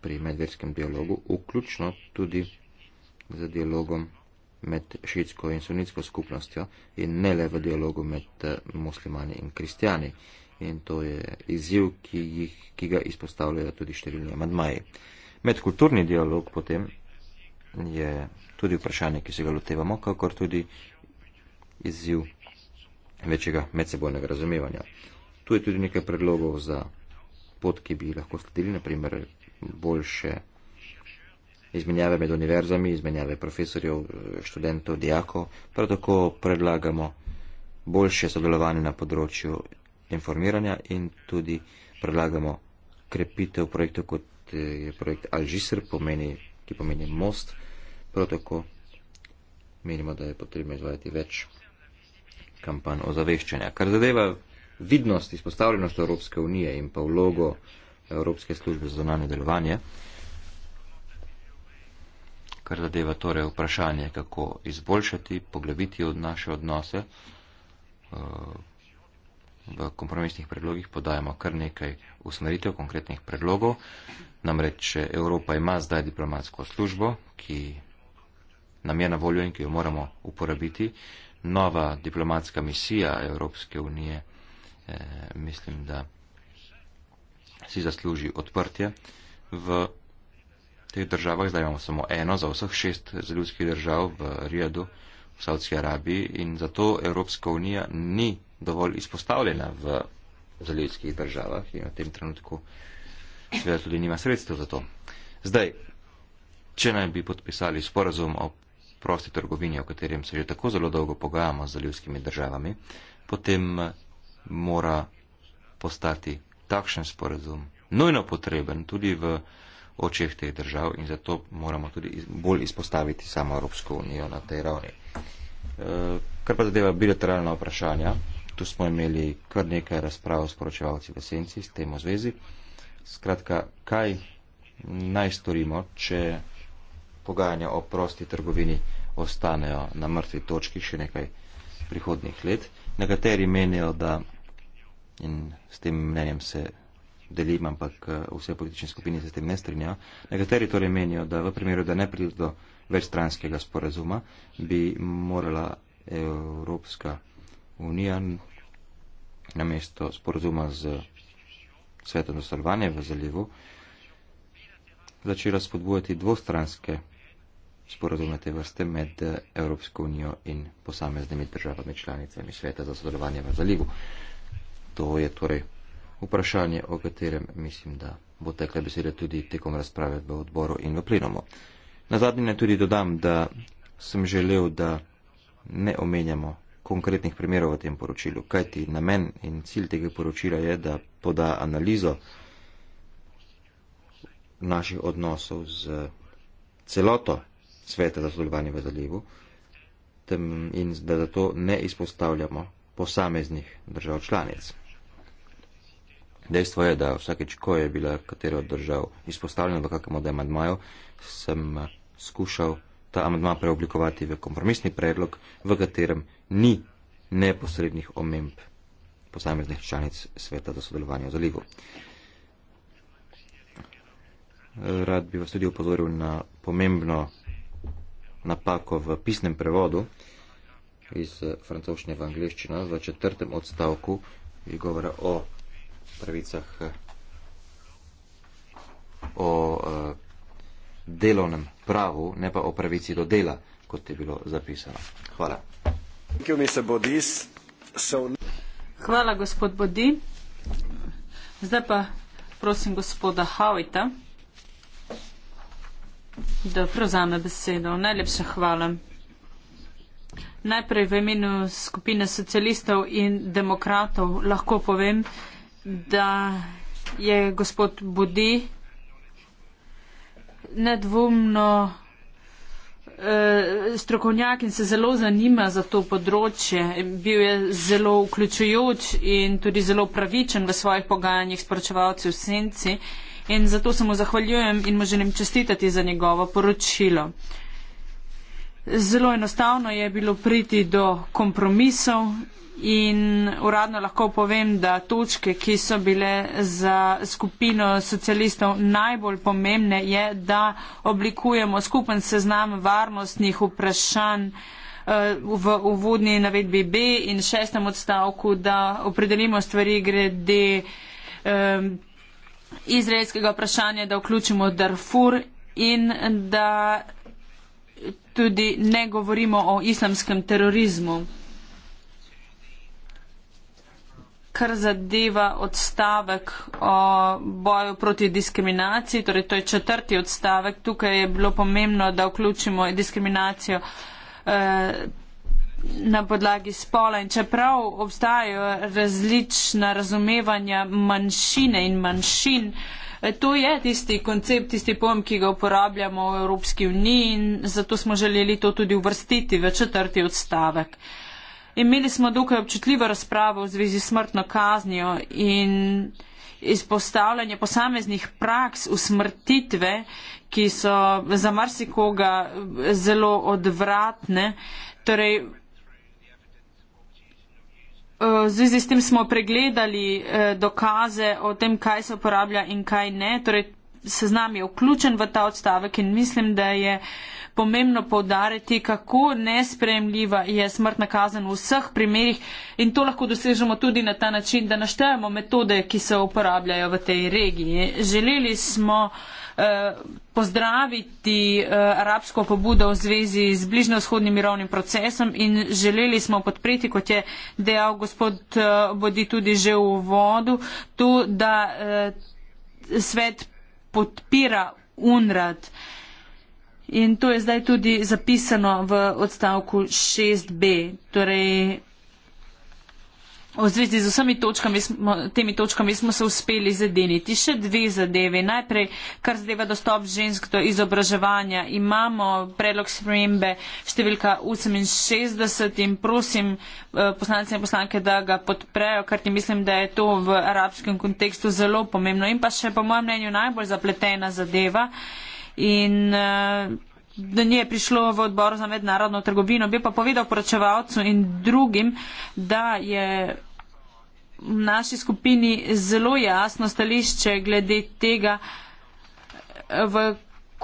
Q: pri medverskem dialogu, vključno tudi z dialogom med šitsko in sunitsko skupnostjo in ne le v dialogu med eh, muslimani in kristijani. In to je izziv, ki, jih, ki ga izpostavljajo tudi številni amantmaji. Medkulturni dialog potem je tudi vprašanje, ki se ga lotevamo, kakor tudi izziv večjega medsebojnega razumevanja. Tu je tudi nekaj predlogov za pot, ki bi lahko sledili, naprimer boljše izmenjave med univerzami, izmenjave profesorjev, študentov, dijakov. Prav tako predlagamo boljše sodelovanje na področju informiranja in tudi predlagamo krepitev projektov, kot je projekt Alžisr, pomeni, ki pomeni most Prav tako menimo, da je potrebno izvajati več kampanj ozaveščanja. Kar zadeva vidnost, izpostavljenost Evropske unije in pa vlogo Evropske službe za zonanje delovanje, kar zadeva torej vprašanje, kako izboljšati, poglaviti od naše odnose, eh, v kompromisnih predlogih podajamo kar nekaj usmeritev, konkretnih predlogov. Namreč eh, Evropa ima zdaj diplomatsko službo, ki nam je na voljo in ki jo moramo uporabiti. Nova diplomatska misija Evropske unije, eh, mislim, da si zasluži odprtje v teh državah. Zdaj imamo samo eno za vseh šest ljudskih držav v Rijadu, v Saudski Arabiji in zato Evropska unija ni dovolj izpostavljena v ljudskih državah in v tem trenutku seveda tudi nima sredstev za to. Zdaj, če naj bi podpisali sporazum ob prosti trgovini, o katerem se že tako zelo dolgo pogajamo z ljudskimi državami, potem mora postati takšen sporazum nujno potreben tudi v očeh teh držav in zato moramo tudi bolj izpostaviti samo Evropsko unijo na tej ravni. E, kar pa zadeva bilateralna vprašanja, tu smo imeli kar nekaj razprav s poročevalci v senci s tem v zvezi. Skratka, kaj naj storimo, če pogajanja o prosti trgovini ostanejo na mrtvi točki še nekaj prihodnih let. Nekateri menijo, da in s tem mnenjem se delim, ampak eh, vse politične skupine se s tem ne strinjajo. Nekateri torej menijo, da v primeru, da ne pride do večstranskega sporazuma, bi morala Evropska unija na mesto sporazuma z svetom za v zalivu začela spodbujati dvostranske sporozume te vrste med eh, Evropsko unijo in posameznimi državami članicami sveta za sodelovanje v zalivu. To je torej vprašanje, o katerem mislim, da bo tekla beseda tudi tekom razprave v odboru in v plenumu. Na zadnje naj tudi dodam, da sem želel, da ne omenjamo konkretnih primerov v tem poročilu, kajti namen in cilj tega poročila je, da poda analizo naših odnosov z celoto sveta za sodelovanje v zalivu tem, in da zato ne izpostavljamo posameznih držav članic. Dejstvo je, da vsakeč, ko je bila katera od držav izpostavljena v kakem od amadmajev, sem skušal ta amadma preoblikovati v kompromisni predlog, v katerem ni neposrednih omemb posameznih članic sveta za sodelovanje v zalivu. Rad bi vas tudi upozoril na pomembno napako v pisnem prevodu iz francoščine v angliščino. V četrtem odstavku je govora o pravicah o uh, delovnem pravu, ne pa o pravici do dela, kot je bilo zapisano. Hvala.
M: Hvala, gospod Bodi. Zdaj pa prosim gospoda Havita. Da prevzame besedo. Najlepša hvala. Najprej v imenu skupine socialistov in demokratov lahko povem, da je gospod Budi nedvomno eh, strokovnjak in se zelo zanima za to področje. Bil je zelo vključujoč in tudi zelo pravičen v svojih pogajanjih s poročevalci v senci in zato se mu zahvaljujem in mu želim čestitati za njegovo poročilo. Zelo enostavno je bilo priti do kompromisov in uradno lahko povem, da točke, ki so bile za skupino socialistov najbolj pomembne, je, da oblikujemo skupen seznam varnostnih vprašanj eh, v uvodni navedbi B in šestem odstavku, da opredelimo stvari glede eh, izraelskega vprašanja, da vključimo Darfur in da tudi ne govorimo o islamskem terorizmu. kar zadeva odstavek o boju proti diskriminaciji, torej to je četrti odstavek, tukaj je bilo pomembno, da vključimo diskriminacijo eh, na podlagi spola in čeprav obstajajo različna razumevanja manjšine in manjšin, eh, to je tisti koncept, tisti pojem, ki ga uporabljamo v Evropski uniji in zato smo želeli to tudi uvrstiti v četrti odstavek. Imeli smo dokaj občutljivo razpravo v zvezi s smrtno kaznjo in izpostavljanje posameznih praks usmrtitve, ki so za marsikoga eh, zelo odvratne. Torej, Eh, v zvezi s tem smo pregledali eh, dokaze o tem, kaj se uporablja in kaj ne. Torej, seznam je vključen v ta odstavek in mislim, da je pomembno povdariti, kako nespremljiva je smrtna kazen v vseh primerjih in to lahko dosežemo tudi na ta način, da naštejemo metode, ki se uporabljajo v tej regiji. Želeli smo. Eh, pozdraviti eh, arabsko pobudo v zvezi z bližnjo-vzhodnim mirovnim procesom in želeli smo podpreti, kot je dejal gospod eh, Bodi tudi že v vodu, to, da svet podpira UNRAD. In to je zdaj tudi zapisano v odstavku 6b. Torej, V zvezi z vsemi točkami smo, temi točkami smo se uspeli zadeniti. Še dve zadeve. Najprej, kar zadeva dostop žensk do izobraževanja. Imamo predlog spremembe številka 68 in prosim eh, poslance in poslanke, da ga podprejo, ker ti mislim, da je to v arabskem kontekstu zelo pomembno. In pa še, po mojem mnenju, najbolj zapletena zadeva. In, uh, da nje je prišlo v odbor za mednarodno trgovino. Bi pa povedal poročevalcu in drugim, da je v naši skupini zelo jasno stališče glede tega, v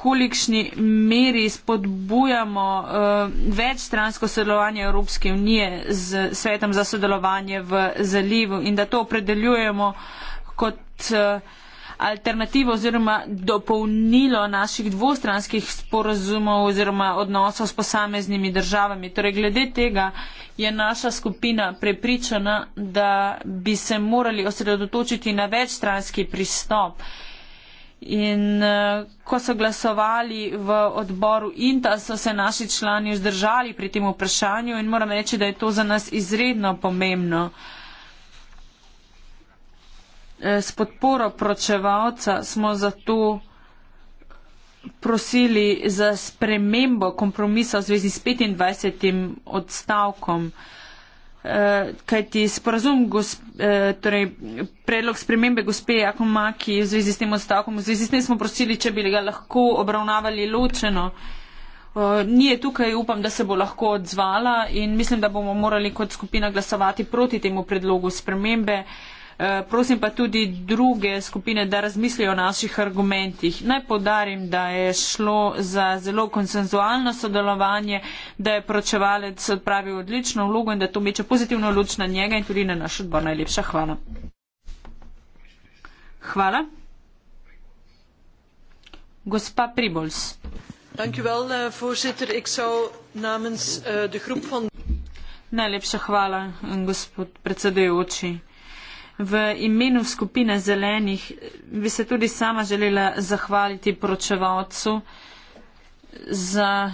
M: kolikšni meri spodbujamo uh, večstransko sodelovanje Evropske unije z svetom za sodelovanje v zalivu in da to opredeljujemo kot uh, alternativo oziroma dopolnilo naših dvostranskih sporozumov oziroma odnosov s posameznimi državami. Torej, glede tega je naša skupina prepričana, da bi se morali osredotočiti na večstranski pristop. In eh, ko so glasovali v odboru INTA, so se naši člani vzdržali pri tem vprašanju in moram reči, da je to za nas izredno pomembno. Uh, eh, s podporo pročevalca smo zato prosili za spremembo kompromisa v zvezi s 25. odstavkom. Uh, kajti sporazum, gos, uh, torej predlog spremembe gospe Jakomaki v zvezi s tem odstavkom, v zvezi s tem smo prosili, če bi ga lahko obravnavali ločeno. Uh, ni je tukaj, upam, da se bo lahko odzvala in mislim, da bomo morali kot skupina glasovati proti temu predlogu spremembe. Uh, Eh, prosim pa tudi druge skupine, da razmislijo o naših argumentih. Naj podarim, da je šlo za zelo konsenzualno sodelovanje, da je pročevalec odpravil odlično vlogo in da to meče pozitivno luč na njega in tudi na naš odbor. Najlepša hvala. Hvala. Gospa Pribols. Eh, eh, Najlepša hvala, gospod predsedujoči. V imenu skupine zelenih bi se tudi sama želela zahvaliti poročevalcu za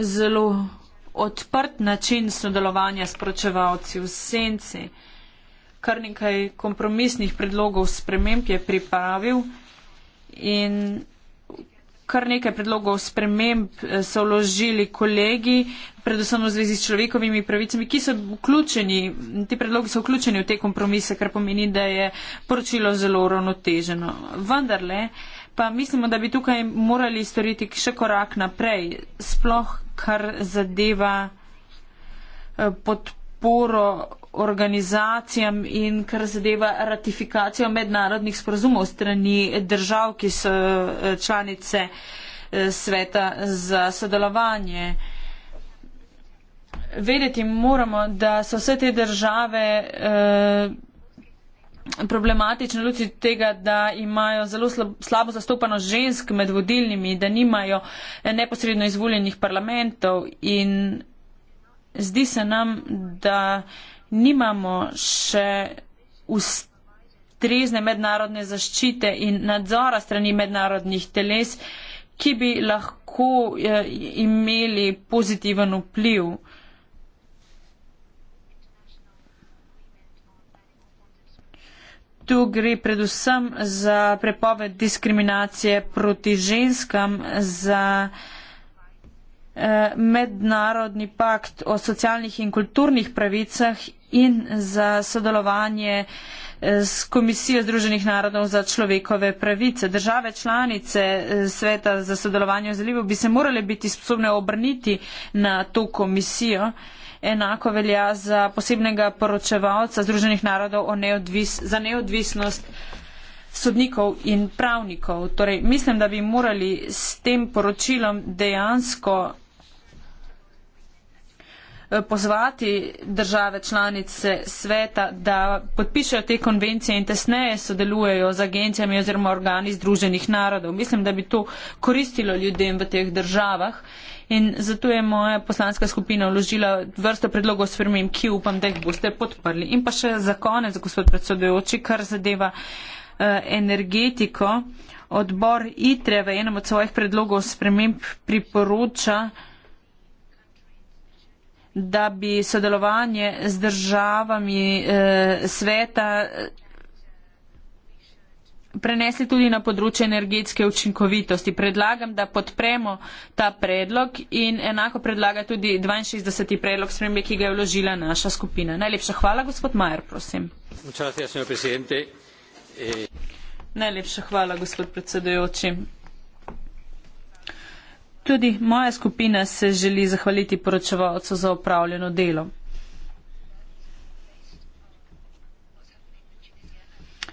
M: zelo odprt način sodelovanja s poročevalci v senci. Kar nekaj kompromisnih predlogov sprememb je pripravil in kar nekaj predlogov sprememb eh, so vložili kolegi, predvsem v zvezi s človekovimi pravicami, ki so vključeni, ti predlogi so vključeni v te kompromise, kar pomeni, da je poročilo zelo uravnoteženo. Vendarle pa mislimo, da bi tukaj morali storiti še korak naprej, sploh kar zadeva eh, podporo organizacijam in kar zadeva ratifikacijo mednarodnih sporazumov strani držav, ki so eh, članice eh, sveta za sodelovanje. Vedeti moramo, da so vse te države eh, problematične luči tega, da imajo zelo slabo zastopano žensk med vodilnimi, da nimajo neposredno izvoljenih parlamentov in zdi se nam, da nimamo še ustrezne mednarodne zaščite in nadzora strani mednarodnih teles, ki bi lahko eh, imeli pozitiven vpliv. Tu gre predvsem za prepoved diskriminacije proti ženskam, za eh, mednarodni pakt o socialnih in kulturnih pravicah in za sodelovanje eh, s Komisijo Združenih narodov za človekove pravice. Države članice eh, sveta za sodelovanje v zalivu bi se morale biti sposobne obrniti na to komisijo. Enako velja za posebnega poročevalca Združenih narodov neodvis za neodvisnost sodnikov in pravnikov. Torej, mislim, da bi morali s tem poročilom dejansko Eh, pozvati države članice sveta, da podpišajo te konvencije in tesneje sodelujejo z agencijami oziroma organi Združenih narodov. Mislim, da bi to koristilo ljudem v teh državah. In zato je moja poslanska skupina vložila vrsto predlogov s firmim, ki upam, da jih boste podprli. In pa še za konec, gospod predsedujoči, kar zadeva uh, energetiko. Odbor ITRE v enem od svojih predlogov sprememb priporoča, da bi sodelovanje z državami eh, sveta prenesli tudi na področje energetske učinkovitosti. Predlagam, da podpremo ta predlog in enako predlaga tudi 62. predlog spremembe, ki ga je vložila naša skupina. Najlepša hvala, gospod Majer, prosim.
O: Gracias, eh...
M: Najlepša hvala, gospod predsedujoči. Tudi moja skupina se želi zahvaliti poročevalcu za upravljeno delo.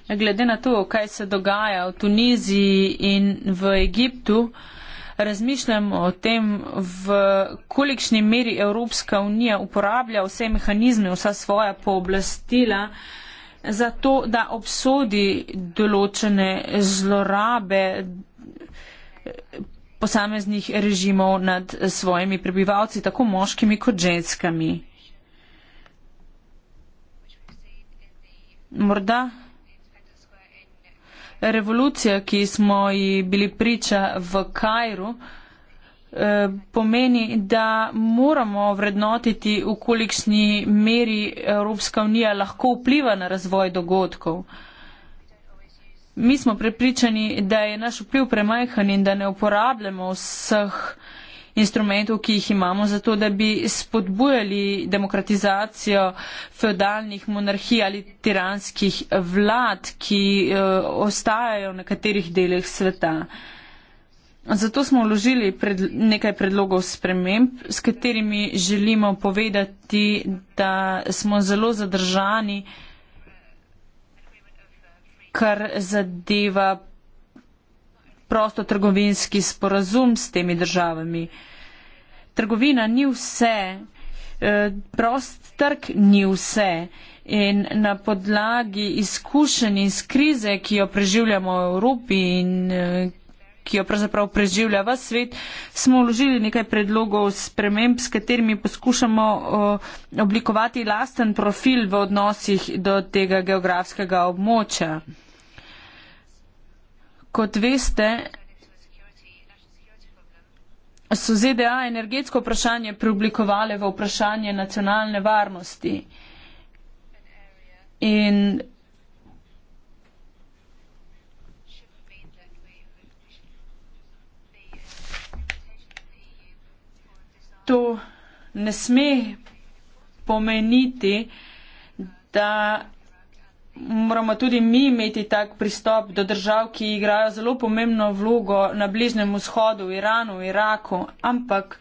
M: Glede na to, kaj se dogaja v Tuniziji in v Egiptu, razmišljam o tem, v kolikšni meri Evropska unija uporablja vse mehanizme, vsa svoja pooblastila, zato da obsodi določene zlorabe posameznih režimov nad svojimi prebivalci, tako moškimi kot ženskami. Morda revolucija, ki smo ji bili priča v Kajru, eh, pomeni, da moramo vrednotiti, v kolikšni meri Evropska unija lahko vpliva na razvoj dogodkov. Mi smo prepričani, da je naš vpliv premajhen in da ne uporabljamo vseh instrumentov, ki jih imamo, zato da bi spodbujali demokratizacijo feudalnih monarhij ali tiranskih vlad, ki uh, ostajajo v nekaterih delih sveta. Zato smo vložili pred, nekaj predlogov sprememb, s katerimi želimo povedati, da smo zelo zadržani uh, kar zadeva prosto trgovinski sporazum s temi državami. Trgovina ni vse, eh, prost trg ni vse in na podlagi izkušenj iz krize, ki jo preživljamo v Evropi in eh, ki jo pravzaprav preživlja vas svet, smo vložili nekaj predlogov sprememb, s katerimi poskušamo eh, oblikovati lasten profil v odnosih do tega geografskega območja. Kot veste, so ZDA energetsko vprašanje preoblikovali v vprašanje nacionalne varnosti. In to ne sme pomeniti, da moramo tudi mi imeti tak pristop do držav, ki igrajo zelo pomembno vlogo na Bližnem vzhodu, v Iranu, v Iraku, ampak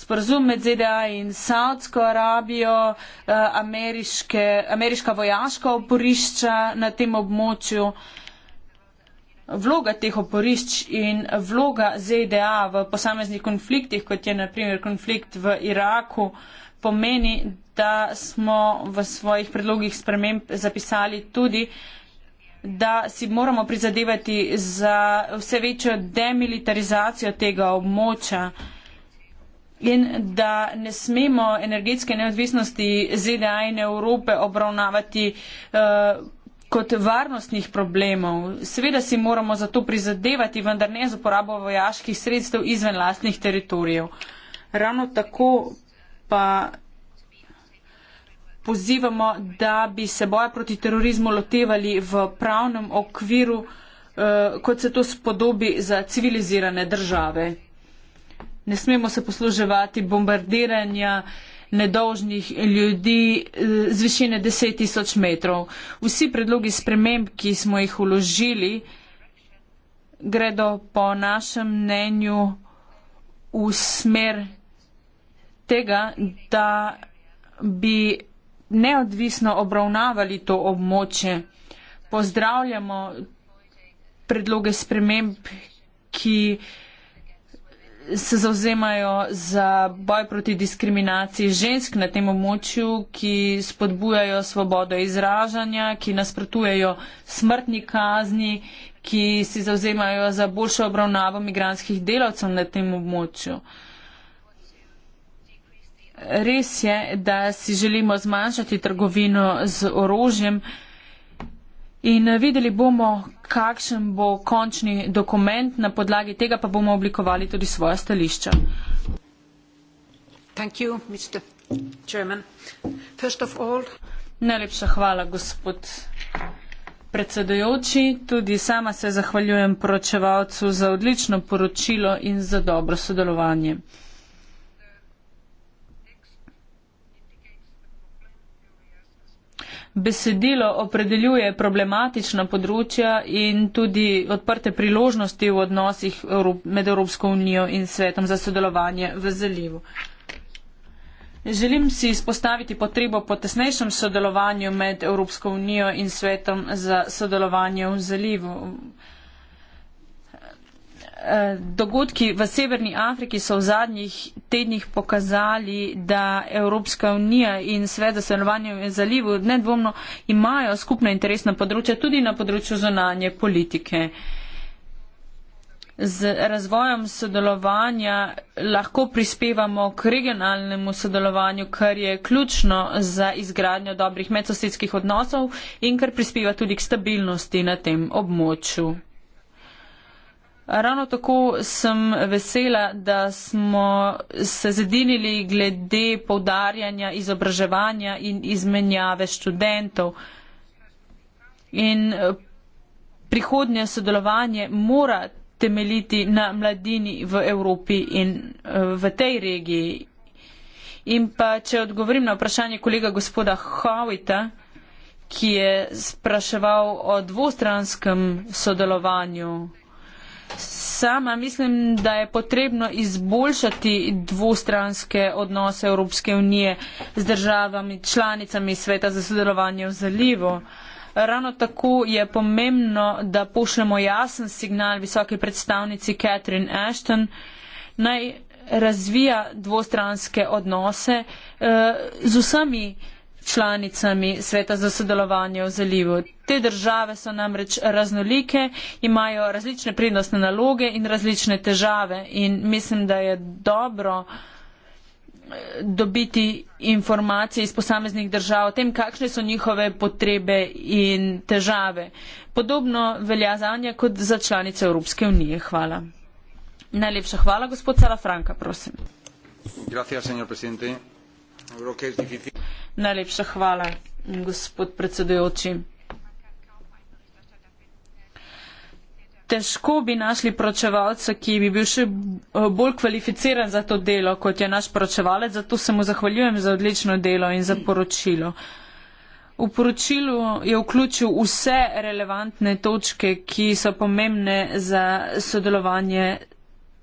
M: sporozum med ZDA in Saudsko Arabijo, eh, ameriške, ameriška vojaška oporišča na tem območju, vloga teh oporišč in vloga ZDA v posameznih konfliktih, kot je naprimer konflikt v Iraku, pomeni, da smo v svojih predlogih sprememb zapisali tudi, da si moramo prizadevati za vse večjo demilitarizacijo tega območja in da ne smemo energetske neodvisnosti ZDA in Evrope obravnavati uh, kot varnostnih problemov. Seveda si moramo za to prizadevati, vendar ne z uporabo vojaških sredstev izven lastnih teritorijev. Ravno tako pa pozivamo, da bi se boja proti terorizmu lotevali v pravnem okviru, eh, kot se to spodobi za civilizirane države. Ne smemo se posluževati bombardiranja eh, nedožnih ljudi eh, z višine 10 tisoč metrov. Vsi predlogi sprememb, ki smo jih uložili, gredo po našem mnenju v smer tega, da bi neodvisno obravnavali to območje. Pozdravljamo predloge sprememb, ki se zauzemajo za boj proti diskriminaciji žensk na tem območju, ki spodbujajo svobodo izražanja, ki nasprotujejo smrtni kazni, ki se zauzemajo za boljšo obravnavo migranskih delavcev na tem območju. Res je, da si želimo zmanjšati trgovino z orožjem, In eh, videli bomo, kakšen bo končni dokument, na podlagi tega pa bomo oblikovali tudi svoja stališča. Najlepša hvala, gospod predsedojoči. Tudi sama se zahvaljujem poročevalcu za odlično poročilo in za dobro sodelovanje. besedilo opredeljuje problematična področja in tudi odprte priložnosti v odnosih med Evropsko unijo in svetom za sodelovanje v zalivu. Želim si izpostaviti potrebo po tesnejšem sodelovanju med Evropsko unijo in svetom za sodelovanje v zalivu. Eh, dogodki v Severni Afriki so v zadnjih tednih pokazali, da Evropska unija in svet za sodelovanje v zalivu nedvomno imajo skupne interesne področje tudi na področju zonanje politike. Z razvojem sodelovanja lahko prispevamo k regionalnemu sodelovanju, kar je ključno za izgradnjo dobrih medsosedskih odnosov in kar prispeva tudi k stabilnosti na tem območju. Ravno tako sem vesela, da smo se zedinili glede povdarjanja izobraževanja in izmenjave študentov. In prihodnje sodelovanje mora temeljiti na mladini v Evropi in v tej regiji. In pa, če odgovorim na vprašanje kolega gospoda Hovita, ki je spraševal o dvostranskem sodelovanju. Sama mislim, da je potrebno izboljšati dvostranske odnose Evropske unije z državami, članicami sveta za sodelovanje v zalivu. Ravno tako je pomembno, da pošljemo jasen signal visoke predstavnici Catherine Ashton, naj razvija dvostranske odnose eh, z vsemi članicami sveta za sodelovanje v zalivu. Te države so namreč raznolike, imajo različne prednostne naloge in različne težave in mislim, da je dobro eh, dobiti informacije iz posameznih držav o tem, kakšne so njihove potrebe in težave. Podobno velja zanje kot za članice Evropske unije. Hvala. Najlepša hvala, gospod Salafranka, prosim.
B: Gracias, señor presidente. Creo que es difícil.
M: Najlepša hvala, gospod predsedujoči. Težko bi našli pročevalca, ki bi bil še eh, bolj kvalificiran za to delo, kot je naš pročevalec, zato se mu zahvaljujem za odlično delo in za poročilo. V poročilu je vključil vse relevantne točke, ki so pomembne za sodelovanje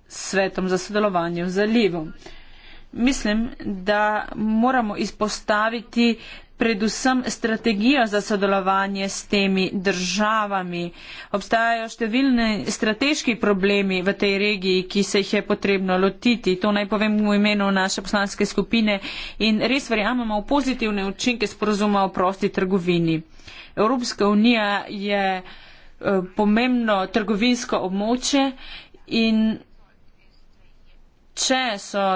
M: s svetom, za sodelovanje v zalivu. Mislim, da moramo izpostaviti predvsem strategijo za sodelovanje s temi državami. Obstajajo številni strateški problemi v tej regiji, ki se jih je potrebno lotiti. To naj povem v imenu naše poslanske skupine in res verjamemo v pozitivne učinke sporozuma o prosti trgovini. Evropska unija je eh, pomembno trgovinsko območje in če so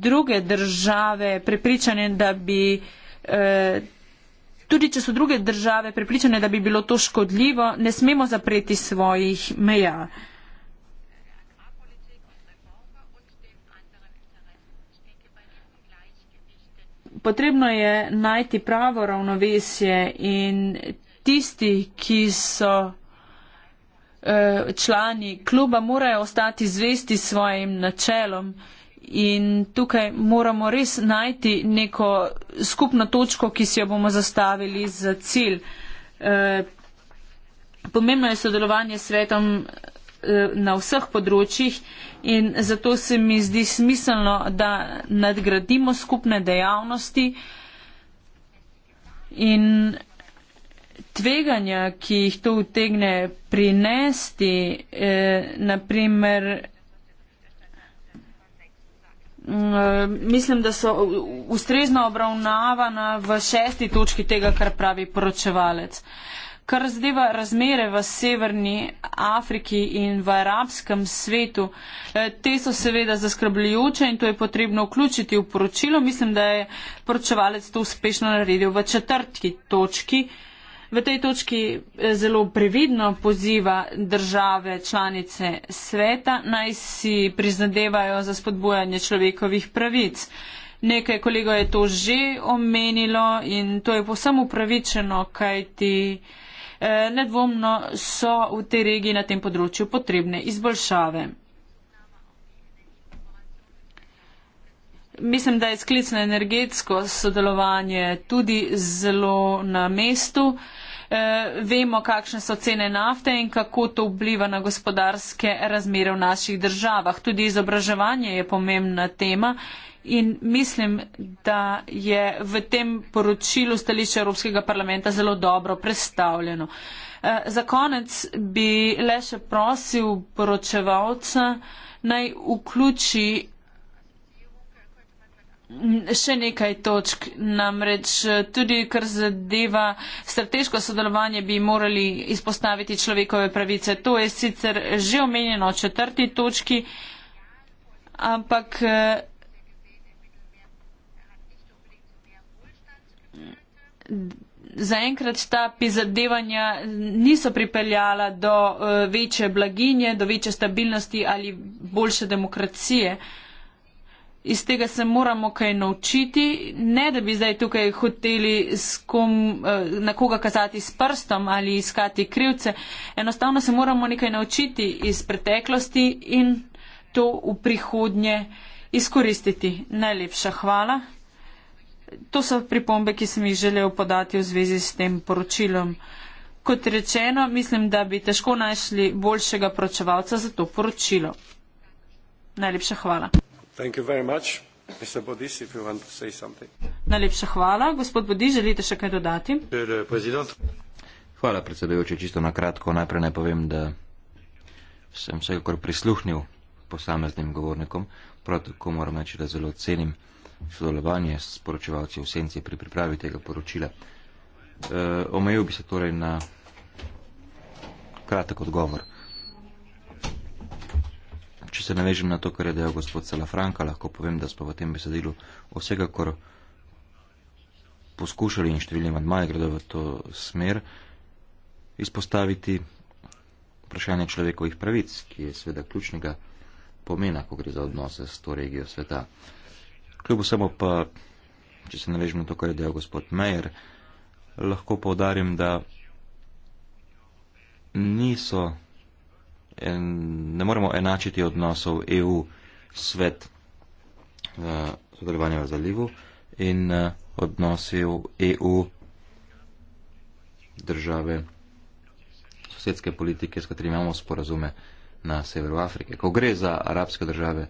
M: druge države prepričane, da bi, eh, tudi če so druge države prepričane, da bi bilo to škodljivo, ne smemo zapreti svojih meja. Potrebno je najti pravo ravnovesje in tisti, ki so eh, člani kluba, morajo ostati zvesti svojim načelom in tukaj moramo res najti neko skupno točko, ki si jo bomo zastavili za cilj. Eh, pomembno je sodelovanje s svetom eh, na vseh področjih in zato se mi zdi smiselno, da nadgradimo skupne dejavnosti in tveganja, ki jih to utegne prinesti, eh, naprimer Mm, eh, mislim, da so ustrezno obravnavana v šesti točki tega, kar pravi poročevalec. Kar zadeva razmere v severni Afriki in v arabskem svetu, eh, te so seveda zaskrbljujoče in to je potrebno vključiti v poročilo. Mislim, da je poročevalec to uspešno naredil v četrti točki v tej točki eh, zelo previdno poziva države članice sveta naj si prizadevajo za spodbujanje človekovih pravic. Nekaj kolega je to že omenilo in to je posebno upravičeno, kajti eh, nedvomno so v tej regiji na tem področju potrebne izboljšave. Mislim, da je sklicno energetsko sodelovanje tudi zelo na mestu. E, vemo, kakšne so cene nafte in kako to vpliva na gospodarske razmere v naših državah. Tudi izobraževanje je pomembna tema in mislim, da je v tem poročilu stališče Evropskega parlamenta zelo dobro predstavljeno. E, za konec bi le še prosil poročevalca, naj vključi še nekaj točk. Namreč eh, tudi, kar zadeva strateško sodelovanje, bi morali izpostaviti človekove pravice. To je sicer že omenjeno v četrti točki, ampak. Eh, zaenkrat ta prizadevanja niso pripeljala do uh, večje blaginje, do večje stabilnosti ali boljše demokracije. Uh, iz tega se moramo kaj naučiti, ne da bi zdaj tukaj hoteli kom, eh, na koga kazati s prstom ali iskati krivce, enostavno se moramo nekaj naučiti iz preteklosti in to v prihodnje izkoristiti. Najlepša hvala. To so pripombe, ki sem jih želel podati v zvezi s tem poročilom. Kot rečeno, mislim, da bi težko našli boljšega pročevalca za to poročilo. Najlepša hvala.
C: Thank you very much. Mr. Bodis, if you want to say something.
M: Najlepša hvala. Gospod Bodis, želite še kaj dodati?
Q: Hvala, predsedujoči. Čisto na kratko. Najprej naj povem, da sem vsekakor prisluhnil posameznim govornikom. Prav tako moram reči, da zelo cenim sodelovanje s poročevalci v senci pri pripravi tega poročila. E, omejil bi se torej na kratek odgovor. Če se navežem na to, kar je dejal gospod Salafranka, lahko povem, da smo v tem besedilu vsekakor poskušali in številni madmaji gredo v to smer izpostaviti vprašanje človekovih pravic, ki je sveda ključnega pomena, ko gre za odnose s to regijo sveta. Kljub vsemu pa, če se navežem na to, kar je dejal gospod Mejer, lahko povdarim, da niso ne moremo enačiti odnosov EU-svet v eh, sodelovanju v zalivu in eh, odnosov EU-države sosedske politike, s katerimi imamo sporazume na severu Afrike. Ko gre za arabske države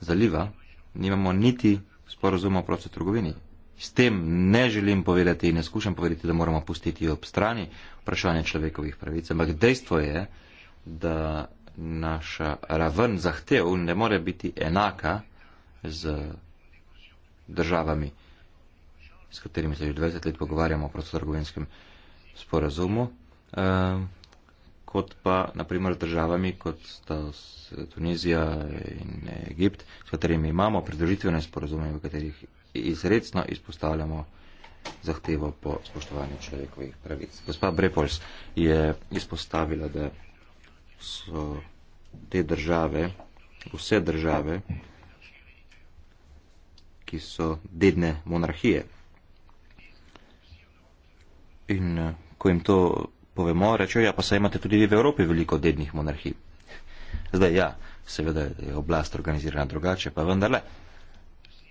Q: zaliva, nimamo niti sporazuma o prosti trgovini. S tem ne želim povedati in ne skušam povedati, da moramo pustiti ob strani vprašanje človekovih pravic, ampak dejstvo je, da naša raven zahtev ne more biti enaka z državami, s katerimi se že 20 let pogovarjamo o prostotrgovinskem sporazumu, eh, kot pa naprimer z državami, kot sta Tunizija in Egipt, s katerimi imamo pridružitvene sporazume, v katerih izredno izpostavljamo zahtevo po spoštovanju človekovih pravic. Gospa Brepols je izpostavila, da so te države, vse države, ki so dedne monarhije. In eh, ko jim to povemo, rečejo, ja, pa saj imate tudi vi v Evropi veliko dednih monarhij. [LAUGHS] Zdaj, ja, seveda je oblast organizirana drugače, pa vendarle,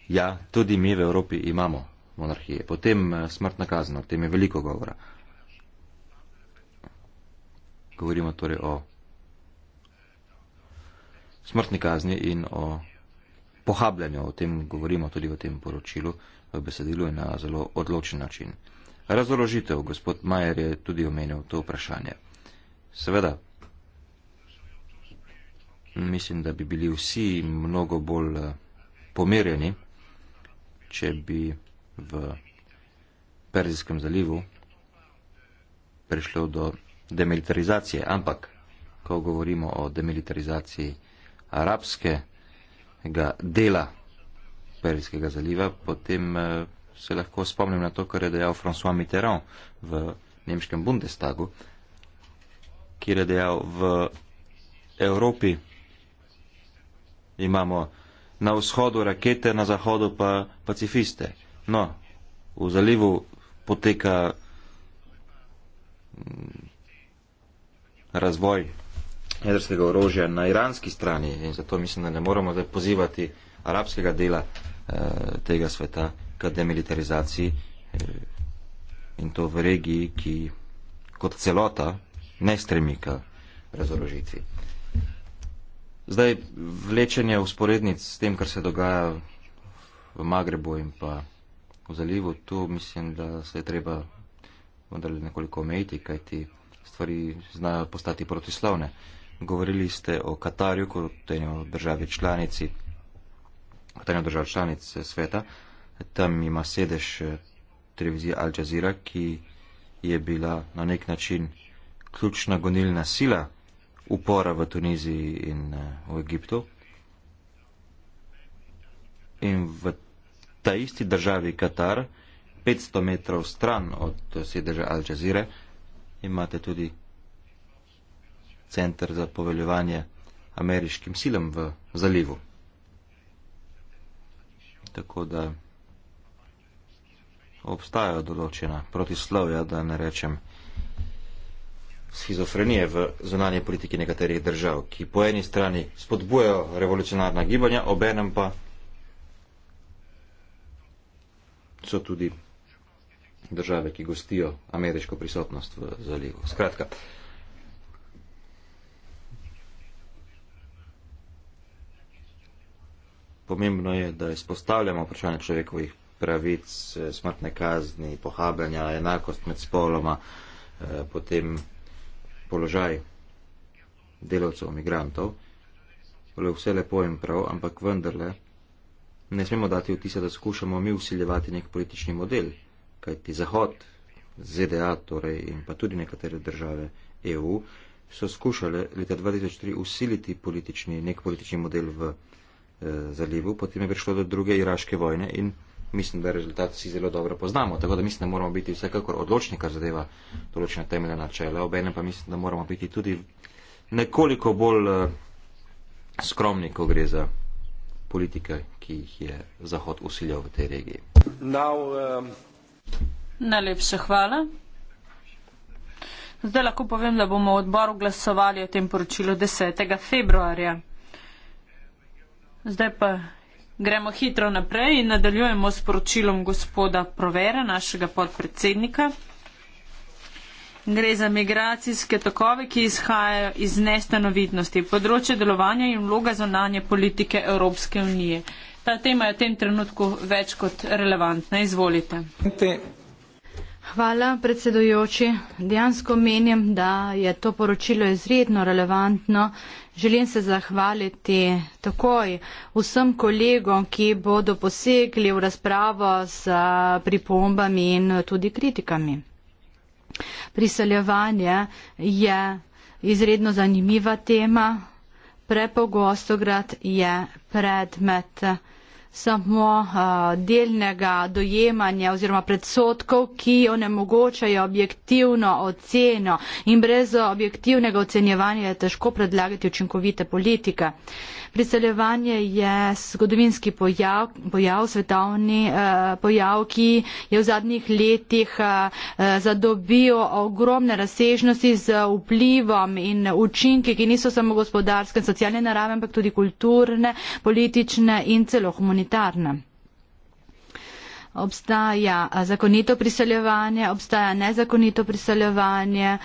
Q: ja, tudi mi v Evropi imamo monarhije. Potem eh, smrtna kazna, o tem je veliko govora. Govorimo torej o smrtni kazni in o pohabljanju. O tem govorimo tudi v tem poročilu, v besedilu in na zelo odločen način. Razorožitev, gospod Majer je tudi omenil to vprašanje. Seveda, mislim, da bi bili vsi mnogo bolj eh, pomirjeni, če bi v Perzijskem zalivu prišlo do demilitarizacije. Ampak, ko govorimo o demilitarizaciji, arabskega dela Perijskega zaliva, potem eh, se lahko spomnim na to, kar je dejal François Mitterrand v nemškem Bundestagu, kjer je dejal, v Evropi imamo na vzhodu rakete, na zahodu pa pacifiste. No, v zalivu poteka mm, razvoj jedrskega orožja na iranski strani in zato mislim, da ne moramo zdaj pozivati arabskega dela eh, tega sveta k demilitarizaciji eh, in to v regiji, ki kot celota ne stremi k razorožitvi. Zdaj, vlečenje usporednic s tem, kar se dogaja v Magrebu in pa v zalivu, tu mislim, da se je treba vendarle nekoliko omejiti, kajti stvari znajo postati protislavne. Eh, Govorili ste o Katarju, kot eno državi članici, kot eno državi članice sveta. Tam ima sedež eh, televizija Al Jazeera, ki je bila na nek način ključna gonilna sila upora v Tuniziji in eh, v Egiptu. In v ta isti državi Katar, 500 metrov stran od eh, sedeža Al Jazeera, imate tudi center za poveljevanje ameriškim silam v zalivu. Tako da obstajajo določena protislovja, da ne rečem schizofrenije v zunanje politiki nekaterih držav, ki po eni strani spodbujajo revolucionarna gibanja, obenem pa so tudi države, ki gostijo ameriško prisotnost v zalivu. Skratka, Pomembno je, da izpostavljamo vprašanje človekovih pravic, eh, smrtne kazni, pohabljanja, enakost med spoloma, eh, potem položaj delavcev, imigrantov. Torej, vse lepo in prav, ampak vendarle ne smemo dati vtisa, da skušamo mi usiljevati nek politični model, kajti Zahod, ZDA torej in pa tudi nekatere države EU so skušale leta 2003 usiliti politični, nek politični model v. Eh, zalivu, potem je prišlo do druge iraške vojne in mislim, da rezultat vsi zelo dobro poznamo. Tako da mislim, da moramo biti vsekakor odločni, kar zadeva določene temeljne načele. Obenem pa mislim, da moramo biti tudi nekoliko bolj eh, skromni, ko gre za politike, ki jih je Zahod usiljal v tej regiji.
C: Now, um...
M: Najlepša hvala. Zdaj lahko povem, da bomo v odboru glasovali o tem poročilu 10. februarja. Zdaj pa gremo hitro naprej in nadaljujemo s poročilom gospoda Provera, našega podpredsednika. Gre za migracijske tokove, ki izhajajo iz nestanovitnosti, področje delovanja in vloga zonanje politike Evropske unije. Ta tema je v tem trenutku več kot relevantna. Izvolite.
P: Hvala, predsedujoči. Dejansko menim, da je to poročilo izredno relevantno. Želim se zahvaliti takoj vsem kolegom, ki bodo posegli v razpravo z pripombami in tudi kritikami. Priseljevanje je izredno zanimiva tema. Prepogostograd je predmet samo delnega dojemanja oziroma predsotkov, ki onemogočajo objektivno oceno in brez objektivnega ocenjevanja je težko predlagati učinkovite politike. Priseljevanje je zgodovinski pojav, pojav svetovni eh, pojav, ki je v zadnjih letih eh, eh, zadobil ogromne razsežnosti z vplivom in učinki, ki niso samo gospodarske in socialne narave, ampak tudi kulturne, politične in celo humanitarne. Obstaja zakonito priseljevanje, obstaja nezakonito priseljevanje.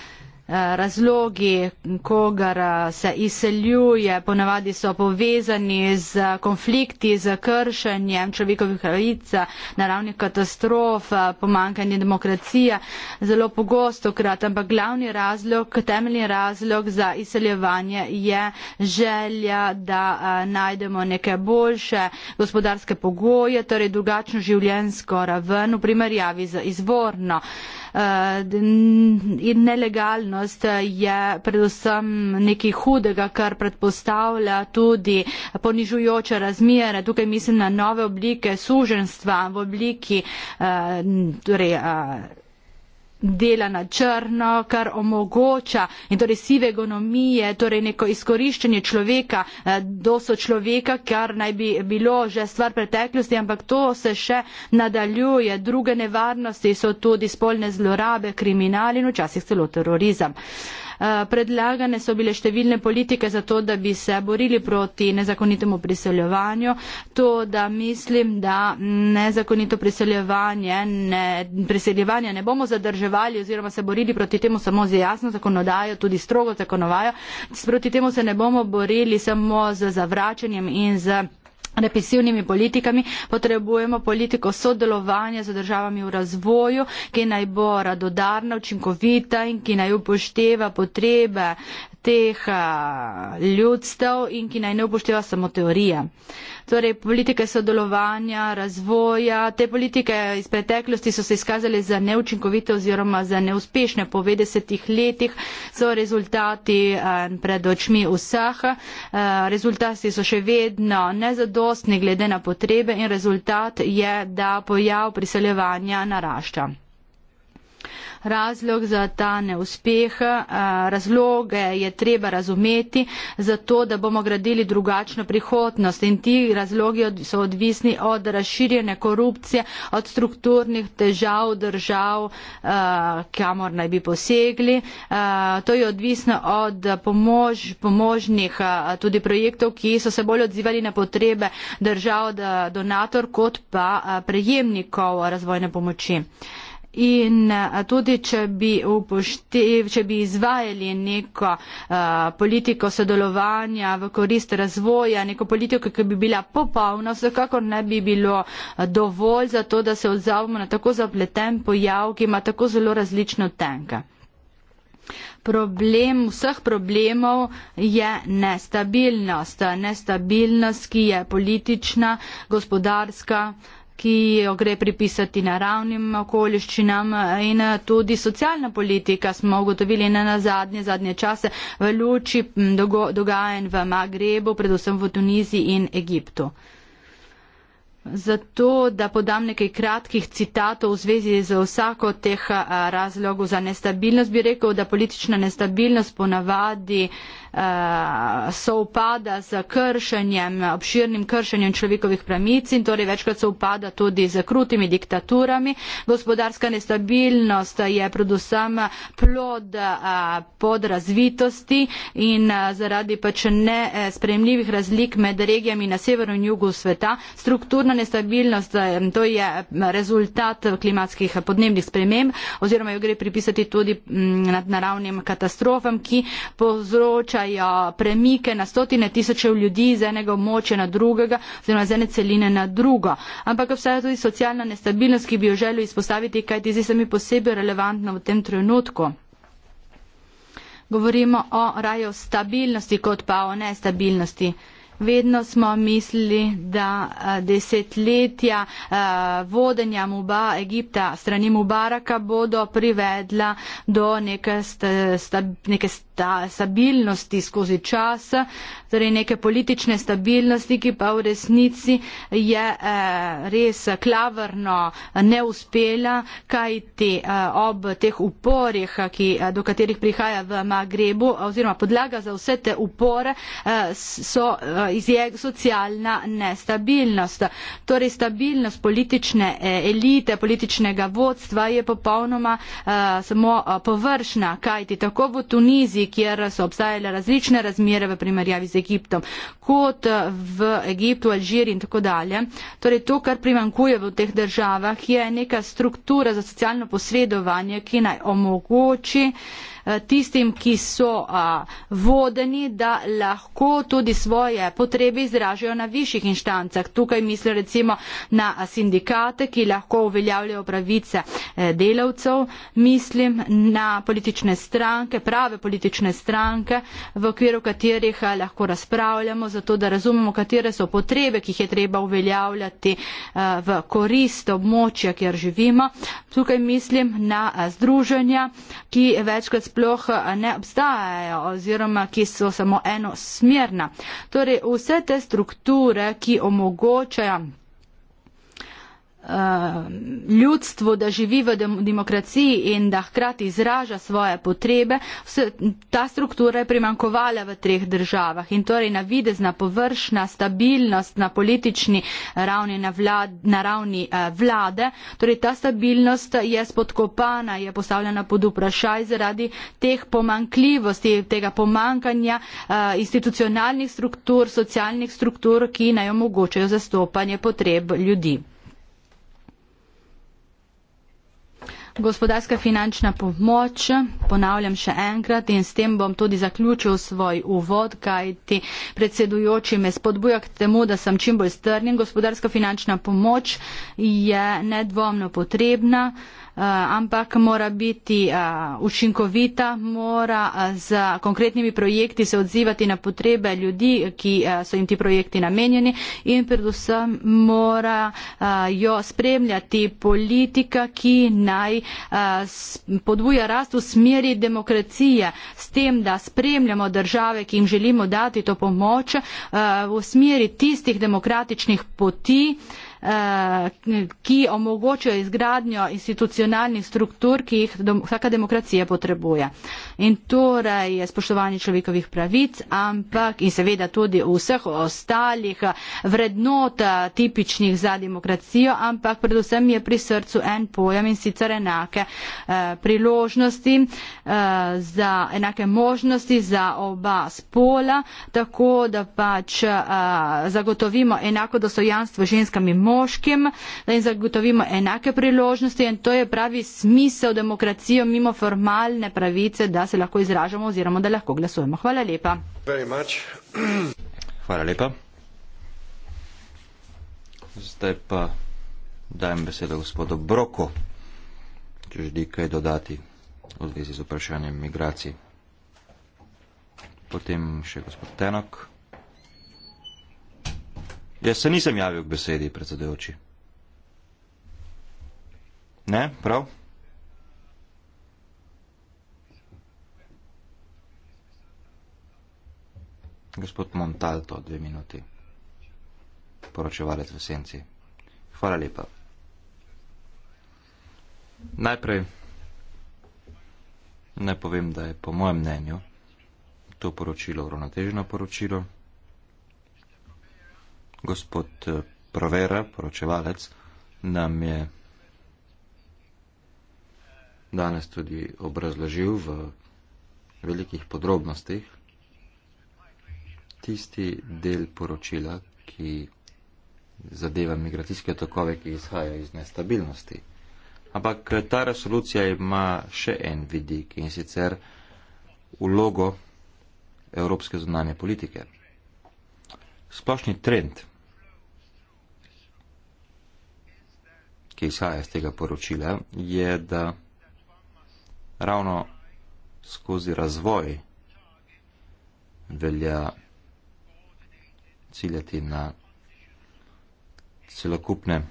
P: Eh, razlogi, kogar eh, se izseljuje, ponavadi so povezani z konflikti, z kršenjem človekovih pravic, naravnih katastrof, eh, pomankanje demokracije, zelo pogosto krat, ampak glavni razlog, temeljni razlog za izseljevanje je želja, da najdemo neke boljše gospodarske pogoje, torej drugačno življenjsko raven v primerjavi z izvorno. Eh, in nelegalnost eh, je predvsem nekaj hudega, kar predpostavlja tudi ponižujoče razmere. Tukaj mislim na nove oblike suženstva v obliki eh, torej, dela na črno, kar omogoča in torej sive ekonomije, torej neko izkoriščanje človeka, eh, do so človeka, kar naj bi bilo že stvar preteklosti, ampak to se še nadaljuje. Druge nevarnosti so tudi spolne zlorabe, kriminal in včasih celo terorizem. Eh, predlagane so bile številne politike za to, da bi se borili proti nezakonitemu priseljevanju. To, da mislim, da nezakonito priseljevanje ne, priseljevanje ne bomo zadrževali, bojevali oziroma se borili proti temu samo z jasno zakonodajo, tudi strogo zakonodajo. Proti temu se ne bomo borili samo z zavračanjem in z represivnimi politikami, potrebujemo politiko sodelovanja z državami v razvoju, ki naj bo radodarna, učinkovita in ki naj upošteva potrebe teh ljudstev in ki naj ne upošteva samo teorije. Torej, politike sodelovanja, razvoja, te politike iz preteklosti so se izkazali za neučinkovite oziroma za neuspešne. Po 90-ih letih so rezultati pred očmi vseh. Rezultati so še vedno nezadovoljni mladostni glede na potrebe in rezultat je, da pojav priseljevanja narašča razlog za ta neuspeh. Razloge je treba razumeti, zato da bomo gradili drugačno prihodnost in ti razlogi so odvisni od razširjene korupcije, od strukturnih težav držav, kamor naj bi posegli. To je odvisno od pomož, pomožnih tudi projektov, ki so se bolj odzivali na potrebe držav donator kot pa prejemnikov razvojne pomoči in eh, tudi, če bi, upoštev, če bi izvajali neko uh, politiko sodelovanja v korist razvoja, neko politiko, ki bi bila popolna, vsekakor ne bi bilo eh, dovolj za to, da se odzovemo na tako zapleten pojav, ki ima tako zelo različno tenka. Problem vseh problemov je nestabilnost. Nestabilnost, ki je politična, gospodarska, uh, ki jo gre pripisati naravnim okoliščinam in tudi socialna politika smo ugotovili na nazadnje zadnje čase v luči dogajanj v Magrebu, predvsem v Tuniziji in Egiptu. Zato, da podam nekaj kratkih citatov v zvezi z vsako teh razlogov za nestabilnost, bi rekel, da politična nestabilnost ponavadi. Eh, so upada z kršenjem, obširnim kršenjem človekovih pravic in torej večkrat so upada tudi z krutimi diktaturami. Gospodarska nestabilnost je predvsem plod eh, podrazvitosti in eh, zaradi pač nespremljivih razlik med regijami na severu in jugu sveta. Strukturna nestabilnost to je mm, rezultat klimatskih podnebnih sprememb oziroma jo gre pripisati tudi mm, nad naravnim katastrofam, ki povzroča povzročajo premike na stotine tisočev ljudi iz enega območja na drugega, oziroma iz ene celine na drugo. Ampak obstaja tudi socialna nestabilnost, ki bi jo želel izpostaviti, kaj ti zdi se mi posebej relevantno v tem trenutku. Govorimo o raju stabilnosti, kot pa o nestabilnosti. Vedno smo mislili, da desetletja vodenja Muba, Egipta strani Mubaraka bodo privedla do neke, sta, neke ta stabilnosti skozi čas, torej neke politične stabilnosti, ki pa v resnici je eh, res klavrno neuspela, kaj ti eh, ob teh uporih, ki, eh, do katerih prihaja v Magrebu, oziroma podlaga za vse te upore, so izjeg socialna nestabilnost. Torej stabilnost politične elite, političnega vodstva je popolnoma samo površna, kaj ti tako v Tuniziji, kjer so obstajale različne razmere v primerjavi z Egiptom, kot eh, v Egiptu, Alžiriji in tako dalje. Torej to, kar primankuje v teh državah, je neka struktura za socialno posredovanje, ki naj omogoči uh, Eh, tistim, ki so eh, vodeni, da lahko tudi svoje potrebe izražajo na višjih inštancah. Tukaj mislim recimo na sindikate, ki lahko uveljavljajo pravice eh, delavcev, mislim na politične stranke, prave politične stranke, v okviru katerih lahko razpravljamo, zato da razumemo, katere so potrebe, ki jih je treba uveljavljati v korist območja, kjer živimo. Tukaj mislim na združenja, ki večkrat sploh eh, ne obstajajo oziroma ki so samo enosmerna. Torej vse te strukture, ki omogočajo Eh, ljudstvu, da živi v demokraciji in da hkrati izraža svoje potrebe, vse, ta struktura je primankovala v treh državah in torej na videz, na površna stabilnost na politični ravni, na, vlad, na ravni eh, vlade, torej ta stabilnost je spodkopana, je postavljena pod vprašaj zaradi teh pomankljivosti, tega pomankanja eh, institucionalnih struktur, socialnih struktur, ki naj omogočajo zastopanje potreb ljudi. gospodarska finančna pomoč, ponavljam še enkrat in s tem bom tudi zaključil svoj uvod, kajti predsedujoči me spodbuja k temu, da sem čim bolj strnjen. Gospodarska finančna pomoč je nedvomno potrebna. Eh, ampak mora biti eh, učinkovita, mora eh, z konkretnimi projekti se odzivati na potrebe ljudi, ki so jim ti projekti namenjeni in predvsem mora jo spremljati politika, ki naj podbuja rast v smeri demokracije s tem, da spremljamo države, ki jim želimo dati to pomoč v smeri tistih demokratičnih poti, Eh, ki omogočajo izgradnjo institucionalnih struktur, ki jih vsaka demokracija potrebuje. In torej je spoštovanje človekovih pravic, ampak in seveda tudi vseh ostalih vrednot eh, tipičnih za demokracijo, ampak predvsem je pri srcu en pojem in sicer enake eh, priložnosti, za, enake možnosti za oba spola, tako da pač zagotovimo enako dostojanstvo ženskam in možnosti, moškim in zagotovimo enake priložnosti in to je pravi smisel demokracije mimo formalne pravice, da se lahko izražamo oziroma da lahko glasujemo. Hvala lepa.
Q: [CLEARS THROAT] Hvala lepa. Zdaj pa dajem besedo gospodu Broko, če želi kaj dodati v zvezi z vprašanjem migracij. Potem še gospod Tenok. Jaz se nisem javil k besedi, predsedujoči. Ne, prav? Gospod Montalto, dve minuti. Poročevalec v senci. Hvala lepa. Najprej naj povem, da je po mojem mnenju to poročilo uravnoteženo poročilo gospod eh, Provera, poročevalec, nam je danes tudi obrazložil v velikih podrobnostih tisti del poročila, ki zadeva migracijske tokove, ki izhajajo iz nestabilnosti. Ampak eh, ta resolucija ima še en vidik in sicer vlogo evropske zunanje politike. Splošni trend ki izhaja iz tega poročila, je, da ravno skozi razvoj velja ciljati na celokupne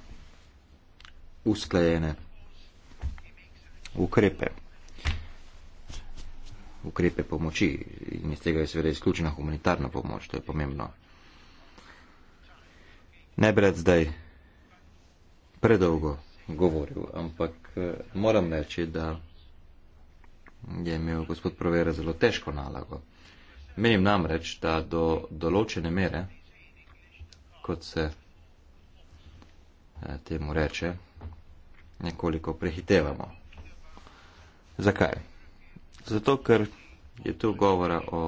Q: usklajene ukrepe, ukrepe pomoči in iz tega je seveda izključena humanitarna pomoč, to je pomembno. Ne brec zdaj predolgo govoril, ampak eh, moram reči, da je imel gospod Provera zelo težko nalago. Menim namreč, da do določene mere, kot se eh, temu reče, nekoliko prehitevamo. Zakaj? Zato, ker je tu govora o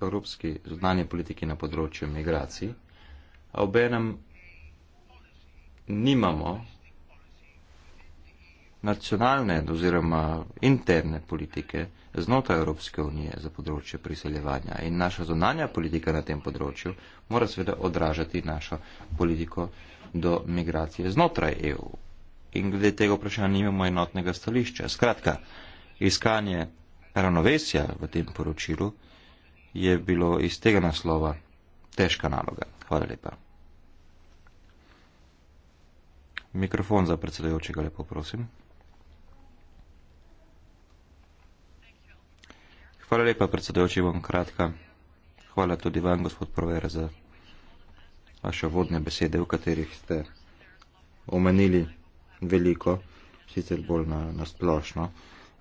Q: evropski zunanji politiki na področju migracij, a obenem nimamo nacionalne oziroma interne politike znotraj Evropske unije za področje priseljevanja. In naša zonanja politika na tem področju mora seveda odražati našo politiko do migracije znotraj EU. In glede tega vprašanja nimamo enotnega stališča. Skratka, iskanje ravnovesja v tem poročilu je bilo iz tega naslova težka naloga. Hvala lepa. Mikrofon za predsedujočega, lepo prosim. Hvala lepa, predsedujoči, bom kratka. Hvala tudi vam, gospod Provera, za vaše vodne besede, v katerih ste omenili veliko, sicer bolj na, na splošno.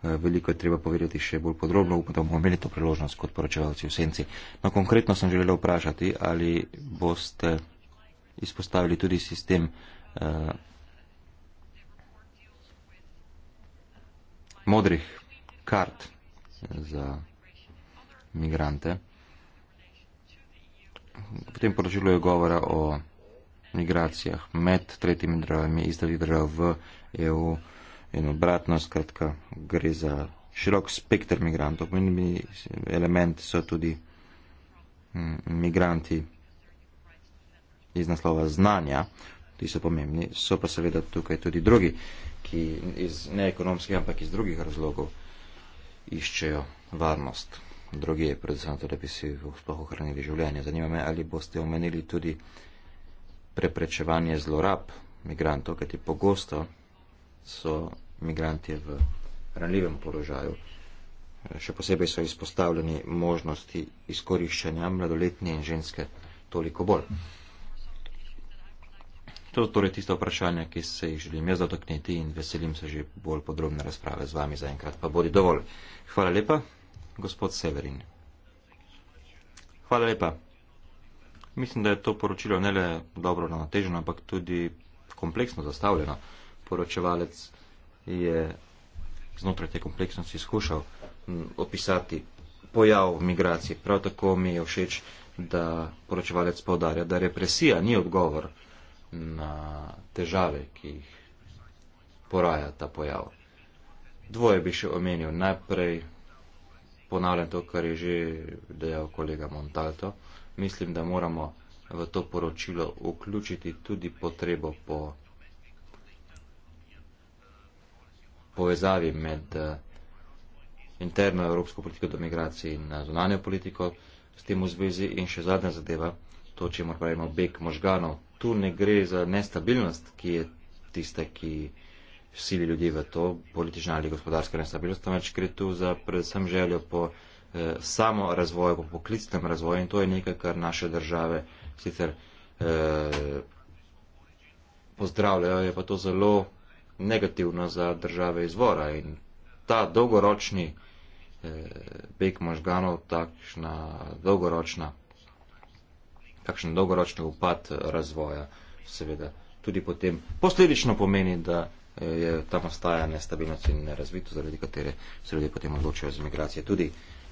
Q: Eh, veliko je treba povedati še bolj podrobno, upam, da bomo imeli to priložnost kot poročevalci v senci. No, konkretno sem želel vprašati, ali boste izpostavili tudi sistem eh, modrih kart za migrante. V tem poročilu je govora o migracijah med tretjimi državami iz drugih držav v EU in obratno, skratka, gre za širok spektr migrantov. Pomembni element so tudi mm, migranti iz naslova znanja, ti so pomembni, so pa seveda tukaj tudi drugi. Uh, ki iz neekonomskih, ampak iz drugih razlogov iščejo varnost. Drugi je predvsem to, da bi si sploh ohranili življenje. Zanima me, ali boste omenili tudi preprečevanje zlorab migrantov, kajti pogosto so migranti v ranljivem položaju. Še posebej so izpostavljeni možnosti izkoriščanja mladoletne in ženske toliko bolj. To so torej tiste vprašanja, ki se jih želim jaz dotakniti in veselim se že bolj podrobne razprave z vami zaenkrat, pa bodi dovolj. Hvala lepa, gospod Severin. Hvala lepa. Mislim, da je to poročilo ne le dobro nateženo, ampak tudi kompleksno zastavljeno. Poročevalec je znotraj te kompleksnosti skušal opisati pojav migracije. Prav tako mi je všeč, da poročevalec povdarja, da represija ni odgovor na težave, ki jih poraja ta pojav. Dvoje bi še omenil. Najprej ponavljam to, kar je že dejal kolega Montalto. Mislim, da moramo v to poročilo vključiti tudi potrebo po povezavi med eh, interno evropsko politiko do migracij in eh, zunanjo politiko s tem v zvezi. In še zadnja zadeva, to, če moramo pravimo beg možganov, tu ne gre za nestabilnost, ki je tista, ki sili ljudi v to, politična ali gospodarska nestabilnost, temveč gre tu za predvsem željo po eh, samo razvoju, po poklicnem razvoju in to je nekaj, kar naše države sicer eh, pozdravljajo, je pa to zelo negativno za države izvora in ta dolgoročni eh, beg možganov, takšna dolgoročna kakšen dolgoročni upad eh, razvoja, seveda tudi potem posledično pomeni, da eh, je tam ostaja nestabilnost in nerazvito, zaradi katere se ljudje potem odločajo za migracije, tudi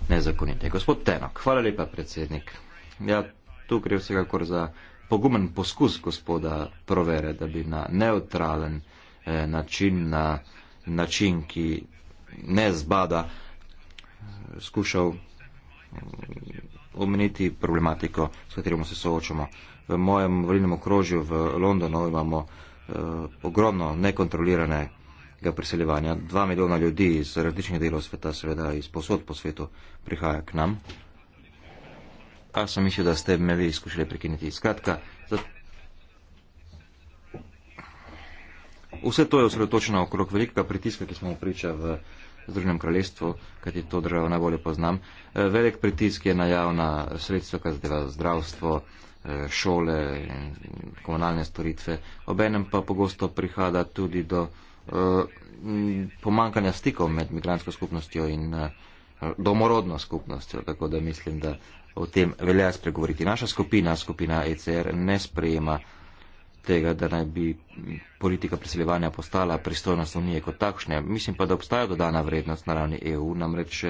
Q: nezakonite. Gospod Tenok, hvala lepa, predsednik. Ja, tu gre vsekakor za pogumen poskus gospoda provere, da bi na neutralen eh, način, na način, ki ne zbada, eh, skušal omeniti problematiko, s katerimo se soočamo. V mojem volilnem okrožju v Londonu imamo eh, ogromno nekontroliranega priseljevanja. Dva milijona ljudi iz različnih delov sveta, seveda iz posod po svetu, prihaja k nam. A sem mislil, da ste me vi skušali prekiniti. Skratka, vse to je osredotočeno okrog velikega pritiska, ki smo mu priča v. Združenem kraljestvu, kajti to državo najbolje poznam. E, velik pritisk je na javna sredstva, kar zadeva zdravstvo, e, šole in komunalne storitve. Obenem pa pogosto prihaja tudi do e, pomankanja stikov med migransko skupnostjo in domorodno skupnostjo, tako da mislim, da o tem velja spregovoriti. Naša skupina, skupina ECR, ne sprejema tega, da naj bi politika priseljevanja postala pristojnost unije kot takšne. Mislim pa, da obstaja dodana vrednost na ravni EU, namreč,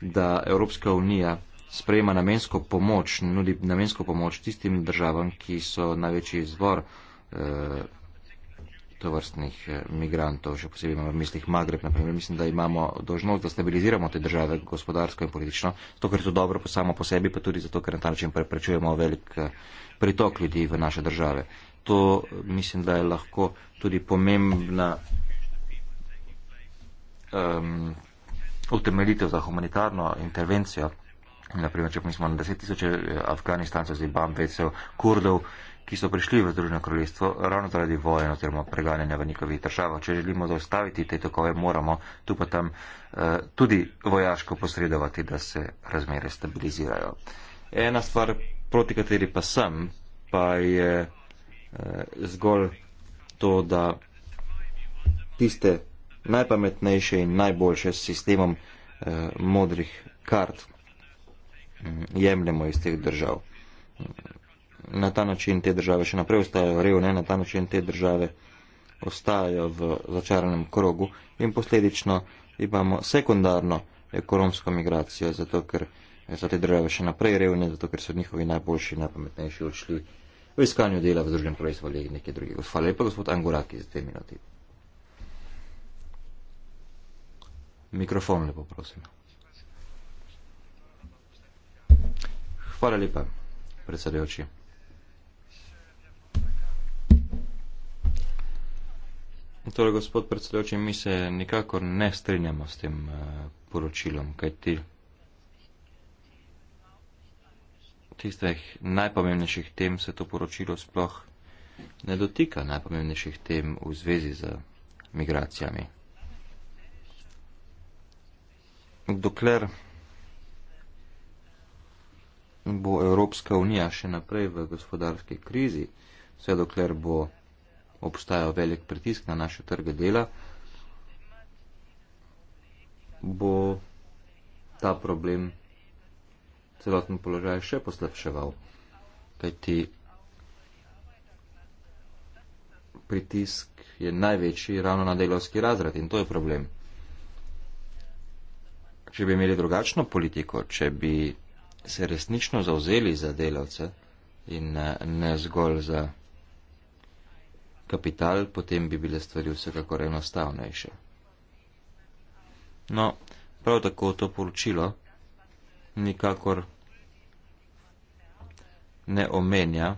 Q: da Evropska unija sprejema namensko pomoč, nudi namensko pomoč tistim državam, ki so največji izvor eh, tovrstnih eh, migrantov, še posebej imamo v mislih Magreb, naprimer, mislim, da imamo dožnost, da stabiliziramo te države gospodarsko in politično, to, ker so dobro po samo po sebi, pa tudi zato, ker na ta način preprečujemo velik eh, pritok ljudi v naše države to mislim, da je lahko tudi pomembna um, utemeljitev za humanitarno intervencijo. Naprimer, če pomislimo na 10 tisoče eh, Afganistancev, Zimbab, Vecev, Kurdov, ki so prišli v Združeno kraljestvo ravno zaradi vojen oziroma preganjanja v njihovih državah. Če želimo zaustaviti te tokove, moramo tu pa tam eh, tudi vojaško posredovati, da se razmere stabilizirajo. Ena stvar, proti kateri pa sem, pa je. Eh, Eh, zgolj to, da tiste najpametnejše in najboljše s sistemom eh, modrih kart mm, jemljemo iz teh držav. Na ta način te države še naprej ostajajo revne, na ta način te države ostajajo v začaranem krogu in posledično imamo sekundarno ekonomsko migracijo, zato ker so te države še naprej revne, zato ker so njihovi najboljši, najpametnejši odšli v iskanju dela v Združenem kraljestvu ali nekaj drugega. Hvala lepa, gospod Anguraki, za te minuti. Mikrofon lepo, prosim. Hvala lepa, predsedujoči. Torej, gospod predsedujoči, mi se nikakor ne strinjamo s tem uh, poročilom, kajti. ti tistih najpomembnejših tem se to poročilo sploh ne dotika, najpomembnejših tem v zvezi z migracijami. Dokler bo Evropska unija še naprej v gospodarski krizi, vse dokler bo obstajal velik pritisk na naše trge dela, bo ta problem celoten položaj še poslepševal. Kajti pritisk je največji ravno na delovski razred in to je problem. Če bi imeli drugačno politiko, če bi se resnično zauzeli za delavce in eh, ne zgolj za kapital, potem bi bile stvari vsekakor enostavnejše. No, prav tako to poročilo nikakor ne omenja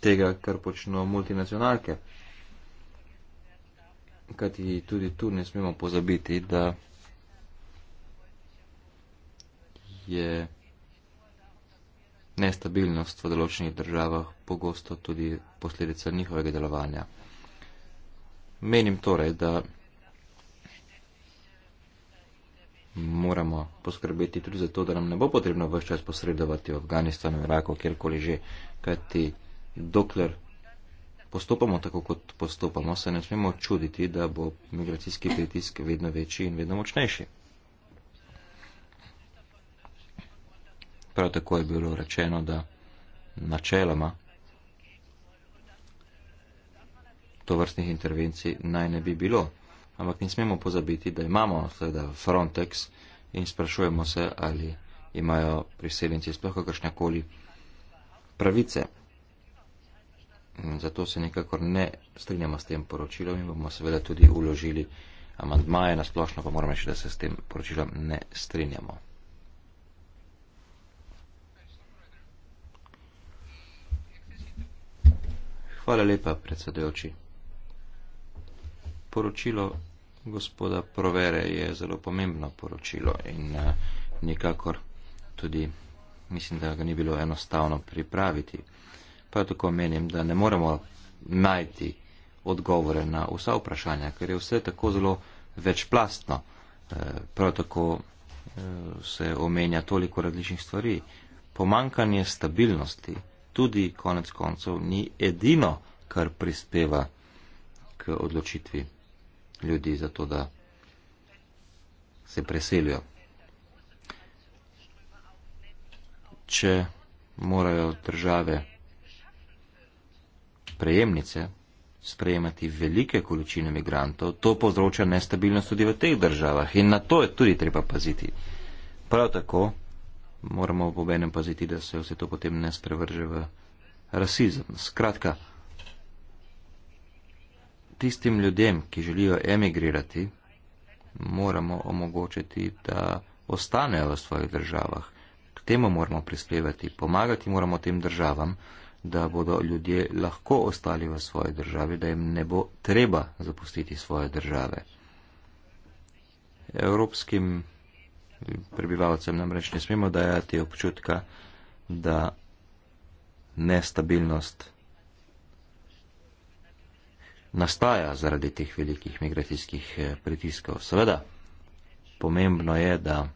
Q: tega, kar počnejo multinacionalke. Kajti tudi tu ne smemo pozabiti, da je nestabilnost v določenih državah pogosto tudi posledica njihovega delovanja. Menim torej, da moramo poskrbeti tudi za to, da nam ne bo potrebno vse čas posredovati v Afganistanu, Iraku, kjerkoli že, kajti dokler postopamo tako, kot postopamo, se ne smemo čuditi, da bo migracijski pritisk vedno večji in vedno močnejši. Prav tako je bilo rečeno, da načeloma to vrstnih intervencij naj ne bi bilo ampak ne smemo pozabiti, da imamo seveda Frontex in sprašujemo se, ali imajo priseljenci sploh kakršnekoli pravice. Zato se nekakor ne strinjamo s tem poročilom in bomo seveda tudi uložili amandmaje, nasplošno pa moramo reči, da se s tem poročilom ne strinjamo. Hvala lepa, predsedujoči. Poročilo gospoda Provere je zelo pomembno poročilo in eh, nikakor tudi mislim, da ga ni bilo enostavno pripraviti. Prav tako menim, da ne moremo najti odgovore na vsa vprašanja, ker je vse tako zelo večplastno. Eh, prav tako eh, se omenja toliko različnih stvari. Pomankanje stabilnosti tudi konec koncev ni edino, kar prispeva k odločitvi ljudi za to, da se preselijo. Če morajo države prejemnice sprejemati velike količine migrantov, to povzroča nestabilnost tudi v teh državah in na to je tudi treba paziti. Prav tako moramo pobenem paziti, da se vse to potem ne sprevrže v rasizem. Skratka, tistim ljudem, ki želijo emigrirati, moramo omogočiti, da ostanejo v svojih državah. K temu moramo prispevati, pomagati moramo tem državam, da bodo ljudje lahko ostali v svoji državi, da jim ne bo treba zapustiti svoje države. Evropskim prebivalcem namreč ne smemo dajati občutka, da nestabilnost nastaja zaradi teh velikih migracijskih eh, pritiskov. Seveda, pomembno je, da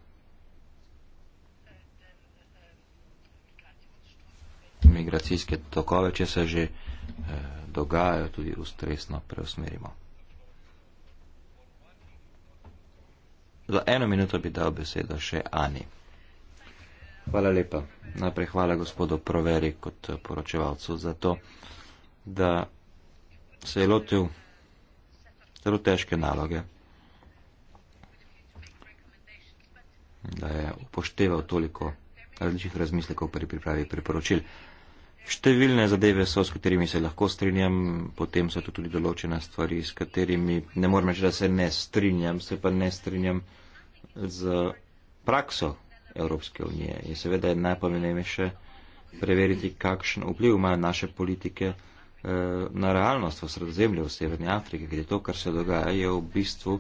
Q: migracijske tokove, če se že eh, dogajajo, tudi ustresno preusmerimo. Za eno minuto bi dal besedo še Ani. Hvala lepa. Najprej hvala gospodu Proveri kot eh, poročevalcu za to, da se je lotil zelo težke naloge, da je upošteval toliko različnih razmislekov pri pripravi priporočil. Številne zadeve so, s katerimi se lahko strinjam, potem so to tudi določene stvari, s katerimi ne morem reči, da se ne strinjam, se pa ne strinjam z prakso Evropske unije. In seveda je najpomembnejše preveriti, kakšen vpliv imajo naše politike na realnost v sredozemlju, v Severni Afriki, kjer je to, kar se dogaja, je v bistvu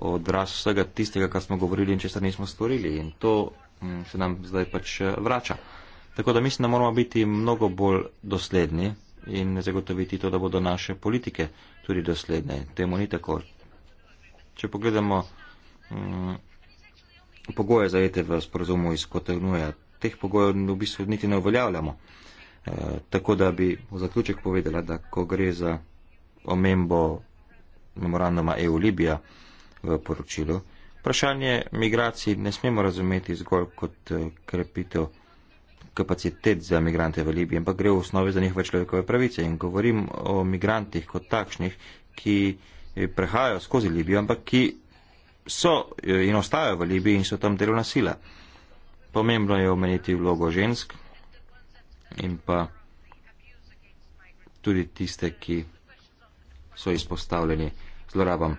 Q: odraz vsega tistega, kar smo govorili in česar nismo stvorili. In to m, mm, se nam zdaj pač eh, vrača. Tako da mislim, da moramo biti mnogo bolj dosledni in zagotoviti to, da bodo naše politike tudi dosledne. Temu ni tako. Če pogledamo m, mm, pogoje zajete v sporozumu iz Kotevnuja, teh pogojev v bistvu niti ne uveljavljamo. E, tako da bi v zaključek povedala, da ko gre za omembo memoranduma EU-Libija v poročilu, vprašanje migracij ne smemo razumeti zgolj kot eh, krepitev kapacitet za migrante v Libiji, ampak gre v osnovi za njihove človekove pravice. In govorim o migrantih kot takšnih, ki eh, prehajajo skozi Libijo, ampak ki so in ostajajo v Libiji in so tam delovna sila. Pomembno je omeniti vlogo žensk, in pa tudi tiste, ki so izpostavljeni zlorabam.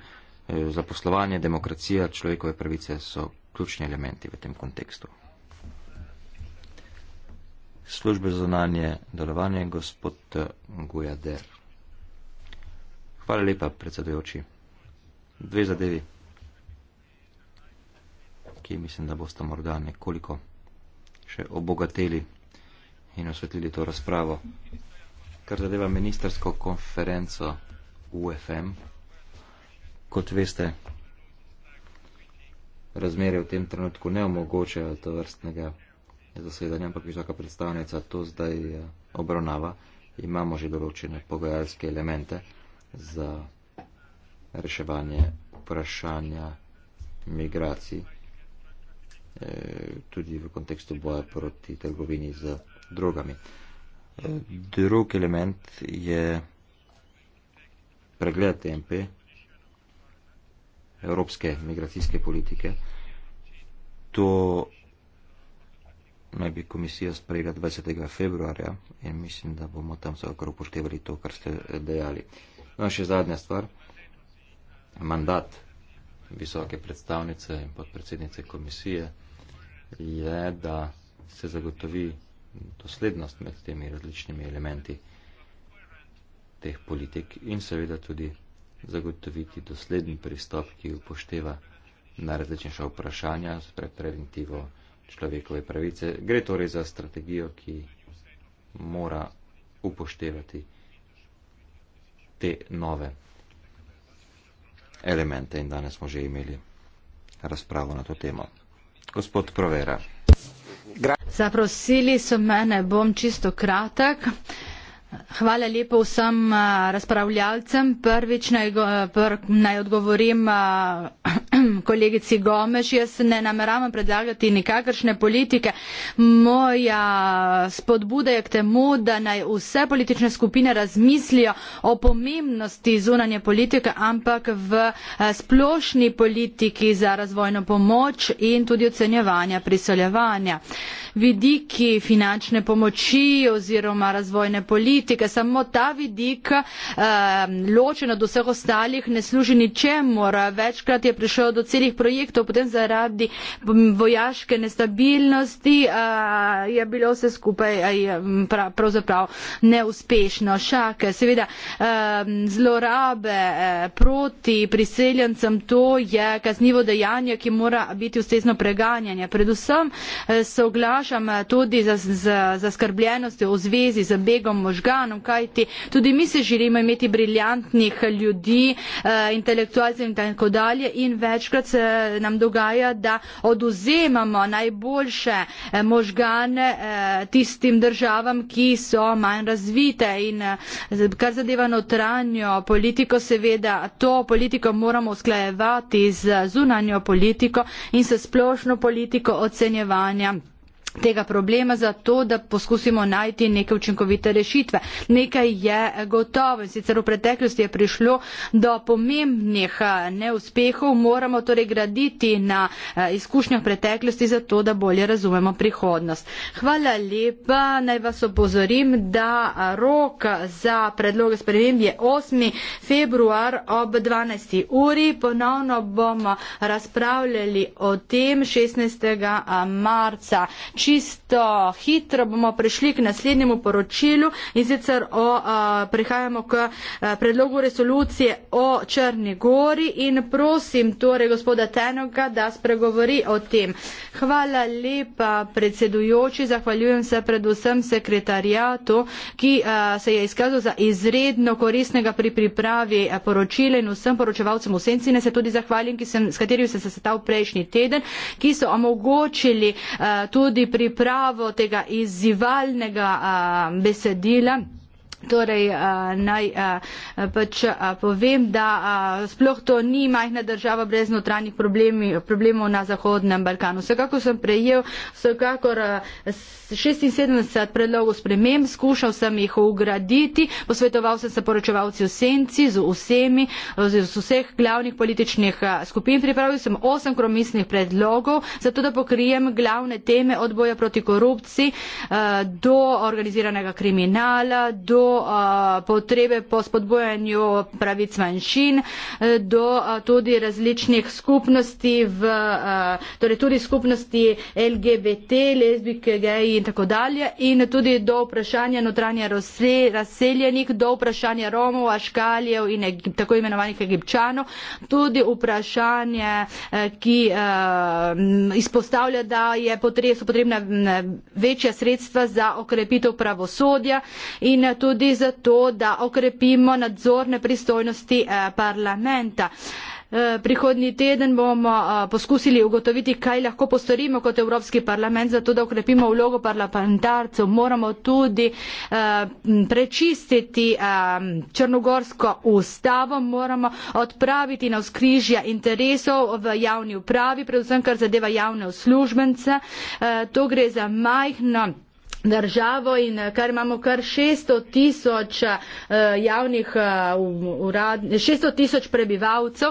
Q: Eh, Zaposlovanje, demokracija, človekove pravice so ključni elementi v tem kontekstu. Službe za zunanje delovanje, gospod eh, Gujader. Hvala lepa, predsedujoči. Dve zadevi, ki mislim, da boste morda nekoliko še obogateli in osvetlili to razpravo. Kar zadeva ministersko konferenco UFM, kot veste, razmere v tem trenutku ne omogočajo to vrstnega zasedanja, ampak visoka predstavnica to zdaj eh, obravnava. Imamo že določene pogajalske elemente za reševanje vprašanja migracij, eh, tudi v kontekstu boja proti trgovini z drogami. E, drug element je pregled TMP, evropske migracijske politike. To naj bi komisija sprejela 20. februarja in mislim, da bomo tam vsekakor upoštevali to, kar ste dejali. No, še zadnja stvar. Mandat visoke predstavnice in podpredsednice komisije je, da se zagotovi doslednost med temi različnimi elementi teh politik in seveda tudi zagotoviti dosleden pristop, ki upošteva najrazličnejša vprašanja, spre preventivo človekove pravice. Gre torej za strategijo, ki mora upoštevati te nove elemente in danes smo že imeli razpravo na to temo. Gospod Provera.
P: Zaprosili so mene, bom čisto kratek. Hvala lepo vsem eh, razpravljalcem. Prvič naj, eh, pr, naj odgovorim eh, [CLEARS THROAT] kolegici Gomeš. Jaz ne nameravam predlagati nikakršne politike. Moja spodbuda je k temu, da naj vse politične skupine razmislijo o pomembnosti zunanje politike, ampak v splošni politiki za razvojno pomoč in tudi ocenjevanja priseljevanja. Vidiki finančne pomoči oziroma razvojne politike politike. Samo ta vidik, ehm, ločen od vseh ostalih, ne služi ničemor. Večkrat je prišel do celih projektov, potem zaradi vojaške nestabilnosti je bilo vse skupaj pravzaprav neuspešno. Šake, seveda, ehm, zlorabe e, proti priseljencem, to je kaznivo dejanje, ki mora biti ustezno preganjanje. Predvsem se oglašam tudi za, za, za skrbljenosti v zvezi z begom možga. Balkanu, kajti tudi mi se želimo imeti briljantnih ljudi, eh, intelektualcev in tako dalje in večkrat se eh, nam dogaja, da oduzemamo najboljše eh, možgane tistim državam, ki so manj razvite in kar zadeva notranjo politiko, seveda to politiko moramo usklajevati z zunanjo politiko in s splošno politiko ocenjevanja tega problema zato, da poskusimo najti neke učinkovite rešitve. Nekaj je gotovo in sicer v preteklosti je prišlo do pomembnih eh, neuspehov, moramo torej graditi na eh, izkušnjah preteklosti zato, da bolje razumemo prihodnost. Hvala lepa, naj vas opozorim, da eh, rok za predloge sprememb je 8. februar ob 12. uri. Ponovno bomo razpravljali o tem 16. marca čisto hitro bomo prišli k naslednjemu poročilu in sicer o, a, prihajamo k a, predlogu resolucije o Črni Gori in prosim torej gospoda Tenoga, da spregovori o tem. Hvala lepa predsedujoči, zahvaljujem se predvsem sekretarijatu, ki a, se je izkazal za izredno korisnega pri pripravi poročila in vsem poročevalcem v Sencine se tudi zahvaljujem, sem, s katerim sem se setal prejšnji teden, ki so omogočili a, tudi pripravo tega izzivalnega a, besedila. Torej, uh, naj uh, pač uh, povem, da uh, sploh to ni majhna država brez notranjih problemov na Zahodnem Balkanu. Vsekakor sem prejel, vsekakor uh, 76 predlogov sprememb, skušal sem jih ugraditi, posvetoval sem se poročevalci v senci z vsemi, z, z vseh glavnih političnih uh, skupin, pripravil sem osem kromisnih predlogov, zato da pokrijem glavne teme od boja proti korupciji uh, do organiziranega kriminala, do potrebe po spodbojanju pravic manjšin e, do tudi različnih skupnosti, v, torej tudi skupnosti LGBT, lezbike, geji in tako dalje in tudi do vprašanja notranja razseljenih, do vprašanja Romov, Aškaljev in tako imenovanih Egipčanov, tudi vprašanje, e, ki e, izpostavlja, da je potrebna, so potrebna večja sredstva za okrepitev pravosodja in tudi tudi zato, da okrepimo nadzorne pristojnosti eh, parlamenta. Eh, prihodnji teden bomo eh, poskusili ugotoviti, kaj lahko postorimo kot Evropski parlament, zato da ukrepimo vlogo parlamentarcev. Moramo tudi prečistiti Črnogorsko ustavo, moramo odpraviti na vzkrižja interesov v javni upravi, predvsem kar zadeva javne uslužbence. To gre za majhno državo in eh, kar imamo kar 600 tisoč eh, javnih eh, urad, 600 tisoč prebivalcev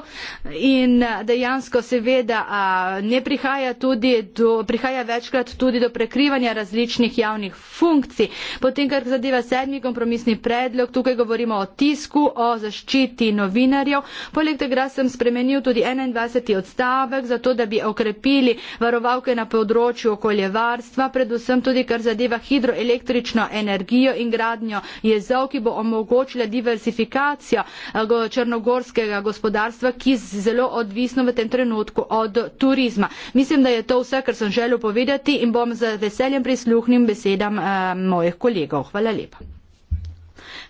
P: in dejansko seveda ne prihaja tudi do, prihaja večkrat tudi do prekrivanja različnih javnih funkcij. Potem, kar zadeva sedmi kompromisni predlog, tukaj govorimo o tisku, o zaščiti novinarjev. Poleg tega sem spremenil tudi 21. odstavek, zato da bi okrepili varovalke na področju okoljevarstva, predvsem tudi, kar zadeva hidroelektrično energijo in gradnjo jezov, ki bo omogočila diversifikacijo eh, črnogorskega gospodarstva, ki je zelo odvisno v tem trenutku od turizma. Mislim, da je to vse, kar sem želel povedati in bom z veseljem prisluhnil besedam eh, mojih kolegov. Hvala lepa.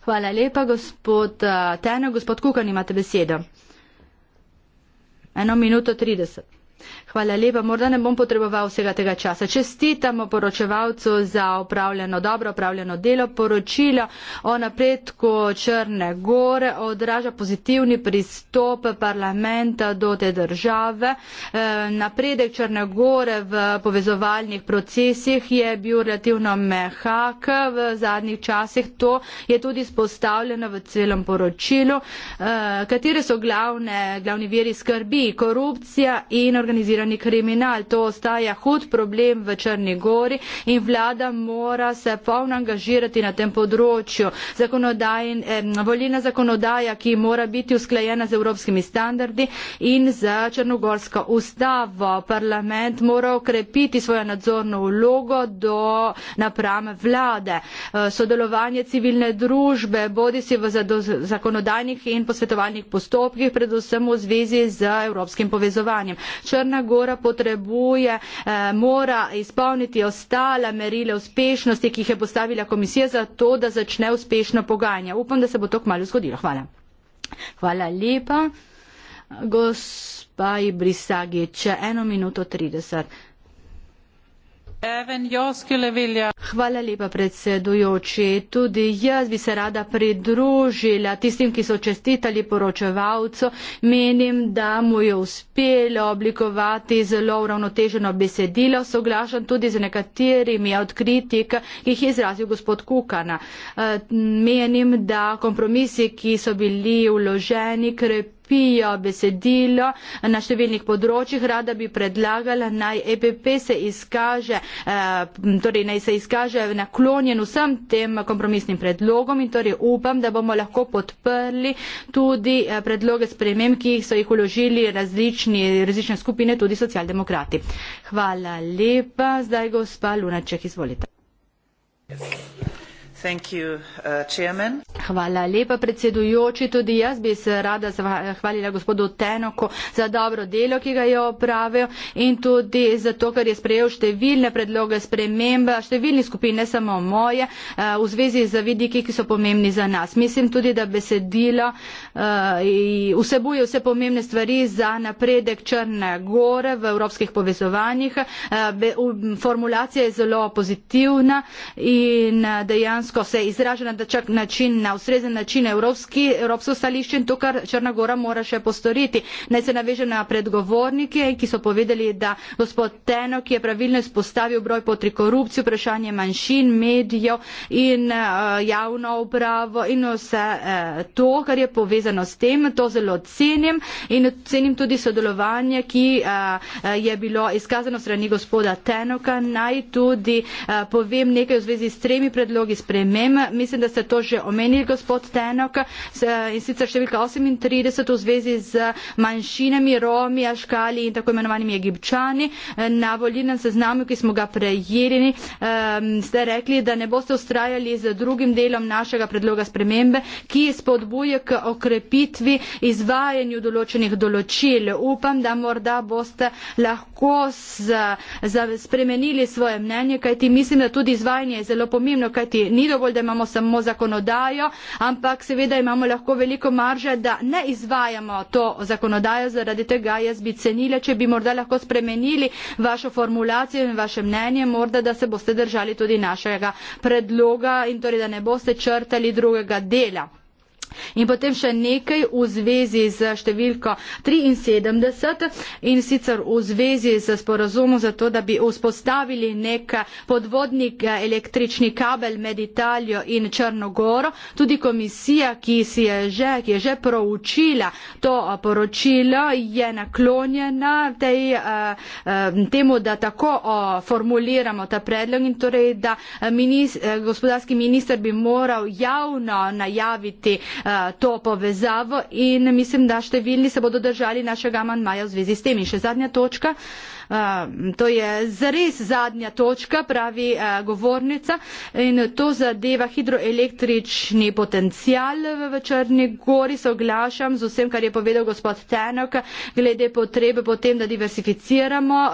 P: Hvala lepa, gospod eh, Tene. Gospod Kukan, imate besedo. Eno minuto trideset. Hvala lepa, morda ne bom potreboval vsega tega časa. Čestitamo poročevalcu za opravljeno dobro, opravljeno delo. Poročilo o napredku Črne gore odraža pozitivni pristop parlamenta do te države. E, napredek Črne gore v povezovalnih procesih je bil relativno mehak v zadnjih časih. To je tudi spostavljeno v celom poročilu. E, Kateri so glavne, glavni veri skrbi? Korupcija in organizirana organizirani kriminal. To ostaja hud problem v Črni gori in vlada mora se polno angažirati na tem področju. Zakonodaj, eh, volina zakonodaja, ki mora biti usklajena z evropskimi standardi in z Črnogorsko ustavo. Parlament mora okrepiti svojo nadzorno vlogo do napram vlade. Eh, sodelovanje civilne družbe bodi si v zakonodajnih in posvetovalnih postopkih, predvsem v zvezi z evropskim povezovanjem. Črna gora potrebuje, eh, mora izpolniti ostala merile uspešnosti, ki jih je postavila komisija za to, da začne uspešno pogajanje. Upam, da se bo to kmalo zgodilo. Hvala. Hvala lepa. Gospa Ibrisagič, eno minuto trideset. Ja. Hvala lepa predsedujoči. Tudi jaz bi se rada pridružila tistim, ki so čestitali poročevalcu. Menim, da mu je uspelo oblikovati zelo uravnoteženo besedilo. Soglašam tudi z nekaterimi od kritik, ki jih je izrazil gospod Kukana. Eh, menim, da kompromisi, ki so bili vloženi, krepijo kopijo besedilo na številnih področjih. Rada bi predlagala, naj EPP se izkaže, eh, torej naj se izkaže naklonjen vsem tem kompromisnim predlogom in torej upam, da bomo lahko podprli tudi eh, predloge sprememb, ki so jih uložili različni, različne skupine, tudi socialdemokrati. Hvala lepa. Zdaj gospa Lunaček, izvolite.
K: Yes. Uh,
P: Hvala lepa, predsedujoči. Tudi jaz bi se rada zahvalila gospodu Tenoku za dobro delo, ki ga je opravil in tudi zato, ker je sprejel številne predloge sprememba, številni skupine, ne samo moje, uh, v zvezi z vidiki, ki so pomembni za nas. Mislim tudi, da besedilo uh, Eh, vsebuje vse pomembne stvari za napredek Črne gore v evropskih povezovanjih. Eh, formulacija je zelo pozitivna in eh, dejansko se izraža na, način, na ustrezen način evropski, evropsko stališče in to, kar Črna gora mora še postoriti. Naj se navežem na predgovornike, ki so povedali, da gospod Teno, ki je pravilno izpostavil broj potri korupcijo, vprašanje manjšin, medijev in javno upravo in vse to, kar je povezano povezano s tem. To zelo cenim in cenim tudi sodelovanje, ki a, eh, a, eh, je bilo izkazano strani gospoda Tenoka. Naj tudi a, eh, povem nekaj v zvezi s tremi predlogi sprememb. Mislim, da ste to že omenili, gospod Tenok, in sicer številka 38 v zvezi z manjšinami, Romi, Aškali in tako imenovanimi Egipčani. Na volilnem seznamu, ki smo ga prejeli, ehm, ste rekli, da ne boste ustrajali z drugim delom našega predloga spremembe, ki spodbuje k okrepitvi okrepitvi izvajanju določenih določil. Upam, da morda boste lahko z, z, spremenili svoje mnenje, kajti mislim, da tudi izvajanje je zelo pomembno, kajti ni dovolj, da imamo samo zakonodajo, ampak seveda imamo lahko veliko marže, da ne izvajamo to zakonodajo, zaradi tega jaz bi cenila, če bi morda lahko spremenili vašo formulacijo in vaše mnenje, morda da se boste držali tudi našega predloga in torej da ne boste črtali drugega dela. In potem še nekaj v zvezi z številko 73 in sicer v zvezi z sporazumom za to, da bi vzpostavili nek podvodnik eh, električni kabel med Italijo in Črnogoro. Tudi komisija, ki, je že, ki je že proučila to eh, poročilo, je naklonjena tej, eh, temu, da tako formuliramo ta predlog in torej, da minis, gospodarski minister bi moral javno najaviti to povezavo in mislim, da številni se bodo držali našega manjmaja v zvezi s tem. In še zadnja točka. Ehm, to je zares zadnja točka, pravi eh, govornica, in to zadeva hidroelektrični potencial v Črni gori. Se oglašam z vsem, kar je povedal gospod Tenok, glede potrebe potem, da diversificiramo eh,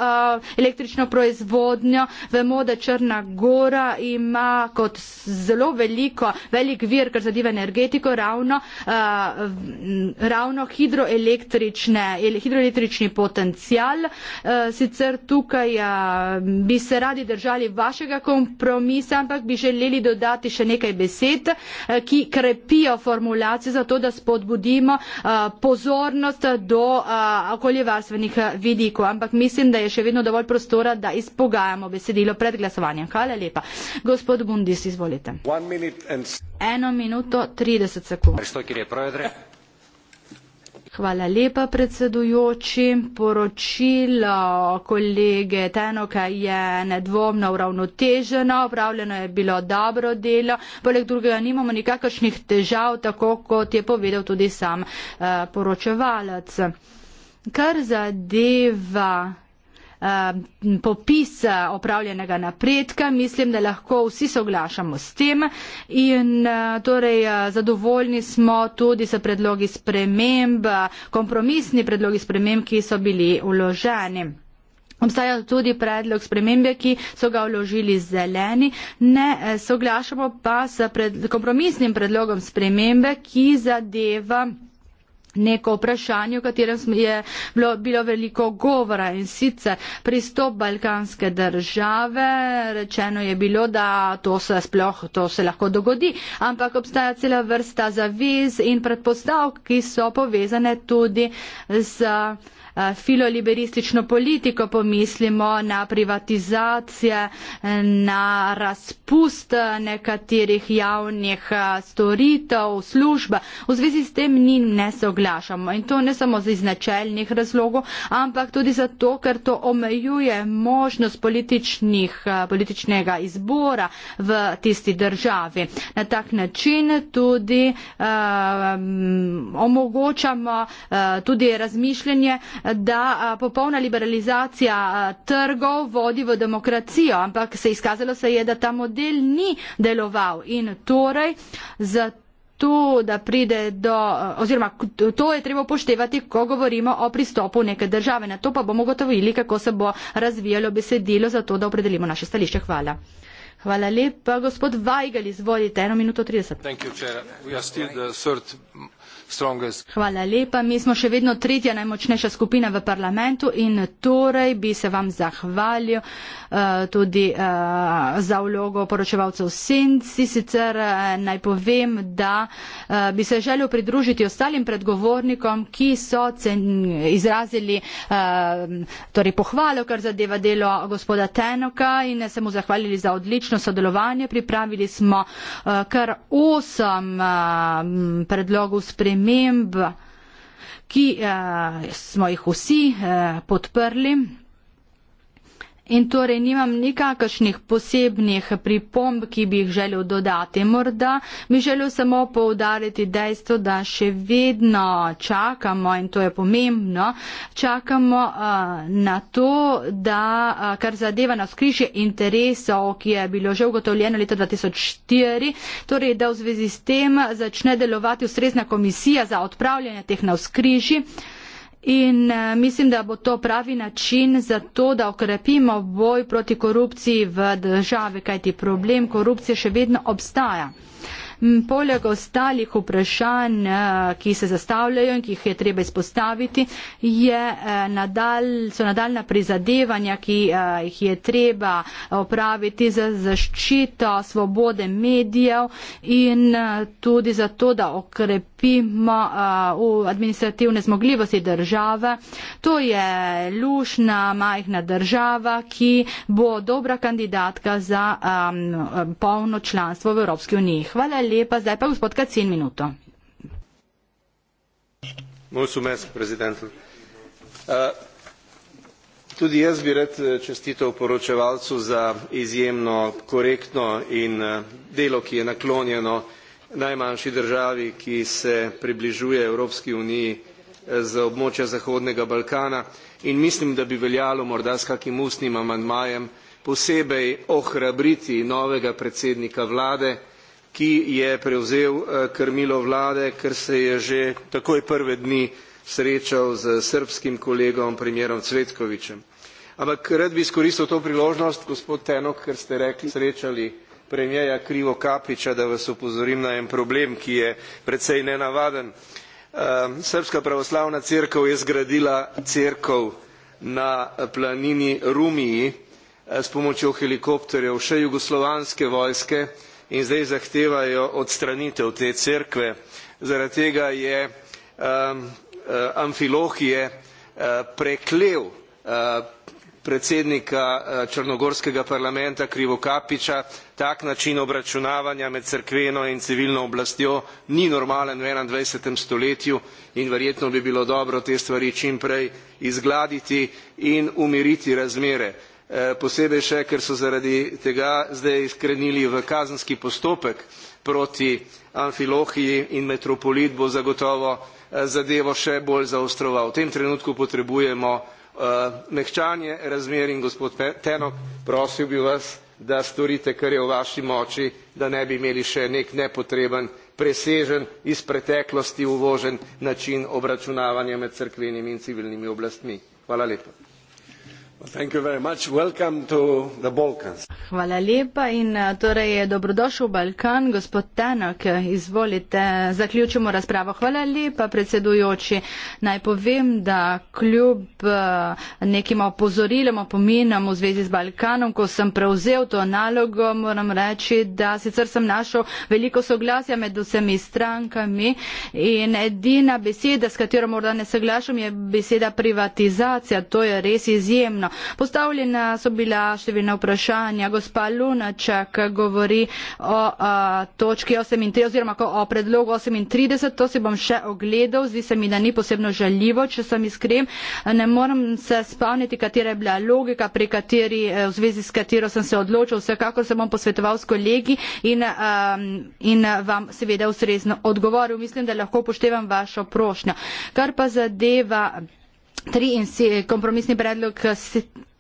P: električno proizvodnjo. Vemo, da Črna gora ima kot zelo veliko, velik vir, kar zadeva energetiko, ravno, eh, ravno hidroelektrični potencial. Si sicer tukaj a, bi se radi držali vašega kompromisa, ampak bi želeli dodati še nekaj besed, a, ki krepijo formulacijo za to, da spodbudimo a, pozornost do a, okoljevarstvenih vidikov. Ampak mislim, da je še vedno dovolj prostora, da izpogajamo besedilo pred glasovanjem. Hvala lepa. Gospod Bundis, izvolite. Eno minuto, 30 sekund. Hvala lepa, predsedujoči. Poročilo kolege Tenoka je nedvomno uravnoteženo, upravljeno je bilo dobro delo, poleg drugega nimamo nikakršnih težav, tako kot je povedal tudi sam eh, poročevalec. Kar zadeva Eh, popis eh, opravljenega napredka. Mislim, da lahko vsi soglašamo s tem in eh, torej zadovoljni smo tudi s predlogi sprememb, kompromisni predlogi sprememb, ki so bili vloženi. Obstaja tudi predlog spremembe, ki so ga vložili zeleni, ne soglašamo pa s pred, kompromisnim predlogom spremembe, ki zadeva neko vprašanje, o katerem je bilo, bilo veliko govora in sicer pristop balkanske države. Rečeno je bilo, da to se sploh to se lahko dogodi, ampak obstaja cela vrsta zaviz in predpostavk, ki so povezane tudi z. Uh, Eh, filoliberistično politiko, pomislimo na privatizacije, na razpust eh, nekaterih javnih eh, storitev, služb. V zvezi s tem njim ne soglašamo in to ne samo iz načeljnih razlogov, ampak tudi zato, ker to omejuje možnost političnega izbora v tisti državi. Na tak način tudi uh, omogočamo uh, tudi razmišljanje uh, da popolna liberalizacija trgov vodi v demokracijo, ampak se je izkazalo se je, da ta model ni deloval in torej za to, da pride do, oziroma to je treba upoštevati, ko govorimo o pristopu neke države. Na to pa bomo gotovili, kako se bo razvijalo besedilo za to, da opredelimo naše stališče. Hvala. Hvala lepa, gospod Vajgal, izvolite, eno minuto trideset. Hvala lepa. Mi smo še vedno tretja najmočnejša skupina v parlamentu in torej bi se vam zahvalil uh, tudi uh, za vlogo poročevalcev Senci. Sicer uh, naj povem, da uh, bi se želel pridružiti ostalim predgovornikom, ki so cen, izrazili uh, torej pohvalo, kar zadeva delo gospoda Tenoka in se mu zahvalili za odlično sodelovanje. Pripravili smo uh, kar osem uh, predlogov spremljanja sprememb, ki uh, smo jih vsi uh, podprli in torej nimam nikakršnih posebnih pripomb, ki bi jih želel dodati. Morda bi želel samo poudariti dejstvo, da še vedno čakamo in to je pomembno, čakamo uh, na to, da uh, kar zadeva na skrižje interesov, ki je bilo že ugotovljeno leta 2004, torej da v zvezi s tem začne delovati ustrezna komisija za odpravljanje teh na skrižji. In eh, mislim, da bo to pravi način za to, da okrepimo boj proti korupciji v državi, kajti problem korupcije še vedno obstaja. Poleg ostalih vprašanj, eh, ki se zastavljajo in ki jih je treba izpostaviti, je, eh, nadal, so nadaljna prizadevanja, ki eh, jih je treba opraviti za zaščito svobode medijev in tudi za to, da okrepimo administrativne zmogljivosti države. To je lušna, majhna država, ki bo dobra kandidatka za um, polno članstvo v Evropski uniji. Hvala lepa, zdaj pa gospod Kacin minuto.
R: Mulsumes, prezidentl. Eh, tudi jaz bi rad eh, čestitev poročevalcu za izjemno korektno in eh, delo, ki je naklonjeno najmanjši državi, ki se približuje Evropski uniji za območja Zahodnega Balkana in mislim, da bi veljalo morda s kakim ustnim amandmajem posebej ohrabriti novega predsednika vlade, ki je prevzel eh, krmilo vlade, ker se je že takoj prve dni srečal z srbskim kolegom premijerom Cvetkovićem. Ampak rad bi izkoristil to priložnost, gospod Tenok, ker ste rekli, srečali premijeja Krivo Kapiča, da vas upozorim na en problem, ki je precej nenavaden. Ehm, Srbska pravoslavna crkva je zgradila crkvo na planini Rumiji eh, s pomočjo helikopterjev še jugoslovanske vojske, in zdaj zahtevajo odstranitev te cerkve. Zaradi tega je um, uh, Amfilohije uh, preklel uh, predsednika uh, črnogorskega parlamenta Krivokapiča, tak način obračunavanja med cerkveno in civilno oblastjo ni normalen v 21. stoletju in verjetno bi bilo dobro te stvari čimprej izgladiti in umiriti razmere. Eh, posebej še, ker so zaradi tega zdaj skrenili v kazenski postopek proti Amfilohiji in metropolit bo zagotovo eh, zadevo še bolj zaostroval. V tem trenutku potrebujemo uh, mehčanje razmer in gospod Tenok, prosil bi vas, da storite, kar je v vaši moči, da ne bi imeli še nek nepotreben, presežen, iz preteklosti uvožen način obračunavanja med crkvenimi in civilnimi oblastmi. Hvala lepa.
P: Hvala lepa in eh, torej eh, dobrodošel v Balkan, gospod Tanak, eh, izvolite, zaključimo razpravo. Hvala lepa, predsedujoči. Naj povem, da kljub nekim opozorilem, opominam v zvezi z Balkanom, ko sem prevzel to nalogo, moram reči, da sicer sem našel veliko soglasja med vsemi strankami in edina beseda, s katero morda ne soglašam, je beseda privatizacija. To je res izjemno. Postavljena so bila številna vprašanja. Gospa Lunaček govori o a, točki 38 oziroma o predlogu 38. To si bom še ogledal. Zdi se mi, da ni posebno žaljivo, če sem iskren. Ne moram se spomniti, katera je bila logika, kateri, e, v zvezi s katero sem se odločil. Vsekakor se bom posvetoval s kolegi in, a, e, in vam seveda ustrezno odgovoril. Mislim, da lahko upoštevam vašo prošnjo. Kar pa zadeva kompromisni predlog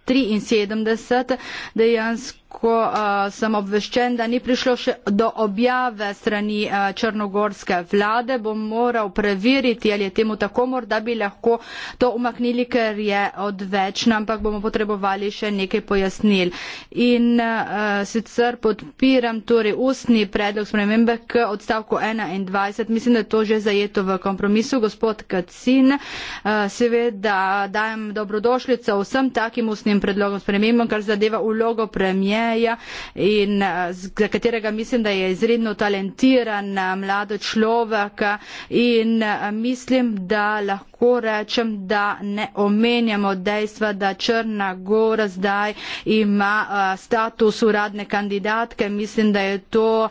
P: 73 dejansko tako uh, eh, sem obveščen, da ni prišlo še do objave strani uh, črnogorske vlade. Bom moral preveriti, ali je temu tako, morda bi lahko to umaknili, ker je odveč, no, ampak bomo potrebovali še nekaj pojasnil. In uh, sicer podpiram torej ustni predlog spremembe k odstavku 21. Mislim, da je to že zajeto v kompromisu. Gospod Kacin, uh, seveda dajem dobrodošljico vsem takim ustnim predlogom spremembe, kar zadeva ulogo premijera. Sineja in eh, za katerega mislim, da je izredno talentiran eh, mlado človek eh, in mislim, da lahko lahko rečem, da ne omenjamo dejstva, da Črna Gora zdaj ima status uradne kandidatke. Mislim, da je to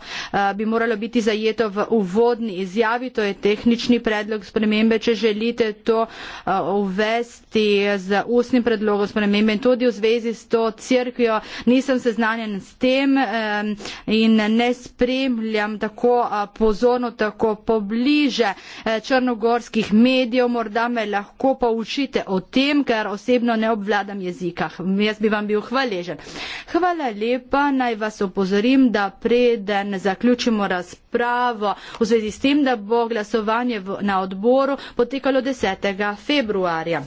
P: bi moralo biti zajeto v uvodni izjavi. To je tehnični predlog spremembe. Če želite to uvesti z ustnim predlogom spremembe in tudi v zvezi s to crkvijo, nisem seznanjen s tem in ne spremljam tako pozorno, tako pobliže črnogorskih medijev. Morda da me lahko poučite o tem, ker osebno ne obvladam jezika. Jaz bi vam bil hvaležen. Hvala lepa, naj vas opozorim, da preden zaključimo razpravo v zvezi s tem, da bo glasovanje na odboru potekalo 10. februarja.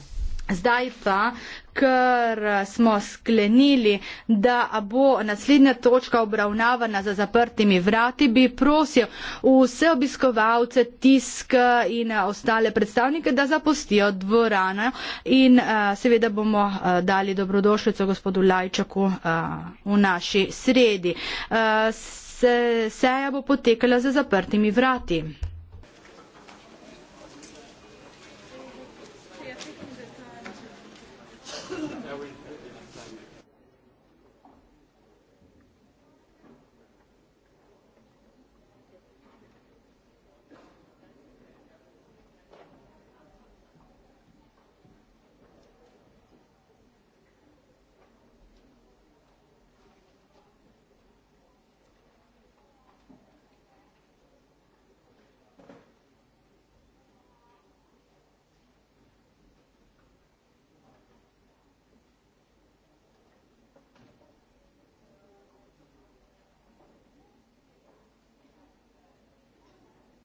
P: Zdaj pa, ker smo sklenili, da bo naslednja točka obravnavana za zaprtimi vrati, bi prosil vse obiskovalce, tisk in ostale predstavnike, da zapustijo dvorano in eh, seveda bomo eh, dali dobrodošljico gospodu Lajčaku eh, v naši sredi. Seja bo potekala za zaprtimi vrati.